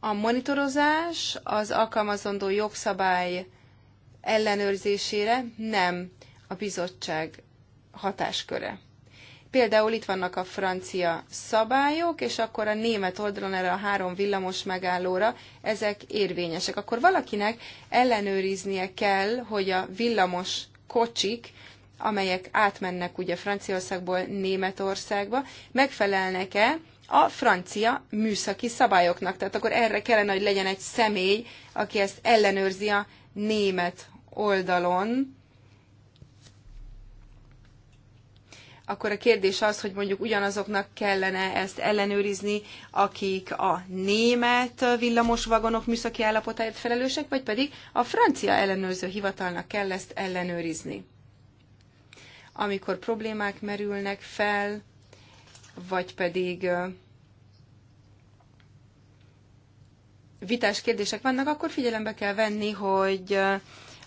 A monitorozás az alkalmazandó jogszabály ellenőrzésére nem a bizottság hatásköre. Például itt vannak a francia szabályok, és akkor a német oldalon erre a három villamos megállóra ezek érvényesek. Akkor valakinek ellenőriznie kell, hogy a villamos kocsik, amelyek átmennek ugye Franciaországból Németországba, megfelelnek-e a francia műszaki szabályoknak. Tehát akkor erre kellene, hogy legyen egy személy, aki ezt ellenőrzi a német oldalon, akkor a kérdés az, hogy mondjuk ugyanazoknak kellene ezt ellenőrizni, akik a német villamosvagonok műszaki állapotáért felelősek, vagy pedig a francia ellenőrző hivatalnak kell ezt ellenőrizni. Amikor problémák merülnek fel, vagy pedig vitás kérdések vannak, akkor figyelembe kell venni, hogy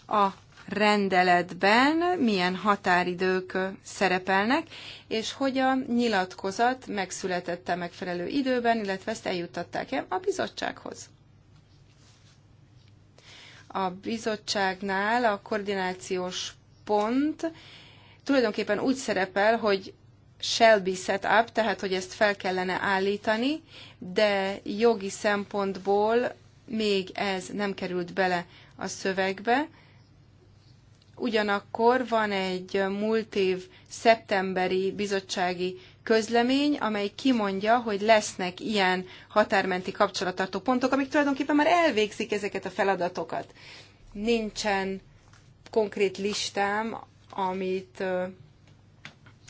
a rendeletben milyen határidők szerepelnek, és hogy a nyilatkozat megszületette megfelelő időben, illetve ezt eljuttatták-e a bizottsághoz. A bizottságnál a koordinációs pont tulajdonképpen úgy szerepel, hogy shall be set up, tehát hogy ezt fel kellene állítani, de jogi szempontból még ez nem került bele a szövegbe. Ugyanakkor van egy múlt év szeptemberi bizottsági közlemény, amely kimondja, hogy lesznek ilyen határmenti kapcsolattartó pontok, amik tulajdonképpen már elvégzik ezeket a feladatokat. Nincsen konkrét listám, amit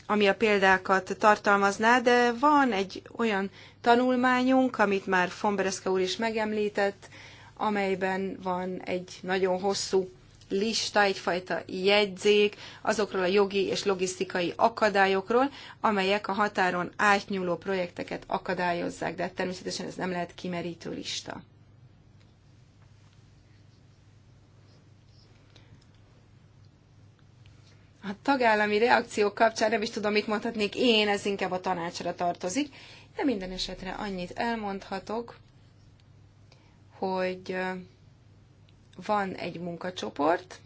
ami a példákat tartalmazná, de van egy olyan tanulmányunk, amit már Fombereszke úr is megemlített, amelyben van egy nagyon hosszú lista, egyfajta jegyzék azokról a jogi és logisztikai akadályokról, amelyek a határon átnyúló projekteket akadályozzák, de természetesen ez nem lehet kimerítő lista. A tagállami reakciók kapcsán nem is tudom, mit mondhatnék én, ez inkább a tanácsra tartozik, de minden esetre annyit elmondhatok, hogy van egy munkacsoport,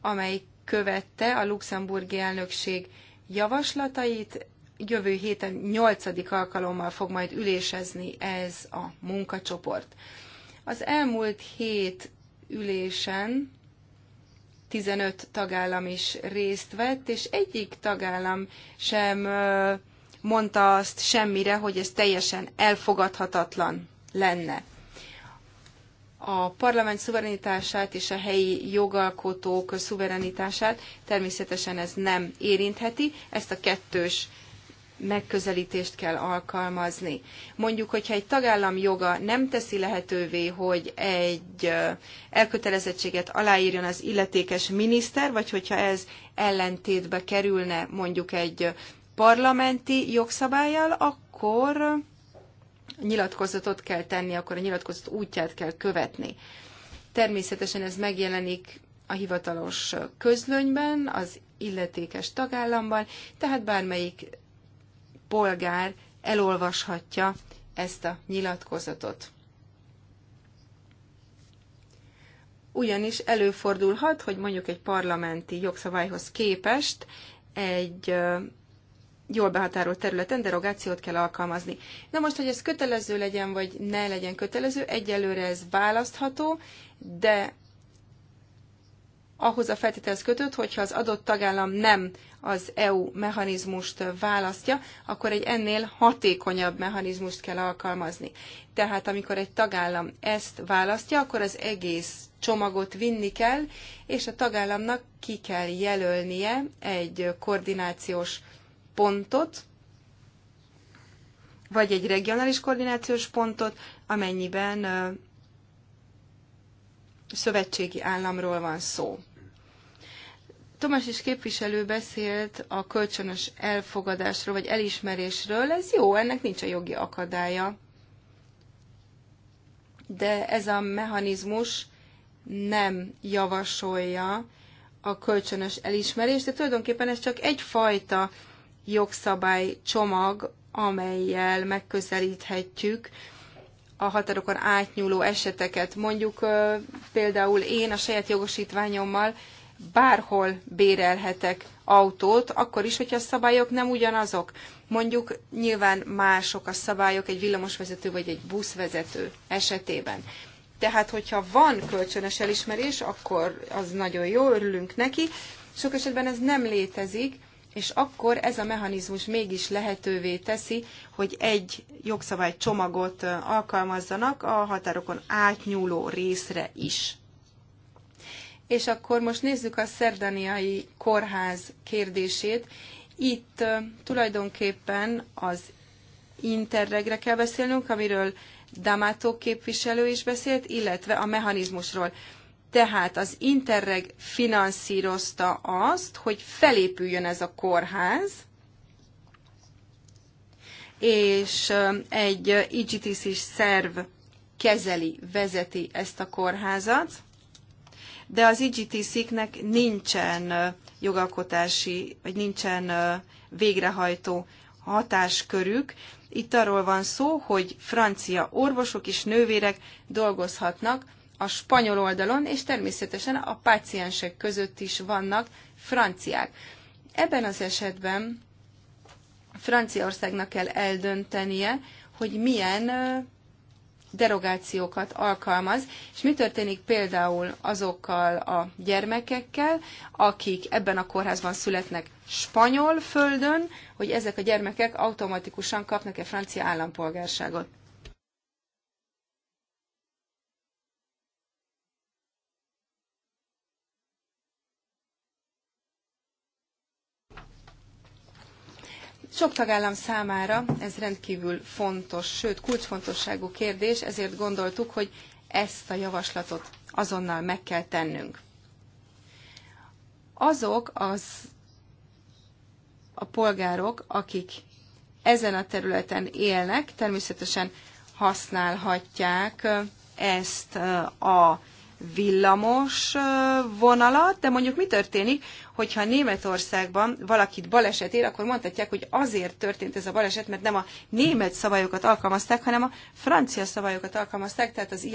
amely követte a luxemburgi elnökség javaslatait. Jövő héten 8. alkalommal fog majd ülésezni ez a munkacsoport. Az elmúlt hét ülésen 15 tagállam is részt vett, és egyik tagállam sem mondta azt semmire, hogy ez teljesen elfogadhatatlan lenne. A parlament szuverenitását és a helyi jogalkotók szuverenitását természetesen ez nem érintheti, ezt a kettős megközelítést kell alkalmazni. Mondjuk, hogyha egy tagállam joga nem teszi lehetővé, hogy egy elkötelezettséget aláírjon az illetékes miniszter, vagy hogyha ez ellentétbe kerülne mondjuk egy parlamenti jogszabályjal, akkor nyilatkozatot kell tenni, akkor a nyilatkozat útját kell követni. Természetesen ez megjelenik a hivatalos közlönyben, az illetékes tagállamban, tehát bármelyik polgár elolvashatja ezt a nyilatkozatot. Ugyanis előfordulhat, hogy mondjuk egy parlamenti jogszabályhoz képest egy jól behatárolt területen derogációt kell alkalmazni. Na most, hogy ez kötelező legyen, vagy ne legyen kötelező, egyelőre ez választható, de ahhoz a feltételhez kötött, hogyha az adott tagállam nem az EU mechanizmust választja, akkor egy ennél hatékonyabb mechanizmust kell alkalmazni. Tehát amikor egy tagállam ezt választja, akkor az egész csomagot vinni kell, és a tagállamnak ki kell jelölnie egy koordinációs pontot, vagy egy regionális koordinációs pontot, amennyiben szövetségi államról van szó. Tomás is képviselő beszélt a kölcsönös elfogadásról, vagy elismerésről. Ez jó, ennek nincs a jogi akadálya. De ez a mechanizmus nem javasolja a kölcsönös elismerést, de tulajdonképpen ez csak egyfajta jogszabály csomag, amelyel megközelíthetjük a határokon átnyúló eseteket. Mondjuk például én a saját jogosítványommal bárhol bérelhetek autót, akkor is, hogyha a szabályok nem ugyanazok. Mondjuk nyilván mások a szabályok egy villamosvezető vagy egy buszvezető esetében. Tehát, hogyha van kölcsönös elismerés, akkor az nagyon jó, örülünk neki. Sok esetben ez nem létezik, és akkor ez a mechanizmus mégis lehetővé teszi, hogy egy jogszabálycsomagot alkalmazzanak a határokon átnyúló részre is. És akkor most nézzük a szerdaniai kórház kérdését. Itt tulajdonképpen az interregre kell beszélnünk, amiről Damato képviselő is beszélt, illetve a mechanizmusról. Tehát az Interreg finanszírozta azt, hogy felépüljön ez a kórház, és egy IGTC-s szerv kezeli, vezeti ezt a kórházat de az IGTC-knek nincsen jogalkotási, vagy nincsen végrehajtó hatáskörük. Itt arról van szó, hogy francia orvosok és nővérek dolgozhatnak a spanyol oldalon, és természetesen a páciensek között is vannak franciák. Ebben az esetben Franciaországnak kell eldöntenie, hogy milyen derogációkat alkalmaz, és mi történik például azokkal a gyermekekkel, akik ebben a kórházban születnek spanyol földön, hogy ezek a gyermekek automatikusan kapnak-e francia állampolgárságot. Sok tagállam számára ez rendkívül fontos, sőt kulcsfontosságú kérdés, ezért gondoltuk, hogy ezt a javaslatot azonnal meg kell tennünk. Azok az a polgárok, akik ezen a területen élnek, természetesen használhatják ezt a villamos vonalat, de mondjuk mi történik, hogyha Németországban valakit baleset ér, akkor mondhatják, hogy azért történt ez a baleset, mert nem a német szabályokat alkalmazták, hanem a francia szabályokat alkalmazták, tehát az